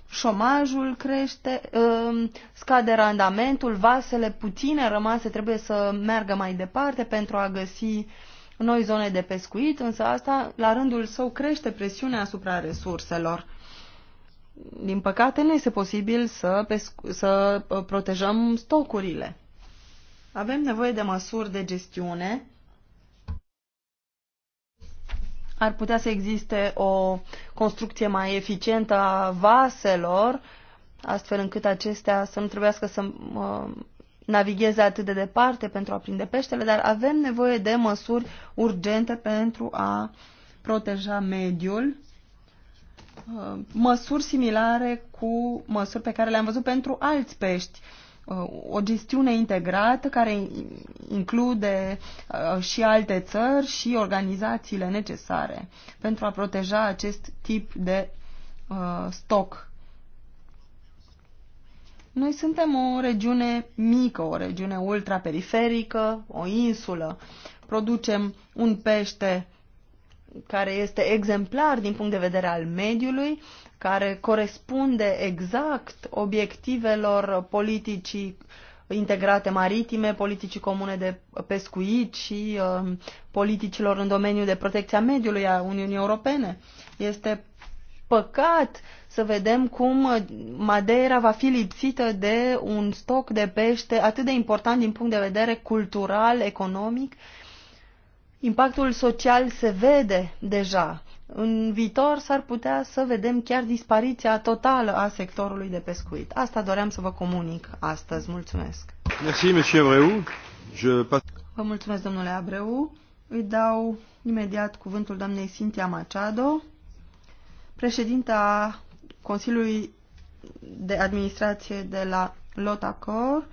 șomajul crește, um, scade randamentul, vasele puține rămase trebuie să meargă mai departe pentru a găsi noi zone de pescuit, însă asta, la rândul său, crește presiunea asupra resurselor. Din păcate, nu este posibil să, să uh, protejăm stocurile. Avem nevoie de măsuri de gestiune. Ar putea să existe o construcție mai eficientă a vaselor, astfel încât acestea să nu trebuiască să uh, navigheze atât de departe pentru a prinde peștele, dar avem nevoie de măsuri urgente pentru a proteja mediul, uh, măsuri similare cu măsuri pe care le-am văzut pentru alți pești. Uh, o gestiune integrată care include uh, și alte țări și organizațiile necesare pentru a proteja acest tip de stoc noi suntem o regiune mică, o regiune ultraperiferică, o insulă. Producem un pește care este exemplar din punct de vedere al mediului, care corespunde exact obiectivelor politicii integrate maritime, politicii comune de pescuit și uh, politicilor în domeniul de protecția mediului a Uniunii Europene. Este păcat să vedem cum Madeira va fi lipsită de un stoc de pește atât de important din punct de vedere cultural, economic. Impactul social se vede deja. În viitor s-ar putea să vedem chiar dispariția totală a sectorului de pescuit. Asta doream să vă comunic astăzi. Mulțumesc. Merci, Abreu. Je... Vă mulțumesc, domnule Abreu. Îi dau imediat cuvântul doamnei Cintia Machado președinta Consiliului de Administrație de la Lotacor,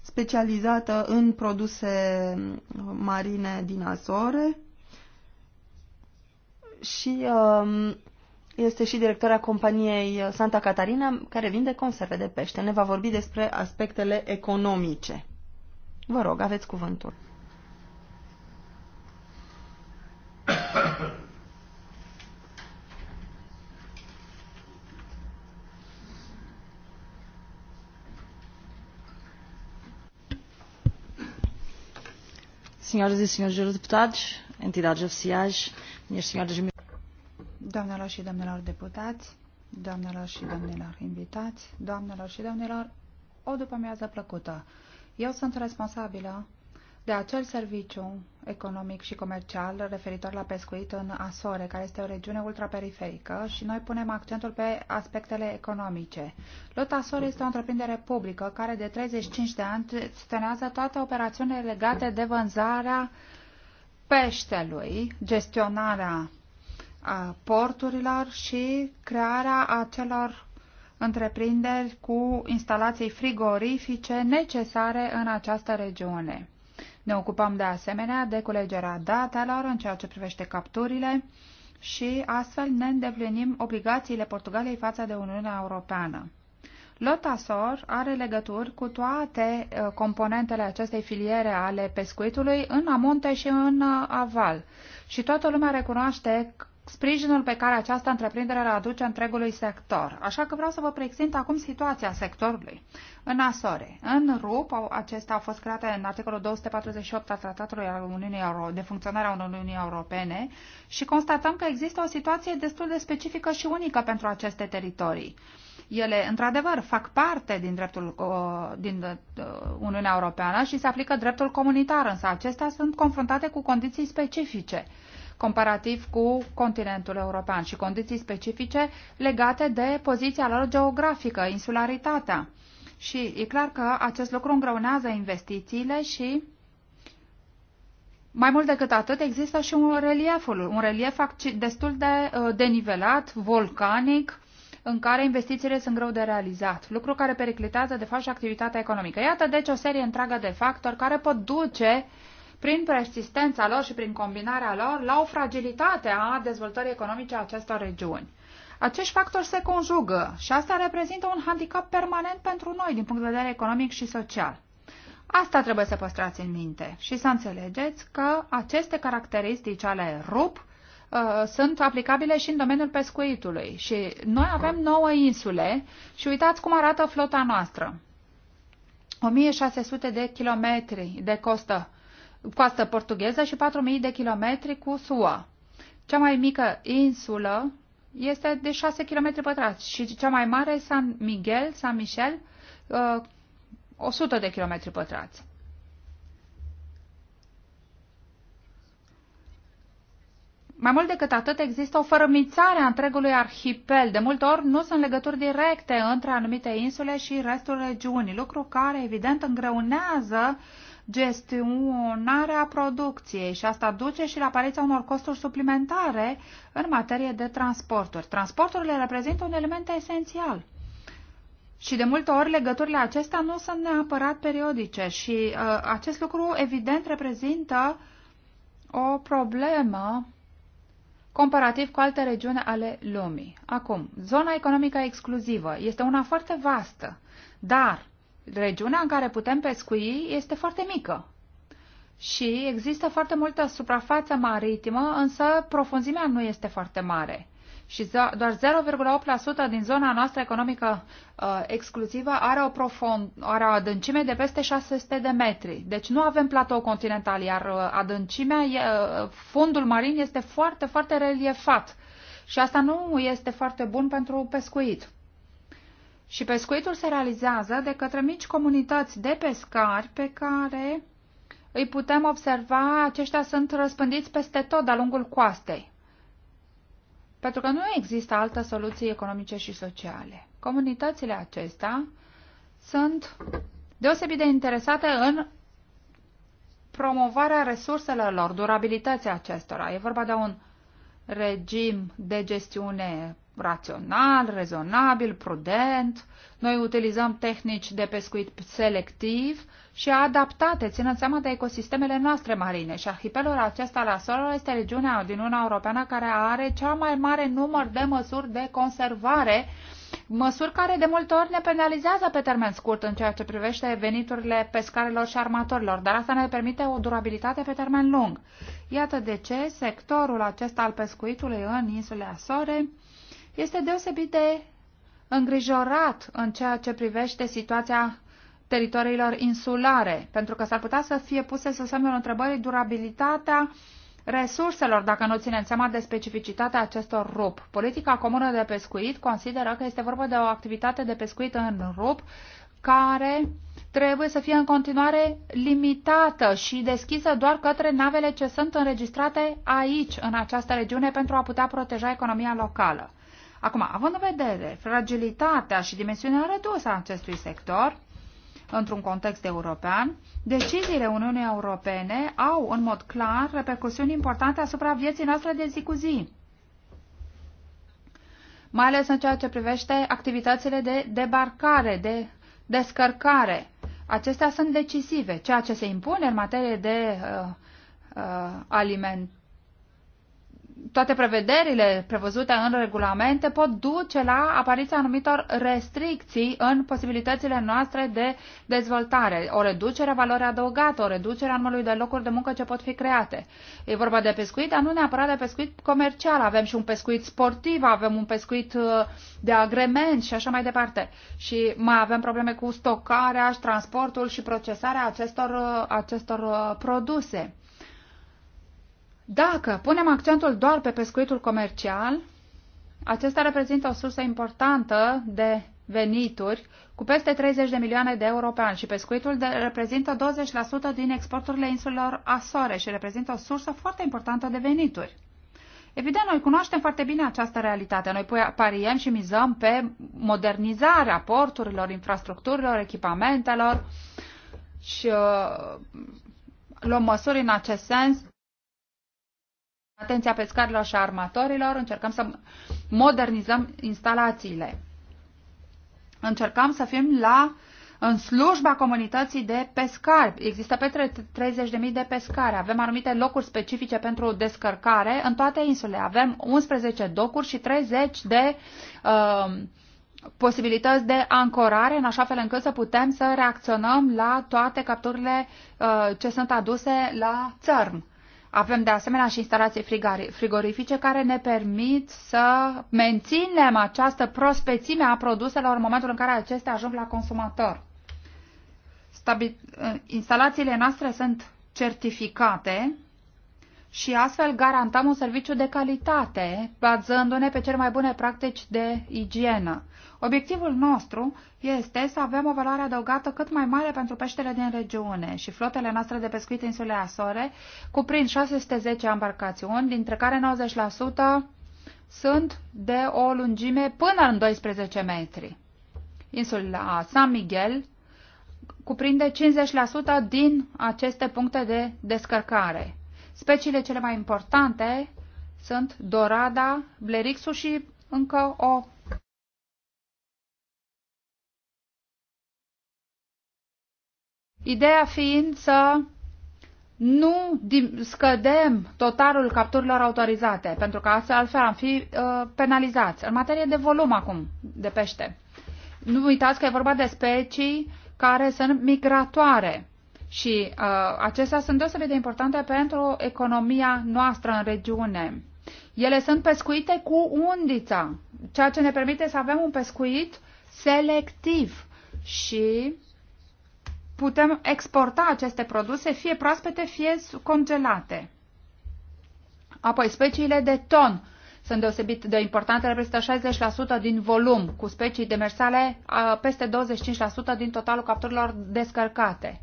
specializată în produse marine din Azore și um, este și directora companiei Santa Catarina, care vinde conserve de pește. Ne va vorbi despre aspectele economice. Vă rog, aveți cuvântul. Senhoras e senhores deputados, entidades oficiais, minhas senhoras e Doamnelor și domnilor deputați, doamnelor și domnilor invitați, doamnelor și domnilor, o după plăcută. Eu sunt responsabilă de acel serviciu economic și comercial referitor la pescuit în Asore, care este o regiune ultraperiferică și noi punem accentul pe aspectele economice. Lot Asore este o întreprindere publică care de 35 de ani stenează toate operațiunile legate de vânzarea peștelui, gestionarea porturilor și crearea acelor întreprinderi cu instalații frigorifice necesare în această regiune. Ne ocupăm de asemenea de culegerea datelor în ceea ce privește capturile și astfel ne îndeplinim obligațiile Portugaliei față de Uniunea Europeană. Lotasor are legături cu toate uh, componentele acestei filiere ale pescuitului în amonte și în uh, aval. Și toată lumea recunoaște sprijinul pe care această întreprindere îl aduce întregului sector. Așa că vreau să vă prezint acum situația sectorului. În Asore, în RUP, acestea au fost create în articolul 248 al Tratatului al Uniunii Euro, de funcționare a Uniunii Europene și constatăm că există o situație destul de specifică și unică pentru aceste teritorii. Ele, într-adevăr, fac parte din dreptul uh, din uh, Uniunea Europeană și se aplică dreptul comunitar, însă acestea sunt confruntate cu condiții specifice comparativ cu continentul european și condiții specifice legate de poziția lor geografică, insularitatea. Și e clar că acest lucru îngreunează investițiile și mai mult decât atât, există și un relief, un relief destul de uh, denivelat, volcanic, în care investițiile sunt greu de realizat, lucru care periclitează de fapt și activitatea economică. Iată deci o serie întreagă de factori care pot duce uh, prin persistența lor și prin combinarea lor, la o fragilitate a dezvoltării economice a acestor regiuni. Acești factori se conjugă și asta reprezintă un handicap permanent pentru noi din punct de vedere economic și social. Asta trebuie să păstrați în minte și să înțelegeți că aceste caracteristici ale RUP uh, sunt aplicabile și în domeniul pescuitului. Și noi avem nouă insule și uitați cum arată flota noastră. 1600 de kilometri de costă coastă portugheză și 4.000 de kilometri cu SUA. Cea mai mică insulă este de 6 km pătrați și cea mai mare San Miguel, San Michel, 100 uh, de km pătrați. Mai mult decât atât, există o fărămițare a întregului arhipel. De multe ori nu sunt legături directe între anumite insule și restul regiunii, lucru care, evident, îngreunează gestionarea producției și asta duce și la apariția unor costuri suplimentare în materie de transporturi. Transporturile reprezintă un element esențial. Și de multe ori legăturile acestea nu sunt neapărat periodice și uh, acest lucru evident reprezintă o problemă comparativ cu alte regiuni ale lumii. Acum, zona economică exclusivă este una foarte vastă, dar regiunea în care putem pescui este foarte mică. Și există foarte multă suprafață maritimă, însă profunzimea nu este foarte mare. Și doar 0,8% din zona noastră economică uh, exclusivă are o, profund, are o adâncime de peste 600 de metri. Deci nu avem platou continental, iar uh, adâncimea, uh, fundul marin este foarte, foarte reliefat. Și asta nu este foarte bun pentru pescuit. Și pescuitul se realizează de către mici comunități de pescari pe care îi putem observa, aceștia sunt răspândiți peste tot de-a lungul coastei. Pentru că nu există altă soluție economice și sociale. Comunitățile acestea sunt deosebit de interesate în promovarea resurselor lor, durabilitatea acestora. E vorba de un regim de gestiune rațional, rezonabil, prudent. Noi utilizăm tehnici de pescuit selectiv și adaptate, ținând seama de ecosistemele noastre marine. Și arhipelul acesta la Solo este regiunea din Uniunea Europeană care are cel mai mare număr de măsuri de conservare măsuri care de multe ori ne penalizează pe termen scurt în ceea ce privește veniturile pescarilor și armatorilor, dar asta ne permite o durabilitate pe termen lung. Iată de ce sectorul acesta al pescuitului în insulele Azore este deosebit de îngrijorat în ceea ce privește situația teritoriilor insulare, pentru că s-ar putea să fie puse să semnul întrebării durabilitatea resurselor, dacă nu ținem seama de specificitatea acestor rup. Politica comună de pescuit consideră că este vorba de o activitate de pescuit în rup care trebuie să fie în continuare limitată și deschisă doar către navele ce sunt înregistrate aici, în această regiune, pentru a putea proteja economia locală. Acum, având în vedere fragilitatea și dimensiunea redusă a acestui sector, într-un context european, deciziile Uniunii Europene au, în mod clar, repercusiuni importante asupra vieții noastre de zi cu zi, mai ales în ceea ce privește activitățile de debarcare, de descărcare. Acestea sunt decisive. Ceea ce se impune în materie de uh, uh, aliment toate prevederile prevăzute în regulamente pot duce la apariția anumitor restricții în posibilitățile noastre de dezvoltare, o reducere a valorii adăugate, o reducere a numărului de locuri de muncă ce pot fi create. E vorba de pescuit, dar nu neapărat de pescuit comercial. Avem și un pescuit sportiv, avem un pescuit uh, de agrement și așa mai departe. Și mai avem probleme cu stocarea, transportul și procesarea acestor, uh, acestor uh, produse. Dacă punem accentul doar pe pescuitul comercial, acesta reprezintă o sursă importantă de venituri cu peste 30 de milioane de euro pe an și pescuitul de, reprezintă 20% din exporturile insulelor Asore și reprezintă o sursă foarte importantă de venituri. Evident, noi cunoaștem foarte bine această realitate. Noi pariem și mizăm pe modernizarea porturilor, infrastructurilor, echipamentelor și uh, luăm măsuri în acest sens atenția pescarilor și armatorilor, încercăm să modernizăm instalațiile. Încercăm să fim la în slujba comunității de pescari. Există peste 30.000 de pescari. Avem anumite locuri specifice pentru descărcare în toate insule. Avem 11 docuri și 30 de uh, posibilități de ancorare, în așa fel încât să putem să reacționăm la toate capturile uh, ce sunt aduse la țărm. Avem de asemenea și instalații frigorifice care ne permit să menținem această prospețime a produselor în momentul în care acestea ajung la consumator. Stabil... Instalațiile noastre sunt certificate și astfel garantăm un serviciu de calitate, bazându-ne pe cele mai bune practici de igienă. Obiectivul nostru este să avem o valoare adăugată cât mai mare pentru peștele din regiune și flotele noastre de pescuit în insulele Asore cuprind 610 embarcațiuni, dintre care 90% sunt de o lungime până în 12 metri. Insula San Miguel cuprinde 50% din aceste puncte de descărcare. Speciile cele mai importante sunt dorada, blerixul și încă o Ideea fiind să nu scădem totalul capturilor autorizate, pentru că astfel altfel am fi uh, penalizați. În materie de volum acum, de pește. Nu uitați că e vorba de specii care sunt migratoare și uh, acestea sunt deosebit de importante pentru economia noastră în regiune. Ele sunt pescuite cu undița, ceea ce ne permite să avem un pescuit selectiv și putem exporta aceste produse fie proaspete, fie congelate. Apoi, speciile de ton sunt deosebit de importante, reprezintă 60% din volum, cu specii demersale peste 25% din totalul capturilor descărcate.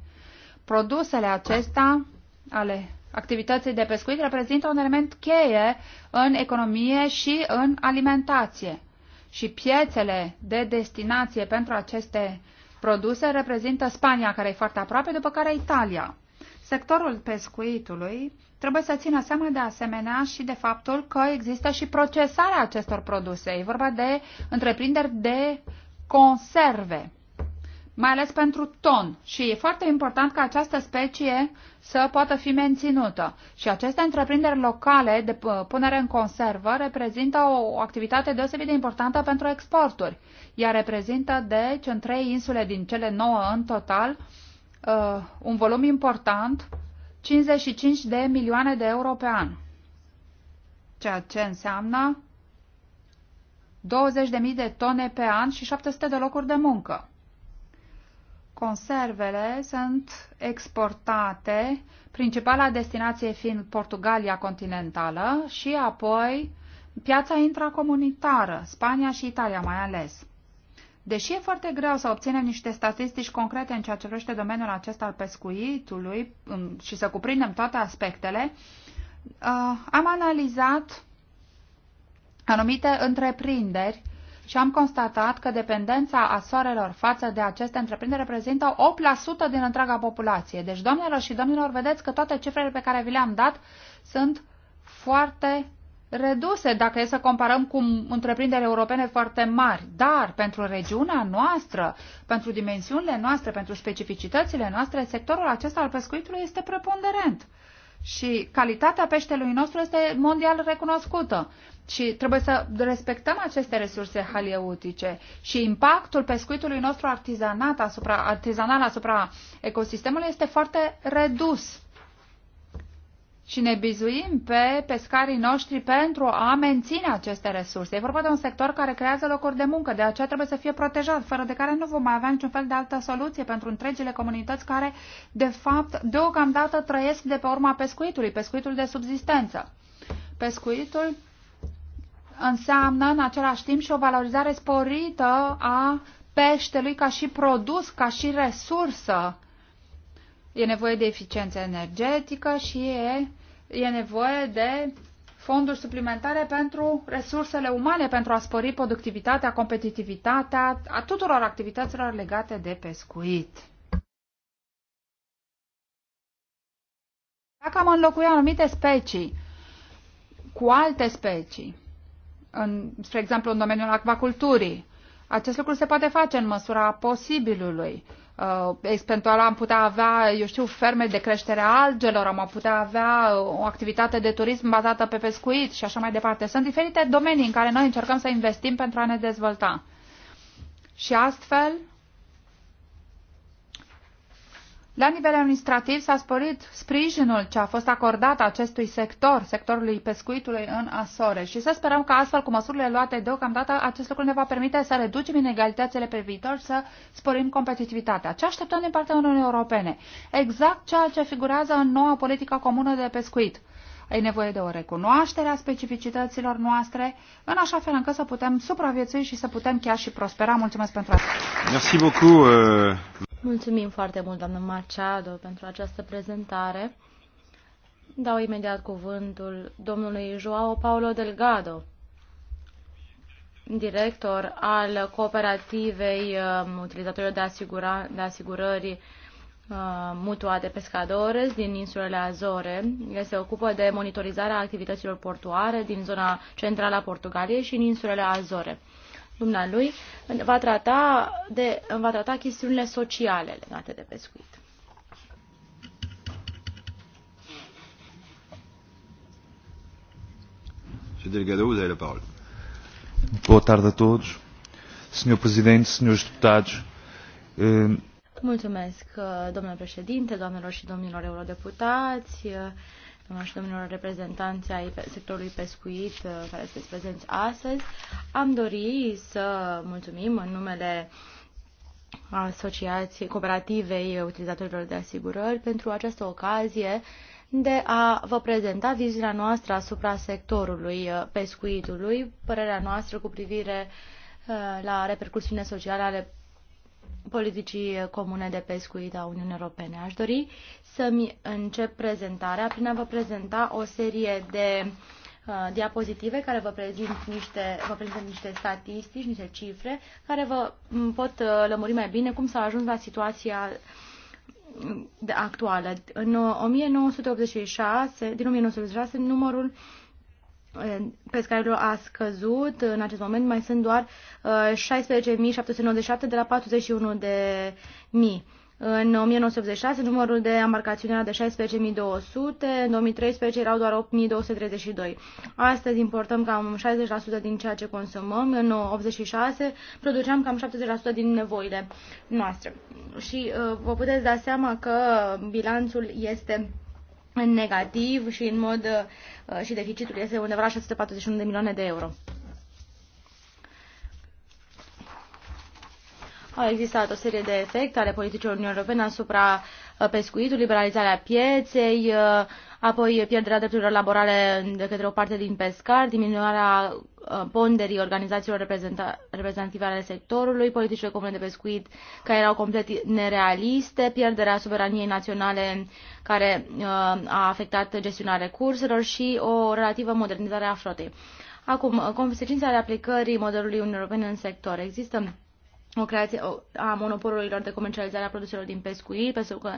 Produsele acestea ale activității de pescuit reprezintă un element cheie în economie și în alimentație. Și piețele de destinație pentru aceste uh, produse reprezintă Spania, care e foarte aproape, după care Italia. Sectorul pescuitului trebuie să țină seama de asemenea și de faptul că există și procesarea acestor produse. E vorba de întreprinderi de conserve mai ales pentru ton. Și e foarte important ca această specie să poată fi menținută. Și aceste întreprinderi locale de punere în conservă reprezintă o, activitate deosebit de importantă pentru exporturi. Ea reprezintă, deci, în trei insule din cele nouă în total, uh, un volum important, 55 de milioane de euro pe an. Ceea ce înseamnă 20.000 de tone pe an și 700 de locuri de muncă. Conservele sunt exportate, principala destinație fiind Portugalia continentală și apoi piața intracomunitară, Spania și Italia mai ales. Deși e foarte greu să obținem niște statistici concrete în ceea ce privește domeniul acesta al pescuitului și să cuprindem toate aspectele, uh, am analizat anumite întreprinderi și am constatat că dependența soarelor față de aceste întreprinderi reprezintă 8% din întreaga populație. Deci, doamnelor și domnilor, vedeți că toate cifrele pe care vi le-am dat sunt foarte reduse dacă e să comparăm cu întreprinderi europene foarte mari, dar pentru regiunea noastră, pentru dimensiunile noastre, pentru specificitățile noastre, sectorul acesta al pescuitului este preponderent. Și calitatea peștelui nostru este mondial recunoscută și trebuie să respectăm aceste resurse halieutice și impactul pescuitului nostru artizanat asupra, artizanal asupra ecosistemului este foarte redus. Și ne bizuim pe pescarii noștri pentru a menține aceste resurse. E vorba de un sector care creează locuri de muncă, de aceea trebuie să fie protejat, fără de care nu vom mai avea niciun fel de altă soluție pentru întregile comunități care, de fapt, deocamdată trăiesc de pe urma pescuitului, pescuitul de subzistență. Pescuitul înseamnă în același timp și o valorizare sporită a peștelui ca și produs, ca și resursă. E nevoie de eficiență energetică și e, e nevoie de fonduri suplimentare pentru resursele umane, pentru a spori productivitatea, competitivitatea a tuturor activităților legate de pescuit. Dacă am înlocui anumite specii cu alte specii, în, spre exemplu, în domeniul acvaculturii. Acest lucru se poate face în măsura posibilului. Uh, eventual am putea avea, eu știu, ferme de creștere a algelor, am putea avea uh, o activitate de turism bazată pe pescuit și așa mai departe. Sunt diferite domenii în care noi încercăm să investim pentru a ne dezvolta. Și astfel, La nivel administrativ s-a sporit sprijinul ce a fost acordat acestui sector, sectorului pescuitului în Asore și să sperăm că astfel, cu măsurile luate deocamdată, acest lucru ne va permite să reducem inegalitățile pe viitor și să sporim competitivitatea. Ce așteptăm din partea Uniunii Europene? Exact ceea ce figurează în noua politică comună de pescuit. E nevoie de o recunoaștere a specificităților noastre, în așa fel încât să putem supraviețui și să putem chiar și prospera. Mulțumesc pentru asta. Merci beaucoup, uh... Mulțumim foarte mult, doamnă Machado, pentru această prezentare. Dau imediat cuvântul domnului Joao Paulo Delgado, director al cooperativei um, utilizatorilor de, asigura, de asigurări Uh, mutua de pescadores din insulele Azore. El se ocupă de monitorizarea activităților portuare din zona centrală a Portugaliei și în insulele Azore. Dumnealui va trata, de, va trata chestiunile sociale legate de pescuit. Delgado, vous avez la parole. Boa tarde a todos. Senhor Presidente, senhores deputados, eh, Mulțumesc, uh, domnule președinte, doamnelor și domnilor eurodeputați, uh, doamnelor și domnilor reprezentanți ai sectorului pescuit uh, care sunteți prezenți astăzi. Am dori să mulțumim în numele Asociației Cooperativei Utilizatorilor de Asigurări pentru această ocazie de a vă prezenta viziunea noastră asupra sectorului pescuitului, părerea noastră cu privire la repercusiunile sociale ale politicii comune de pescuit a Uniunii Europene. Aș dori să-mi încep prezentarea prin a vă prezenta o serie de uh, diapozitive care vă prezint niște, vă prezint niște statistici, niște cifre, care vă pot uh, lămuri mai bine cum s-a ajuns la situația actuală. În 1986, din 1986, numărul pescarilor a scăzut. În acest moment mai sunt doar 16.797 uh, de la 41.000. În 1986 numărul de embarcațiuni era de 16.200, în 2013 erau doar 8.232. Astăzi importăm cam 60% din ceea ce consumăm, în 86 produceam cam 70% din nevoile noastre. Și uh, vă puteți da seama că bilanțul este în negativ și în mod uh, și deficitul este undeva la 641 de milioane de euro. Au existat o serie de efecte ale politicilor Uniunii Europene asupra uh, pescuitului, liberalizarea pieței, uh, apoi pierderea drepturilor laborale de către o parte din pescar, diminuarea uh, ponderii organizațiilor reprezentative ale sectorului, politicile comune de pescuit care erau complet nerealiste, pierderea suveraniei naționale care uh, a afectat gestiunea recurselor și o relativă modernizare a flotei. Acum, consecințele aplicării modelului Uniunii Europene în sector. Există o creație a monopolurilor de comercializare a produselor din pescuit, pentru că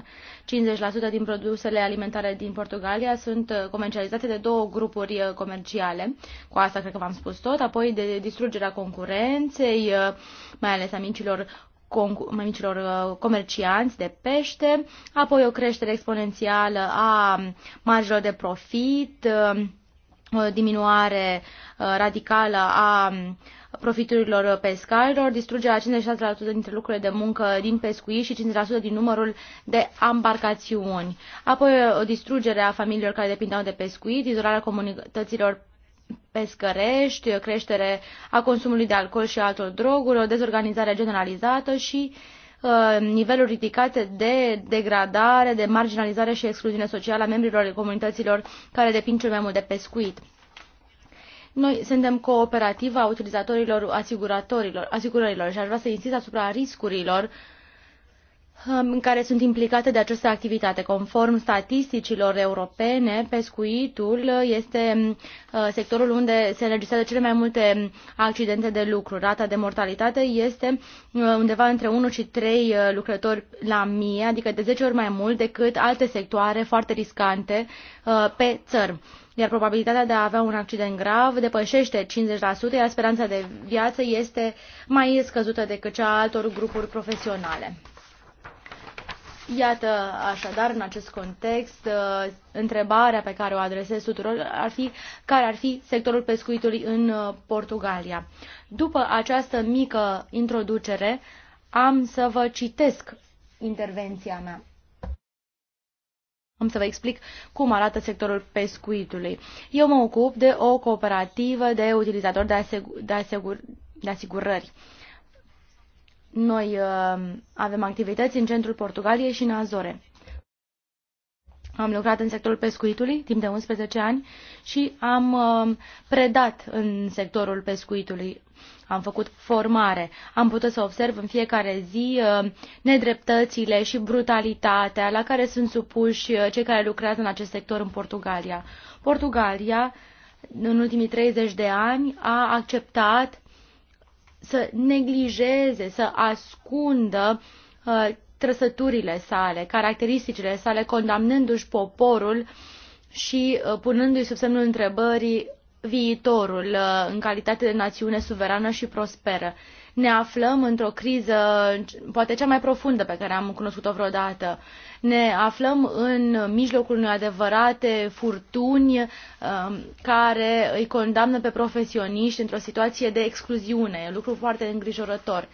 50% din produsele alimentare din Portugalia sunt uh, comercializate de două grupuri uh, comerciale. Cu asta cred că v-am spus tot. Apoi de distrugerea concurenței, uh, mai ales a micilor mai micilor comercianți de pește, apoi o creștere exponențială a marjelor de profit, o diminuare radicală a profiturilor pescarilor, distrugerea 56% dintre lucrurile de muncă din pescuit și 50% din numărul de ambarcațiuni. Apoi o distrugere a familiilor care depindeau de pescuit, izolarea comunităților pescărești, creștere a consumului de alcool și altor droguri, o dezorganizare generalizată și uh, niveluri ridicate de degradare, de marginalizare și excluziune socială a membrilor comunităților care depind cel mai mult de pescuit. Noi suntem cooperativa utilizatorilor asiguratorilor, asigurărilor și aș vrea să insist asupra riscurilor um, în care sunt implicate de această activitate. Conform statisticilor europene, pescuitul este um, uh, sectorul unde se înregistrează cele mai multe accidente de lucru. Rata de mortalitate este uh, undeva între 1 și 3 uh, lucrători la mie, adică de 10 ori mai mult decât alte sectoare foarte riscante pe țări iar probabilitatea de a avea un accident grav depășește 50%, iar speranța de viață este mai scăzută decât cea a altor grupuri profesionale. Iată, așadar, în acest context, uh, întrebarea pe care o adresez tuturor ar fi care ar fi sectorul pescuitului în uh, Portugalia. După această mică introducere, am să vă citesc intervenția mea. Am să vă explic cum arată sectorul pescuitului. Eu mă ocup de o cooperativă de utilizatori de, asigur, de, asigur, de asigurări. Noi uh, avem activități în centrul Portugaliei și în Azore. Am lucrat în sectorul pescuitului timp de 11 ani și am uh, predat în sectorul pescuitului am făcut formare. Am putut să observ în fiecare zi uh, nedreptățile și brutalitatea la care sunt supuși uh, cei care lucrează în acest sector în Portugalia. Portugalia, în ultimii 30 de ani, a acceptat să neglijeze, să ascundă uh, trăsăturile sale, caracteristicile sale, condamnându-și poporul și punându-i sub semnul întrebării viitorul uh, în calitate de națiune suverană și prosperă. Ne aflăm într-o criză, poate cea mai profundă pe care am cunoscut-o vreodată. Ne aflăm în mijlocul unei adevărate furtuni uh, care îi condamnă pe profesioniști într-o situație de excluziune, lucru foarte îngrijorător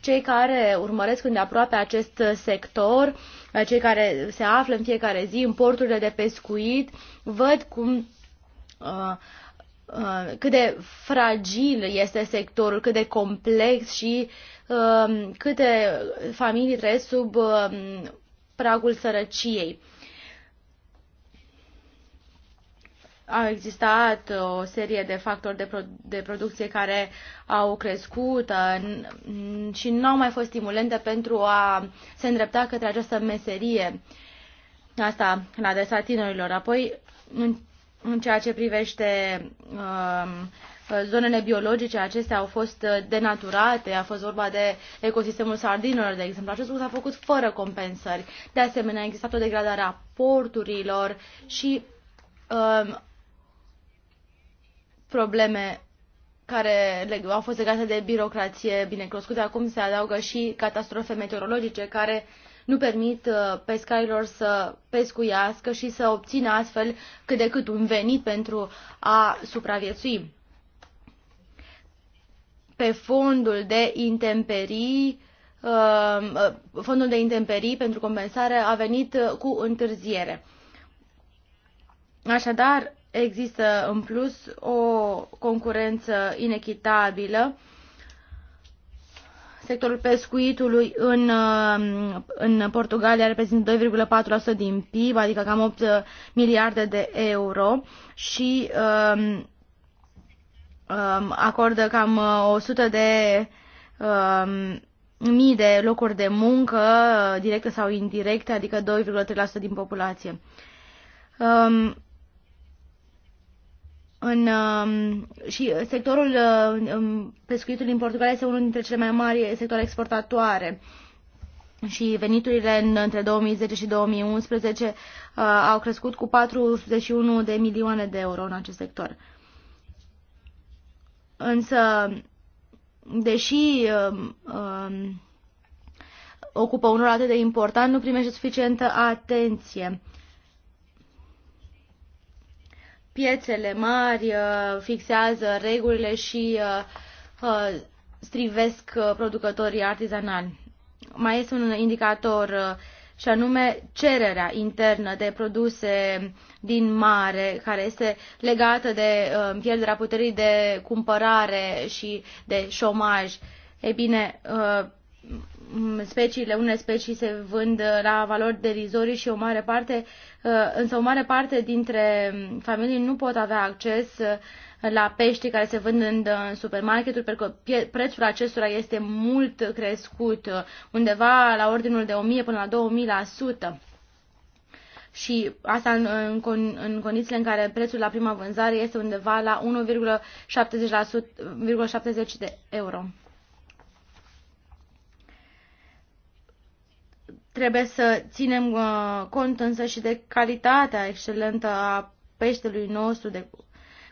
cei care urmăresc îndeaproape acest sector, uh, cei care se află în fiecare zi în porturile de pescuit, văd cum uh, Uh, cât de fragil este sectorul, cât de complex și um, câte familii trăiesc sub um, pragul sărăciei. Au existat o serie de factori de, pro- de producție care au crescut uh, și nu au mai fost stimulente pentru a se îndrepta către această meserie. Asta la adresa tinerilor. Apoi, în ceea ce privește um, zonele biologice, acestea au fost denaturate, a fost vorba de ecosistemul sardinelor, de exemplu. Acest lucru s-a făcut fără compensări. De asemenea, a existat o degradare a porturilor și um, probleme care au fost legate de birocrație binecunoscută. Acum se adaugă și catastrofe meteorologice care uh, nu permit uh, pescarilor să pescuiască și să obțină astfel cât de cât un venit pentru a supraviețui. Pe fondul de intemperii, uh, fondul de intemperii pentru compensare a venit cu întârziere. Așadar, există în plus o concurență inechitabilă Sectorul pescuitului în, uh, în Portugalia reprezintă 2,4% din PIB, adică cam 8 uh, miliarde de euro și um, um, acordă cam 100 uh, de um, mii de locuri de muncă, directe sau indirecte, adică 2,3% din populație. Um, în, um, și uh, sectorul uh, um, pescuitului în Portugalia este unul dintre cele mai mari sectoare exportatoare și veniturile în, între 2010 și 2011 uh, au crescut cu 41 de milioane de euro în acest sector. Însă, deși uh, uh, ocupă un rol atât de important, nu primește suficientă atenție. Uh, piețele mari uh, fixează regulile și uh, uh, strivesc producătorii artizanali. Mai este un indicator și anume cererea internă de produse din mare, care este legată de pierderea puterii de cumpărare și de șomaj. Ei bine, speciile, unele specii se vând uh, la valori derizorii și o mare parte, uh, însă o mare parte dintre familii nu pot avea acces uh, la pești care se vând în supermarketuri, pentru că prețul acestora este mult crescut, undeva la ordinul de 1000 până la 2000%. Și asta în, în, în condițiile în care prețul la prima vânzare este undeva la 1,70 de euro. Trebuie să ținem uh, cont însă și de calitatea excelentă a peștelui nostru, de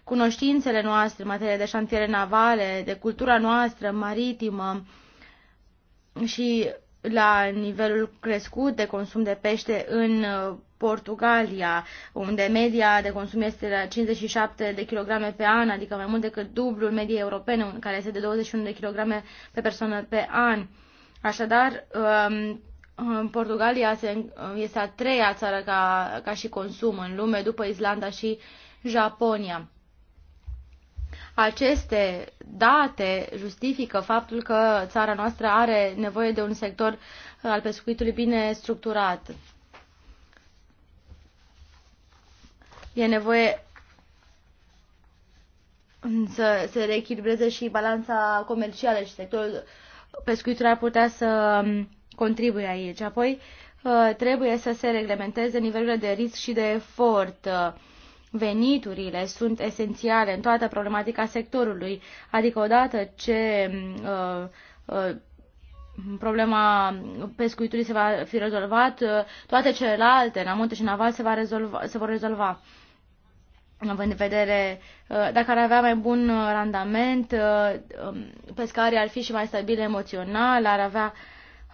cunoștințele noastre în materie de șantiere navale, de cultura noastră maritimă și la nivelul crescut de consum de pește în uh, Portugalia, unde media de consum este la 57 de kg pe an, adică mai mult decât dublul mediei europene, care este de 21 de kg pe persoană pe an. Așadar, um, Portugalia este a treia țară ca, ca și consum în lume, după Islanda și Japonia. Aceste date justifică faptul că țara noastră are nevoie de un sector al pescuitului bine structurat. E nevoie să se reechilibreze și balanța comercială și sectorul pescuitului ar putea să contribuie aici. Apoi uh, trebuie să se reglementeze nivelurile de risc și de efort. Uh, veniturile sunt esențiale în toată problematica sectorului, adică odată ce uh, problema pescuitului se va fi rezolvat, toate celelalte, în amonte și în aval, se, va rezolva, se vor rezolva. Având în vedere, dacă ar avea mai bun randament, um, pescarii ar fi și mai stabil emoțional, ar avea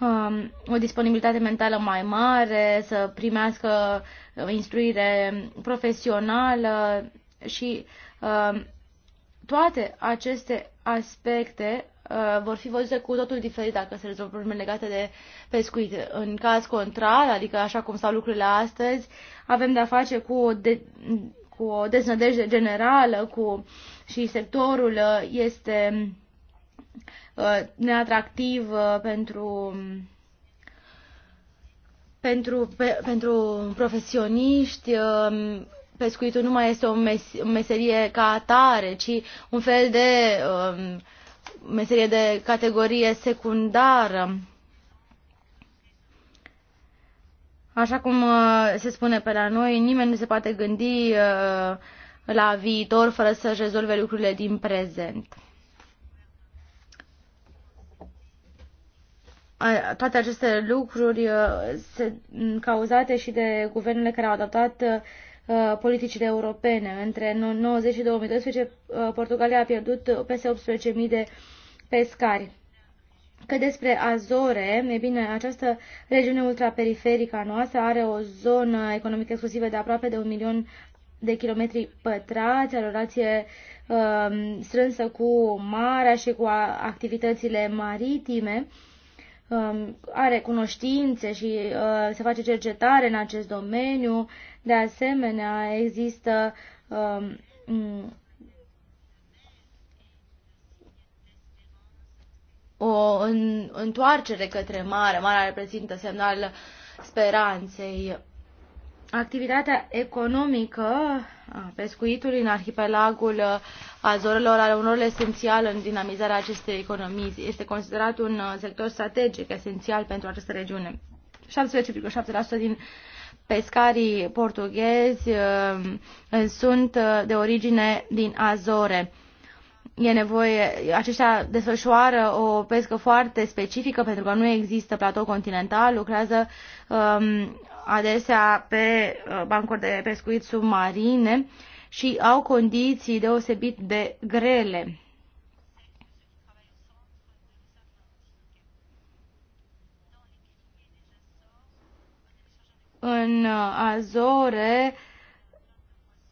Um, o disponibilitate mentală mai mare, să primească uh, instruire profesională și um, toate aceste aspecte uh, vor fi văzute cu totul diferit dacă se rezolvă probleme legate de pescuit. În caz contrar, adică așa cum stau lucrurile astăzi, avem de-a face cu o, de, cu o deznădejde generală cu, și sectorul uh, este Uh, neatractiv uh, pentru pentru, pe, pentru profesioniști, uh, pescuitul nu mai este o mes, meserie ca atare, ci un fel de um, meserie de categorie secundară. Așa cum uh, se spune pe la noi, nimeni nu se poate gândi uh, la viitor fără să-și rezolve lucrurile din prezent. toate aceste lucruri uh, se, mm, cauzate și de guvernele care au adoptat uh, politicile europene. Între 90 și 2012 uh, Portugalia a pierdut peste 18.000 de pescari. Că despre Azore, e bine, această regiune ultraperiferică a noastră are o zonă economică exclusivă de aproape de un milion de kilometri pătrați, o relație uh, strânsă cu marea și cu activitățile maritime. Uh, Um, are cunoștințe și uh, se face cercetare în acest domeniu. De asemenea, există um, o întoarcere către mare. Marea reprezintă semnal speranței. Activitatea economică Pescuitul în arhipelagul uh, Azorelor are un rol esențial în dinamizarea acestei economii. Este considerat un uh, sector strategic esențial pentru această regiune. 17,7% din pescarii portughezi uh, sunt de origine din Azore. E nevoie, aceștia desfășoară o pescă foarte specifică pentru că nu există platou continental, lucrează um, adesea pe uh, bancuri de pescuit submarine și au condiții deosebit de grele. În uh, Azore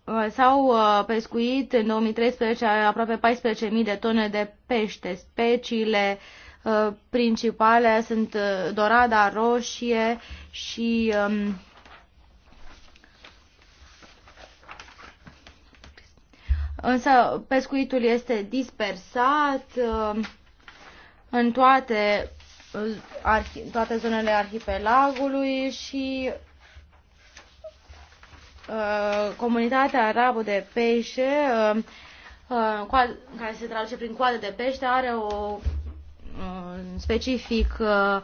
uh, s-au pescuit în 2013 aproape 14.000 de tone de pește. Speciile uh, Uh, principale sunt uh, dorada roșie și um, însă pescuitul este dispersat uh, în toate, toate zonele arhipelagului și comunitatea arabă de pește, care se traduce prin coadă de pește, are o Uh, specific uh,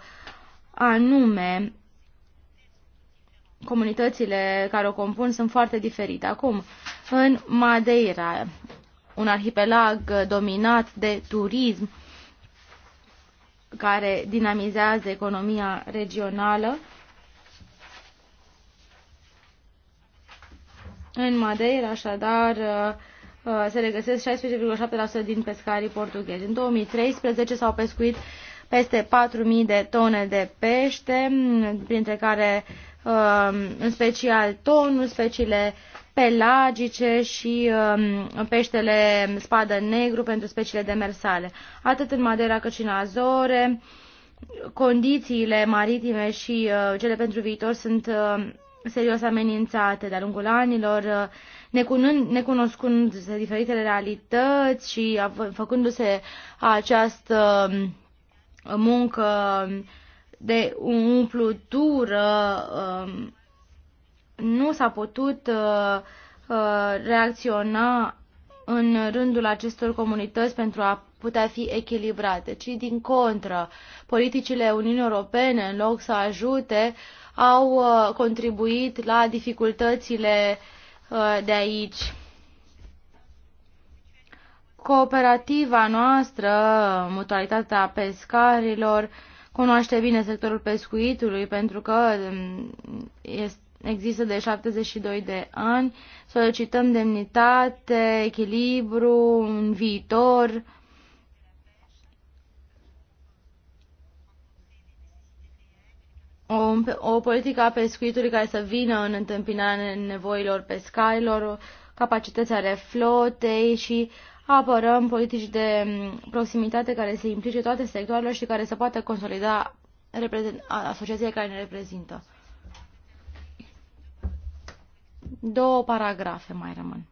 anume comunitățile care o compun sunt foarte diferite. Acum, în Madeira, un arhipelag dominat de turism care dinamizează economia regională, în Madeira, așadar, uh, Uh, se regăsesc 16,7% din pescarii portughezi. În 2013 s-au pescuit peste 4.000 de tone de pește, printre care um, în special tonul, speciile pelagice și um, peștele spadă negru pentru speciile demersale. Atât în Madeira cât și în Azore, condițiile maritime și uh, cele pentru viitor sunt uh, serios amenințate de-a lungul anilor necunoscându-se diferitele realități și făcându-se această um, muncă de umplutură, um, nu s-a putut uh, uh, reacționa în rândul acestor comunități pentru a putea fi echilibrate, ci din contră, politicile Uniunii Europene, în loc să ajute, au uh, contribuit la dificultățile uh, Uh, de aici. Cooperativa noastră, mutualitatea pescarilor, cunoaște bine sectorul pescuitului pentru că um, este există de 72 de ani, solicităm demnitate, echilibru, un viitor o, o politică a pescuitului care să vină în întâmpinarea nevoilor pescarilor, capacitatea flotei și apărăm politici de proximitate care să implice toate sectoarele și care să poată consolida asociația care ne reprezintă. Două paragrafe mai rămân.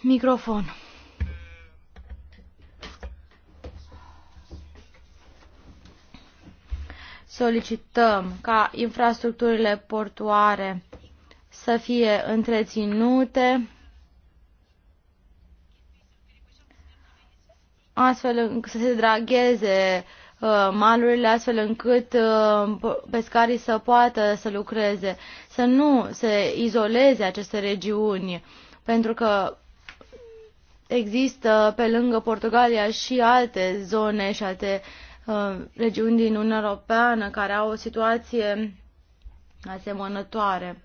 Microfon. solicităm ca infrastructurile portuare să fie întreținute astfel încât să se dragheze uh, malurile astfel încât uh, pescarii să poată să lucreze, să nu se izoleze aceste regiuni, pentru că există pe lângă Portugalia și alte zone și alte uh, Uh, regiuni din Uniunea Europeană care au o situație asemănătoare.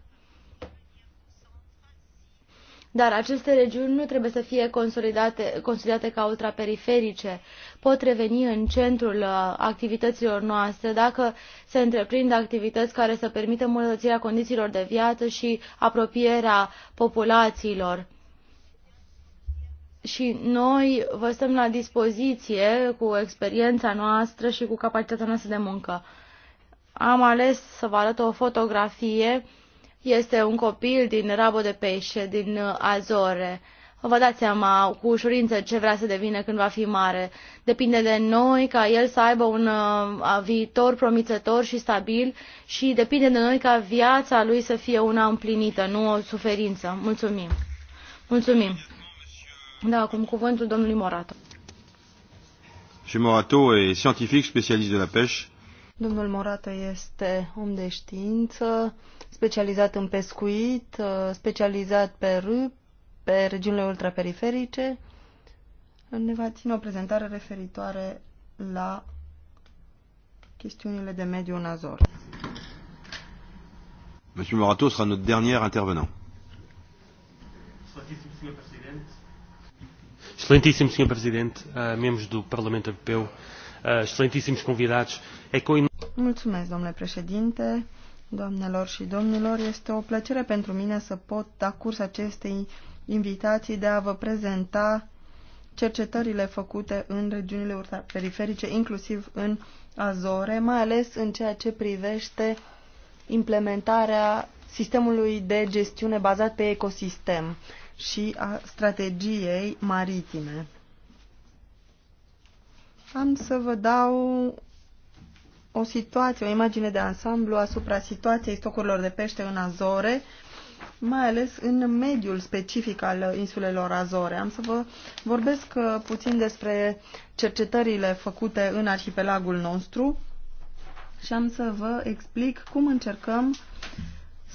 Dar aceste regiuni nu trebuie să fie consolidate, consolidate ca ultraperiferice. Pot reveni în centrul uh, activităților noastre dacă se întreprind activități care să permită îmbunătățirea condițiilor de viață și apropierea populațiilor și noi vă stăm la dispoziție cu experiența noastră și cu capacitatea noastră de muncă. Am ales să vă arăt o fotografie. Este un copil din Rabo de Peșe, din Azore. Vă dați seama cu ușurință ce vrea să devină când va fi mare. Depinde de noi ca el să aibă un uh, viitor promițător și stabil și depinde de noi ca viața lui să fie una împlinită, nu o suferință. Mulțumim! Mulțumim! Da, acum cuvântul domnului Morato. Și Morato e specialist de la pești. Domnul Morato este om de știință, specializat în pescuit, uh, specializat pe râp, pe regiunile ultraperiferice. Ne va ține o prezentare referitoare la chestiunile de mediu în Azor. Monsieur Morato sera notre dernier intervenant. Mulțumesc, Excelentíssimo Sr. Presidente, uh, membros do Parlamento Europeu, uh, excelentíssimos convidados. É com... Mulțumesc, domnule președinte, doamnelor și domnilor. Este o plăcere pentru mine să pot da curs acestei invitații de a vă prezenta cercetările făcute în regiunile periferice, inclusiv în Azore, mai ales în ceea ce privește implementarea sistemului de gestiune bazat pe ecosistem și a strategiei maritime. Am să vă dau o situație, o imagine de ansamblu asupra situației stocurilor de pește în Azore, mai ales în mediul specific al insulelor Azore. Am să vă vorbesc uh, puțin despre cercetările făcute în arhipelagul nostru și am să vă explic cum încercăm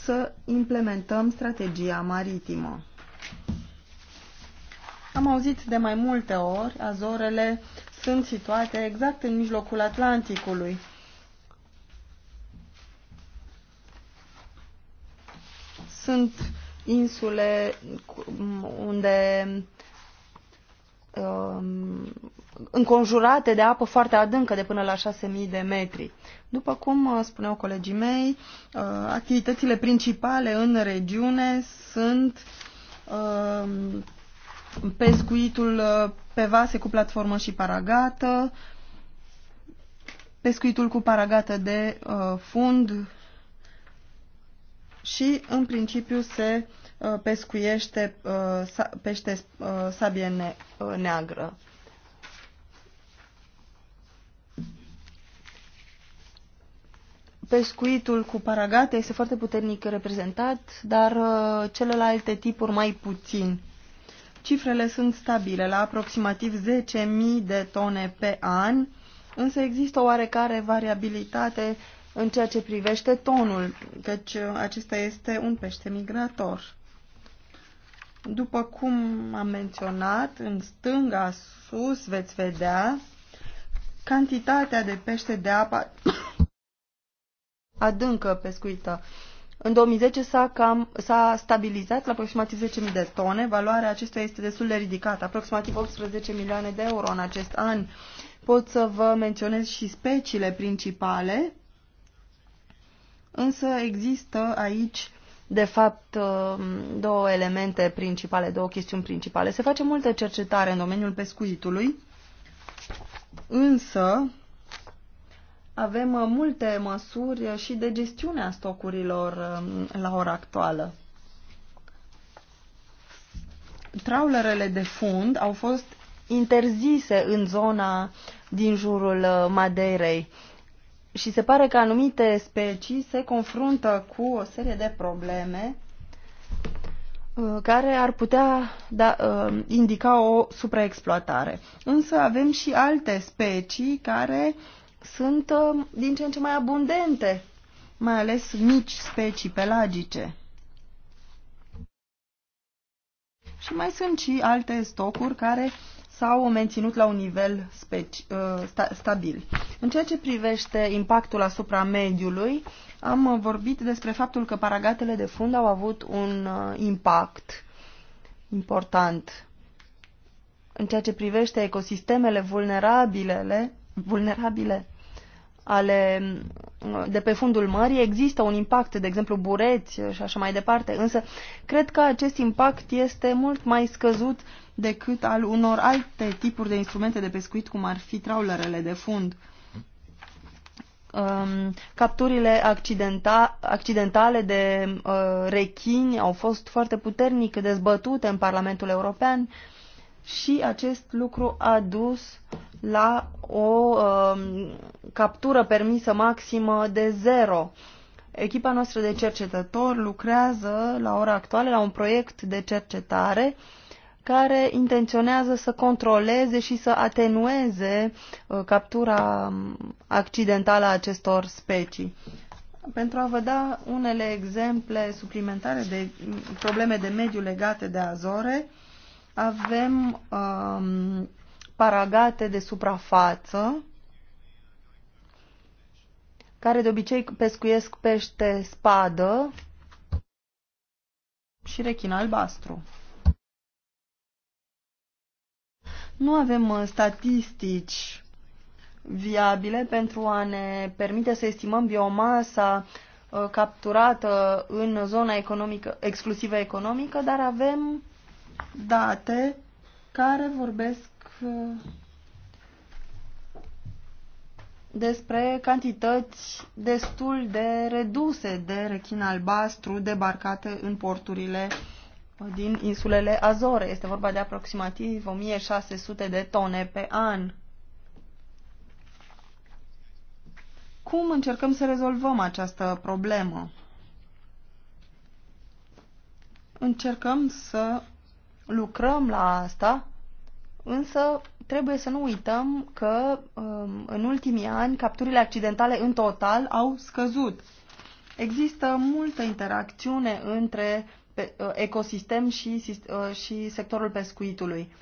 să implementăm strategia maritimă. Am auzit de mai multe ori, Azorele sunt situate exact în mijlocul Atlanticului. Sunt insule unde um, înconjurate de apă foarte adâncă, de până la 6.000 de metri. După cum uh, spuneau colegii mei, uh, activitățile principale în regiune sunt um, pescuitul uh, pe vase cu platformă și paragată, pescuitul cu paragată de uh, fund și în principiu se uh, pescuiește uh, sa, pește uh, sabie ne, uh, neagră. Pescuitul cu paragate este foarte puternic reprezentat, dar uh, celelalte tipuri mai puțin. Cifrele sunt stabile la aproximativ 10.000 de tone pe an, însă există o oarecare variabilitate în ceea ce privește tonul, căci acesta este un pește migrator. După cum am menționat, în stânga sus veți vedea cantitatea de pește de apă adâncă pescuită. În 2010 s-a, cam, s-a stabilizat la aproximativ 10.000 de tone. Valoarea acestuia este destul de ridicată, aproximativ 18 milioane de euro în acest an. Pot să vă menționez și speciile principale, însă există aici, de fapt, um, două elemente principale, două chestiuni principale. Se face multă cercetare în domeniul pescuitului, însă avem uh, multe măsuri uh, și de gestiune a stocurilor um, la ora actuală. Traulerele de fund au fost interzise în zona din jurul uh, Madeirei și se pare că anumite specii se confruntă cu o serie de probleme care ar putea da, indica o supraexploatare. Însă avem și alte specii care uh, sunt ă, din ce în ce mai abundente, mai ales mici specii pelagice. Și mai sunt și alte stocuri care s-au menținut la un nivel speci, ă, sta, stabil. În ceea ce privește impactul asupra mediului, am vorbit despre faptul că paragatele de fund au avut un ă, impact important în ceea ce privește ecosistemele vulnerabile, vulnerabile ale, de pe fundul mării, există un impact, de exemplu bureți și așa mai departe, însă cred că acest impact este mult mai scăzut decât al unor alte tipuri de instrumente de pescuit, cum ar fi traulerele de fund. Um, capturile accidenta, accidentale de uh, rechini au fost foarte puternic dezbătute în Parlamentul European uh, și acest lucru a dus la o uh, captură permisă maximă de zero. Echipa noastră de cercetători lucrează la ora actuală la un proiect de cercetare care intenționează să controleze și să atenueze uh, captura um, accidentală a acestor specii. Pentru a vă da unele exemple suplimentare de probleme de mediu legate de azore, uh, avem um, paragate de suprafață care de obicei pescuiesc pește spadă și rechin albastru. Nu avem uh, statistici viabile pentru a ne permite să estimăm biomasa uh, capturată în zona economică, exclusivă economică, dar avem date care vorbesc uh, despre cantități destul de reduse de rechin albastru debarcate în porturile uh, din insulele Azore. Este vorba de aproximativ 1600 de tone pe an. Cum încercăm să rezolvăm această problemă? Încercăm să lucrăm la asta, însă trebuie să nu uităm că um, în ultimii ani capturile accidentale în total au scăzut. Există multă interacțiune între uh, ecosistem și, uh, și sectorul pescuitului.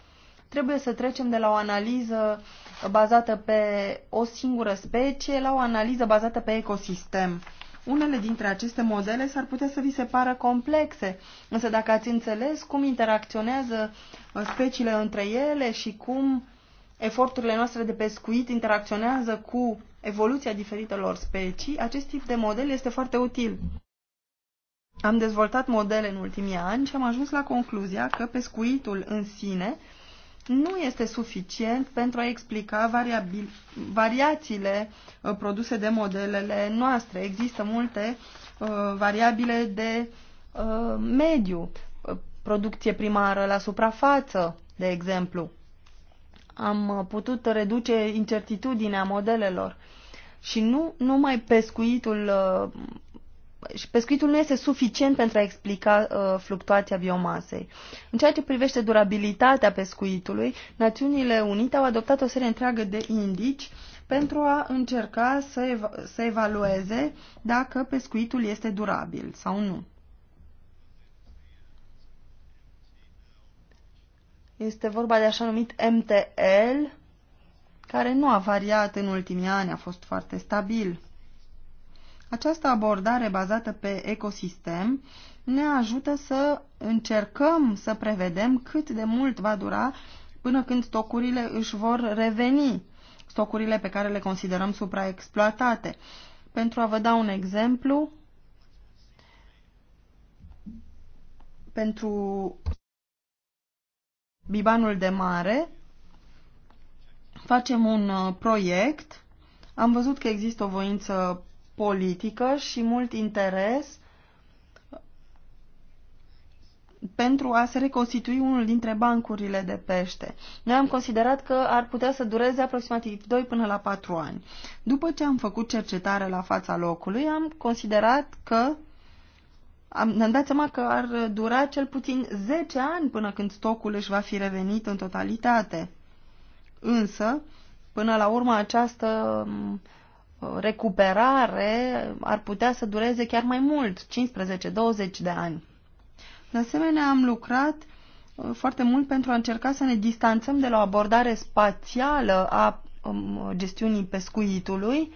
Trebuie să trecem de la o analiză bazată pe o singură specie la o analiză bazată pe ecosistem. Unele dintre aceste modele s-ar putea să vi se pară complexe, însă dacă ați înțeles cum interacționează uh, speciile între ele și cum eforturile noastre de pescuit interacționează cu evoluția diferitelor specii, acest tip de model este foarte util. Am dezvoltat modele în ultimii ani și am ajuns la concluzia că pescuitul în sine nu este suficient pentru a explica variabil, variațiile uh, produse de modelele noastre. Există multe uh, variabile de uh, mediu, uh, producție primară la suprafață, de exemplu. Am uh, putut reduce incertitudinea modelelor și nu numai pescuitul uh, și pescuitul nu este suficient pentru a explica uh, fluctuația biomasei. În ceea ce privește durabilitatea pescuitului, Națiunile Unite au adoptat o serie întreagă de indici pentru a încerca să, ev- să evalueze dacă pescuitul este durabil sau nu. Este vorba de așa numit MTL, care nu a variat în ultimii ani, a fost foarte stabil. Această abordare bazată pe ecosistem ne ajută să încercăm să prevedem cât de mult va dura până când stocurile își vor reveni, stocurile pe care le considerăm supraexploatate. Pentru a vă da un exemplu, pentru bibanul de mare, facem un uh, proiect. Am văzut că există o voință politică și mult interes pentru a se reconstitui unul dintre bancurile de pește. Noi am considerat că ar putea să dureze aproximativ 2 până la 4 ani. După ce am făcut cercetare la fața locului, am considerat că am, ne-am dat seama că ar dura cel puțin 10 ani până când stocul își va fi revenit în totalitate. Însă, până la urmă, această recuperare ar putea să dureze chiar mai mult, 15-20 de ani. De asemenea, am lucrat uh, foarte mult pentru a încerca să ne distanțăm de la o abordare spațială a um, gestiunii pescuitului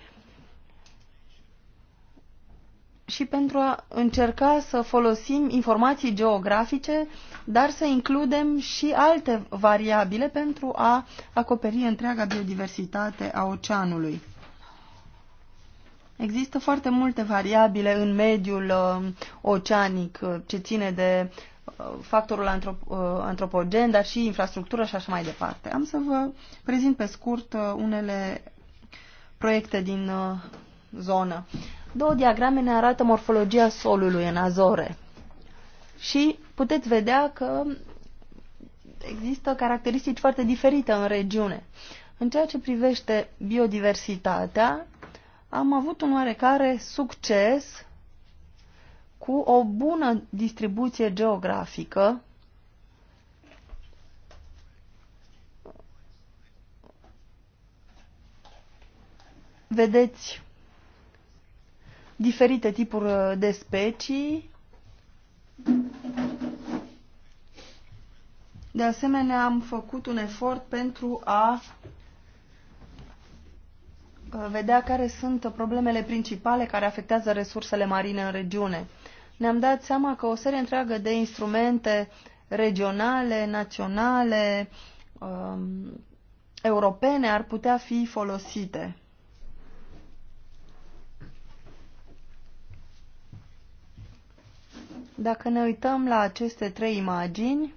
și pentru a încerca să folosim informații geografice, dar să includem și alte variabile pentru a acoperi întreaga biodiversitate a oceanului. Există foarte multe variabile în mediul uh, oceanic uh, ce ține de uh, factorul antrop antropogen, dar și infrastructură și așa mai departe. Am să vă prezint pe scurt unele proiecte din zonă. Două diagrame ne arată morfologia solului în Azore. Și puteți vedea că există caracteristici foarte diferite în regiune. În ceea ce privește biodiversitatea, am avut un oarecare succes cu o bună distribuție geografică vedeți diferite tipuri de specii. De asemenea, am făcut un efort pentru a Ă, vedea care sunt problemele principale care afectează resursele marine în regiune. Ne-am dat seama că o serie întreagă de instrumente regionale, naționale, um, europene ar putea fi folosite. Dacă ne uităm la aceste trei imagini,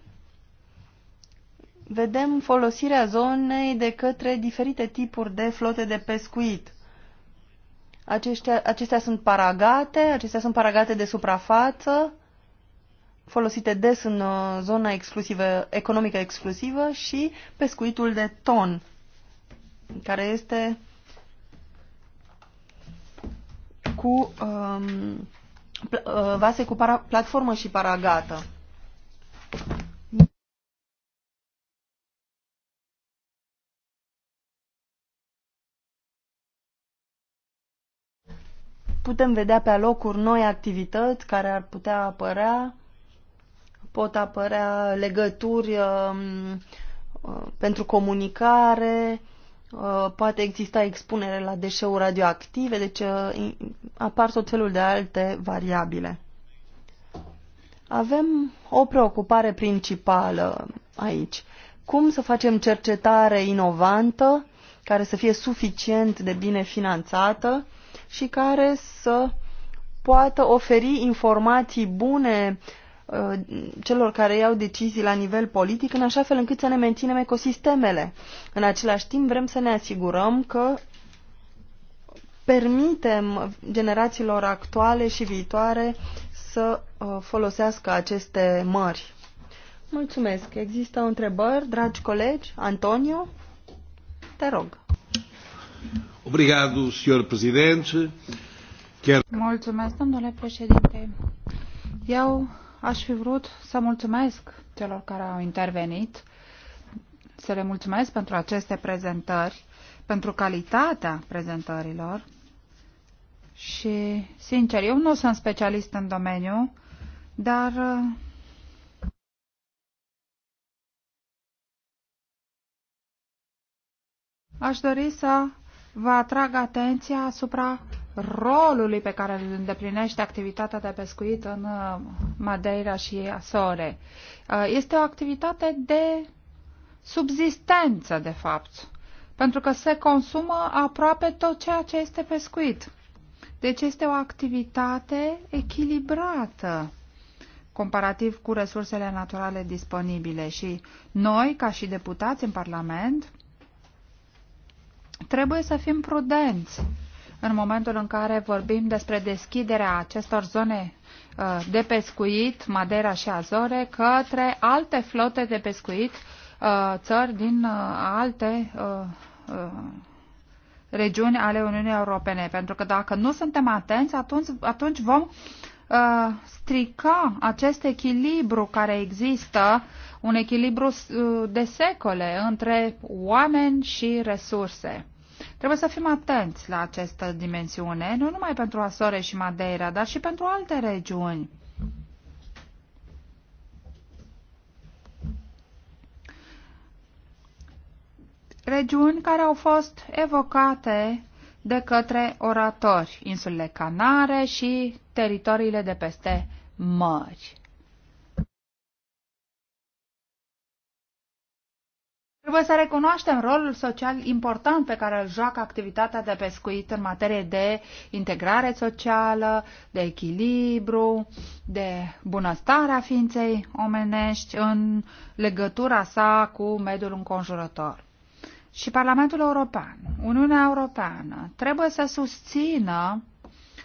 vedem folosirea zonei de către diferite tipuri de flote de pescuit. Aceștia, acestea sunt paragate, acestea sunt paragate de suprafață, folosite des în uh, zona exclusivă, economică exclusivă și pescuitul de ton, care este cu um, uh, vase cu para, platformă și paragată. Putem vedea pe alocuri noi activități care ar putea apărea, pot apărea legături um, uh, pentru comunicare, uh, poate exista expunere la deșeuri radioactive, deci uh, apar tot felul de alte variabile. Avem o preocupare principală aici. Cum să facem cercetare inovantă, care să fie suficient de bine finanțată, și care să poată oferi informații bune uh, celor care iau decizii la nivel politic, în așa fel încât să ne menținem ecosistemele. În același timp, vrem să ne asigurăm că permitem generațiilor actuale și viitoare să uh, folosească aceste mări. Mulțumesc. Există o întrebări, dragi colegi? Antonio, te rog. Mulțumesc, domnule președinte. Eu aș fi vrut să mulțumesc celor care au intervenit, să le mulțumesc pentru aceste prezentări, pentru calitatea prezentărilor și, sincer, eu nu sunt specialist în domeniu, dar uh, aș dori să vă atrag atenția asupra rolului pe care îl îndeplinește activitatea de pescuit în uh, Madeira și Asore. Uh, este o activitate de subzistență, de fapt, pentru că se consumă aproape tot ceea ce este pescuit. Deci este o activitate echilibrată comparativ cu resursele naturale disponibile și noi, ca și deputați în Parlament, Trebuie să fim prudenți în momentul în care vorbim despre deschiderea acestor zone uh, de pescuit, Madeira și Azore, către alte flote de pescuit, uh, țări din uh, alte regiuni ale Uniunii Europene. Pentru că dacă nu suntem atenți, atunci, atunci vom strica acest echilibru care există un echilibru uh, de secole între oameni și resurse. Trebuie să fim atenți la această dimensiune, nu numai pentru Asore și Madeira, dar și pentru alte regiuni. Regiuni care au fost evocate de către oratori, insulele Canare și teritoriile de peste mări. Trebuie să recunoaștem rolul social important pe care îl joacă activitatea de pescuit în materie de integrare socială, de echilibru, de bunăstarea ființei omenești în legătura sa cu mediul înconjurător. Și Parlamentul European, Uniunea Europeană, trebuie să susțină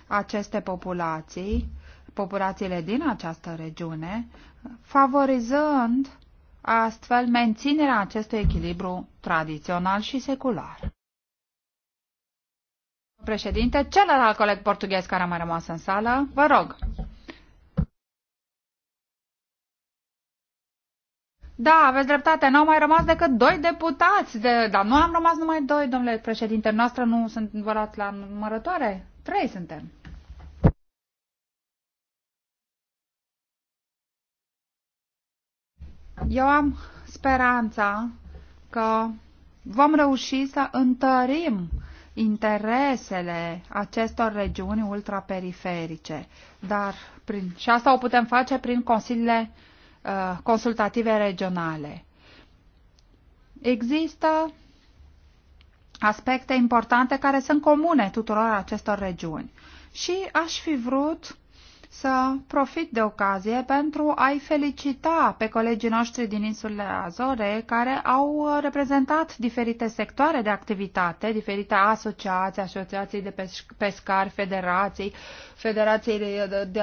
aceste populații, populațiile din această regiune, favorizând astfel menținerea acestui echilibru tradițional și secular. Președinte, celălalt coleg portughez care a mai rămas în sală, vă rog. Da, aveți dreptate, n-au mai rămas decât doi deputați, de, dar nu am rămas numai doi, domnule președinte, noastră nu sunt vărați la numărătoare, trei suntem. Eu am speranța că vom reuși să întărim interesele acestor regiuni ultraperiferice. Dar prin, și asta o putem face prin consiliile uh, consultative regionale. Există aspecte importante care sunt comune tuturor acestor regiuni. Și aș fi vrut să profit de ocazie pentru a-i felicita pe colegii noștri din insulele Azore, care au reprezentat diferite sectoare de activitate, diferite asociații, asociații de pescari, federații, federații de, de, de,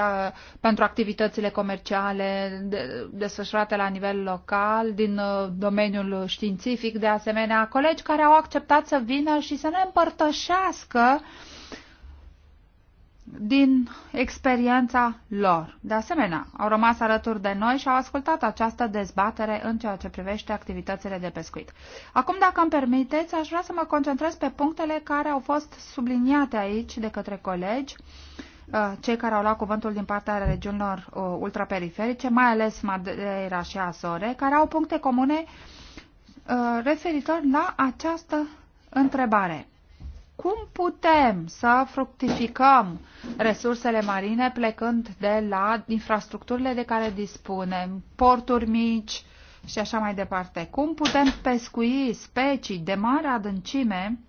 pentru activitățile comerciale de, desfășurate la nivel local, din uh, domeniul științific, de asemenea, colegi care au acceptat să vină și să ne împărtășească uh, din experiența lor. De asemenea, au rămas alături de noi și au ascultat această dezbatere în ceea ce privește activitățile de pescuit. Acum, dacă îmi permiteți, aș vrea să mă concentrez pe punctele care au fost subliniate aici de către colegi, uh, cei care au luat cuvântul din partea regiunilor uh, ultraperiferice, mai ales Madeira și Azore, care au puncte comune uh, referitor la această întrebare cum putem să fructificăm resursele marine plecând de la infrastructurile de care dispunem, porturi mici și așa mai departe? Cum putem pescui specii de mare adâncime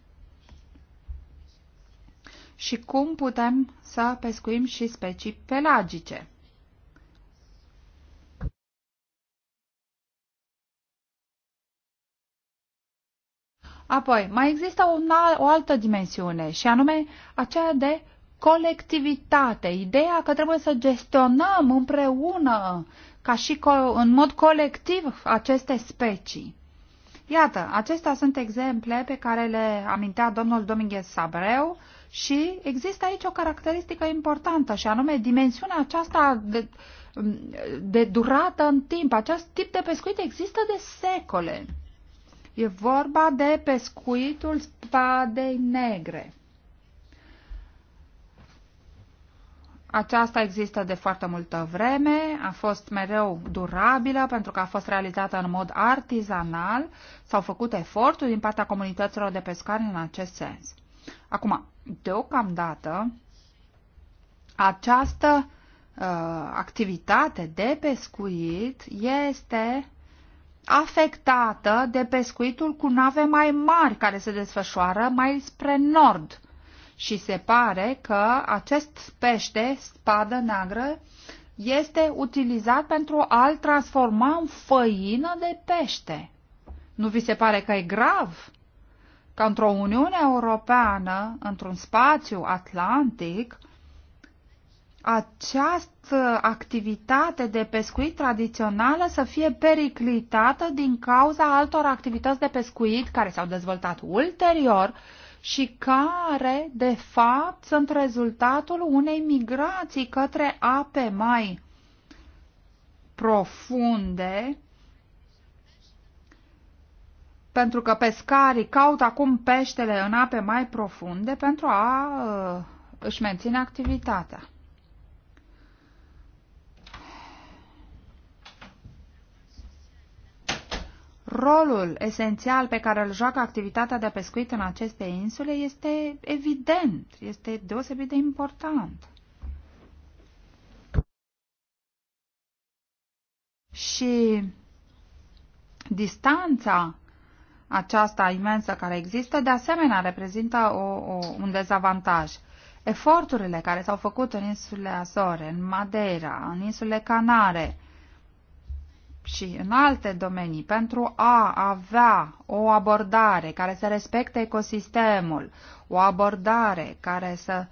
și cum putem să pescuim și specii pelagice? Apoi, mai există o altă dimensiune și anume aceea de colectivitate, ideea că trebuie să gestionăm împreună, ca și co- în mod colectiv, aceste specii. Iată, acestea sunt exemple pe care le amintea domnul Dominguez Sabreu și există aici o caracteristică importantă și anume dimensiunea aceasta de, de durată în timp. Acest tip de pescuit există de secole. E vorba de pescuitul spadei negre. Aceasta există de foarte multă vreme, a fost mereu durabilă pentru că a fost realizată în mod artizanal, s-au făcut eforturi din partea comunităților de pescari în acest sens. Acum, deocamdată, această uh, activitate de pescuit este afectată de pescuitul cu nave mai mari care se desfășoară mai spre nord. Și se pare că acest pește, spadă neagră, este utilizat pentru a-l transforma în făină de pește. Nu vi se pare că e grav? Că într-o Uniune Europeană, într-un spațiu atlantic, această activitate de pescuit tradițională să fie periclitată din cauza altor activități de pescuit care s-au dezvoltat ulterior și care, de fapt, sunt rezultatul unei migrații către ape mai profunde, pentru că pescarii caută acum peștele în ape mai profunde pentru a uh, își menține activitatea. Rolul esențial pe care îl joacă activitatea de pescuit în aceste insule este evident, este deosebit de important. Și distanța aceasta imensă care există, de asemenea, reprezintă o, o, un dezavantaj. Eforturile care s-au făcut în insulele Azore, în Madeira, în insulele Canare, și în alte domenii pentru a avea o abordare care să respecte ecosistemul, o abordare care să,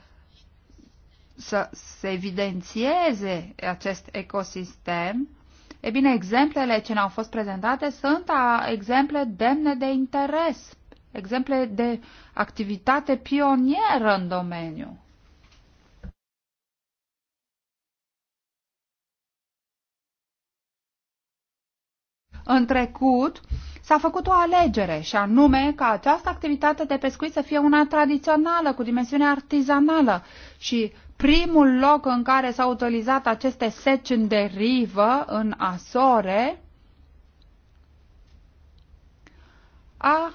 să, să evidențieze acest ecosistem, e bine, exemplele ce ne-au fost prezentate sunt a, exemple demne de interes, exemple de activitate pionieră în domeniu. În trecut s-a făcut o alegere și anume ca această activitate de pescuit să fie una tradițională, cu dimensiune artizanală și primul loc în care s-au utilizat aceste seci în derivă, în Asore, a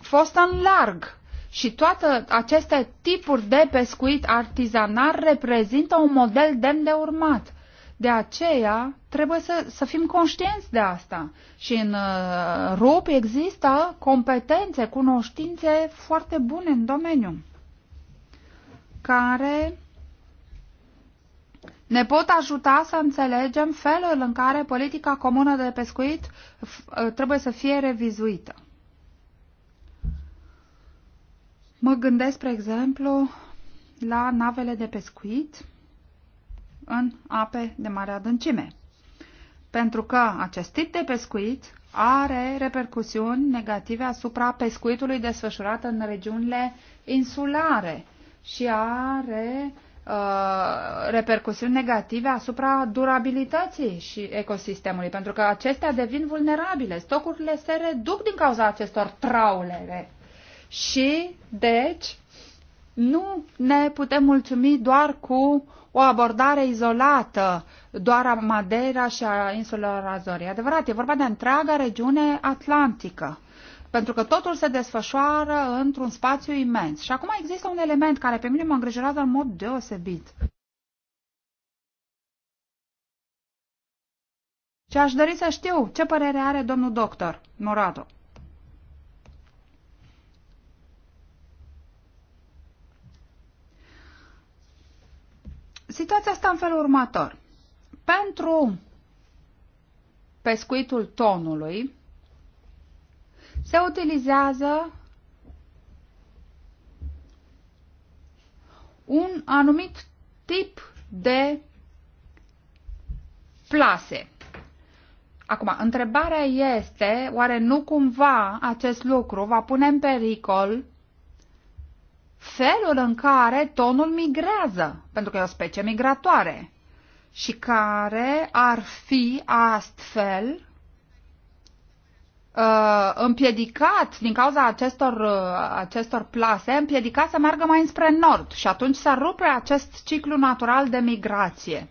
fost în larg și toate aceste tipuri de pescuit artizanar reprezintă un model demn de urmat. De aceea trebuie să, să fim conștienți de asta. Și în uh, RUP există competențe, cunoștințe foarte bune în domeniu, care ne pot ajuta să înțelegem felul în care politica comună de pescuit uh, trebuie să fie revizuită. Mă gândesc, spre exemplu, la navele de pescuit în ape de mare adâncime, pentru că acest tip de pescuit are repercusiuni negative asupra pescuitului desfășurat în regiunile insulare și are uh, repercusiuni negative asupra durabilității și ecosistemului, pentru că acestea devin vulnerabile. Stocurile se reduc din cauza acestor traulere și, deci, nu ne putem mulțumi doar cu o abordare izolată, doar a Madeira și a insulelor Azorii. adevărat, e vorba de întreaga regiune atlantică, pentru că totul se desfășoară într-un spațiu imens. Și acum există un element care pe mine mă îngrijorează în mod deosebit. Și aș dori să știu ce părere are domnul doctor Morado. Situația asta în felul următor. Pentru pescuitul tonului se utilizează un anumit tip de plase. Acum, întrebarea este, oare nu cumva acest lucru va pune în pericol felul în care tonul migrează, pentru că e o specie migratoare, și care ar fi astfel uh, împiedicat, din cauza acestor, uh, acestor plase, împiedicat să meargă mai înspre nord și atunci s-ar rupe acest ciclu natural de migrație.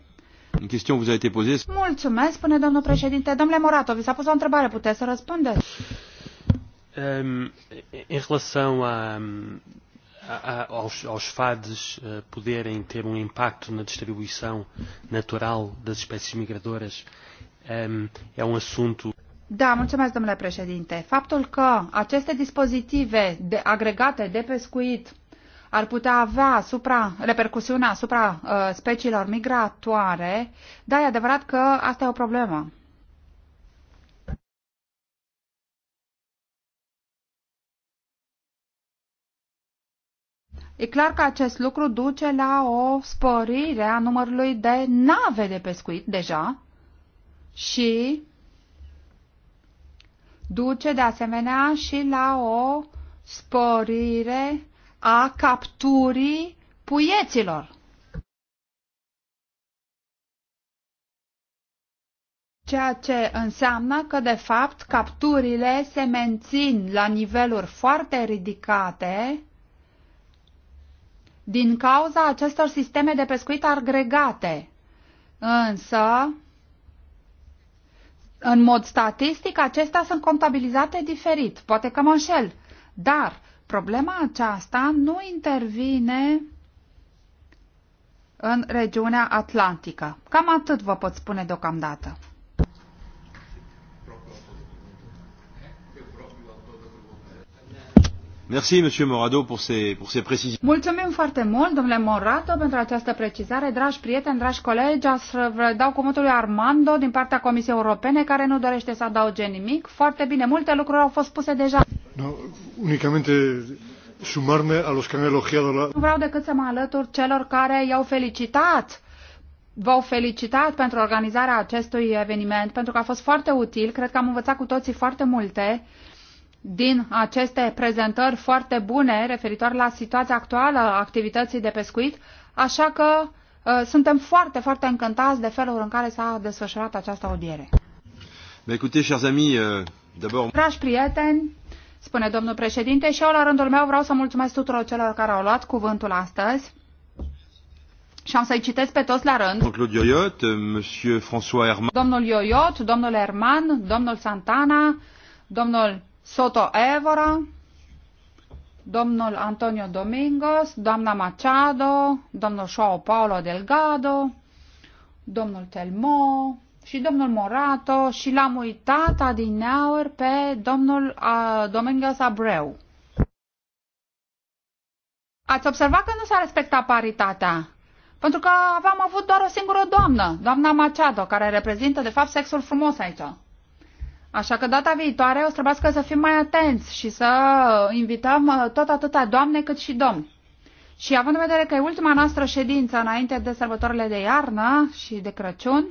a Mulțumesc, spune domnul președinte. Domnule Morato, vi s-a pus o întrebare, puteți să răspundeți? Um, em a, aos, aos FADs eh, poderem ter um impacto na distribuição natural das espécies migradoras ehm, é um assunto. Da, mulțumesc, domnule președinte. Faptul că aceste dispozitive de, agregate de pescuit ar putea avea asupra, repercusiunea asupra uh, speciilor migratoare, da, e adevărat că asta e o problemă. E clar că acest lucru duce la o sporire a numărului de nave de pescuit deja și duce de asemenea și la o sporire a capturii puieților. ceea ce înseamnă că, de fapt, capturile se mențin la niveluri foarte ridicate din cauza acestor sisteme de pescuit agregate. Însă, în mod statistic, acestea sunt contabilizate diferit. Poate că mă înșel. Dar problema aceasta nu intervine în regiunea atlantică. Cam atât vă pot spune deocamdată. Merci, Monsieur Morado, pour ces, pour ces précisions. Mulțumim foarte mult, domnule Morado, pentru această precizare. Dragi prieteni, dragi colegi, vă dau cuvântul lui Armando din partea Comisiei Europene, care nu dorește să adauge nimic. Foarte bine, multe lucruri au fost spuse deja. No, unicamente sumarme a los que han elogiado la... Nu vreau decât să mă alătur celor care i-au felicitat V-au felicitat pentru organizarea acestui eveniment, pentru că a fost foarte util. Cred că am învățat cu toții foarte multe din aceste prezentări foarte bune referitor la situația actuală a activității de pescuit, așa că uh, suntem foarte, foarte încântați de felul în care s-a desfășurat această audiere. écoutez, chers amis, euh, Dragi prieteni, spune domnul președinte, și eu la rândul meu vreau să mulțumesc tuturor celor care au luat cuvântul astăzi. Și am să-i citesc pe toți la rând. Claude Ioiot, Monsieur François Herman. Domnul Ioiot, domnul Herman, domnul Santana, domnul Soto Evora, domnul Antonio Domingos, doamna Machado, domnul Joao Paulo Delgado, domnul Telmo și domnul Morato și l-am uitat adineaur pe domnul uh, Domingos Abreu. Ați observat că nu s-a respectat paritatea? Pentru că aveam avut doar o singură doamnă, doamna Machado, care reprezintă de fapt sexul frumos aici. Așa că data viitoare o să trebuiască să fim mai atenți și să uh, invităm uh, tot atâta doamne cât și domni. Și având în vedere că e ultima noastră ședință înainte de sărbătorile de iarnă și de Crăciun...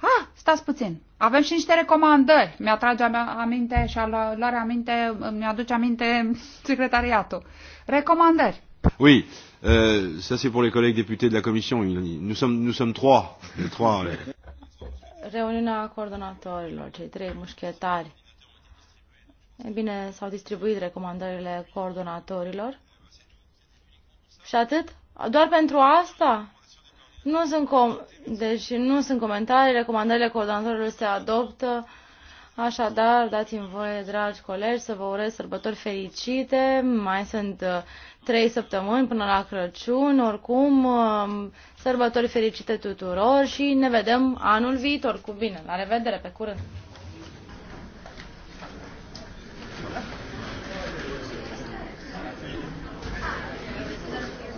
Ah, stați puțin. Avem și niște recomandări. Mi-atrage aminte și luare aminte, mi-aduce aminte secretariatul. Recomandări. Oui, euh, ça c'est pour les collègues députés de la Commission. Nous sommes, nous sommes trois, les trois. Les reuniunea coordonatorilor, cei trei mușchetari. E bine, s-au distribuit recomandările coordonatorilor. Și atât? Doar pentru asta? Nu sunt com- deci nu sunt comentarii, recomandările coordonatorilor se adoptă. Așadar, dați-mi voie, dragi colegi, să vă urez sărbători fericite. Mai sunt trei săptămâni până la Crăciun, oricum, um, sărbători fericite tuturor și ne vedem anul viitor. Cu bine, la revedere, pe curând!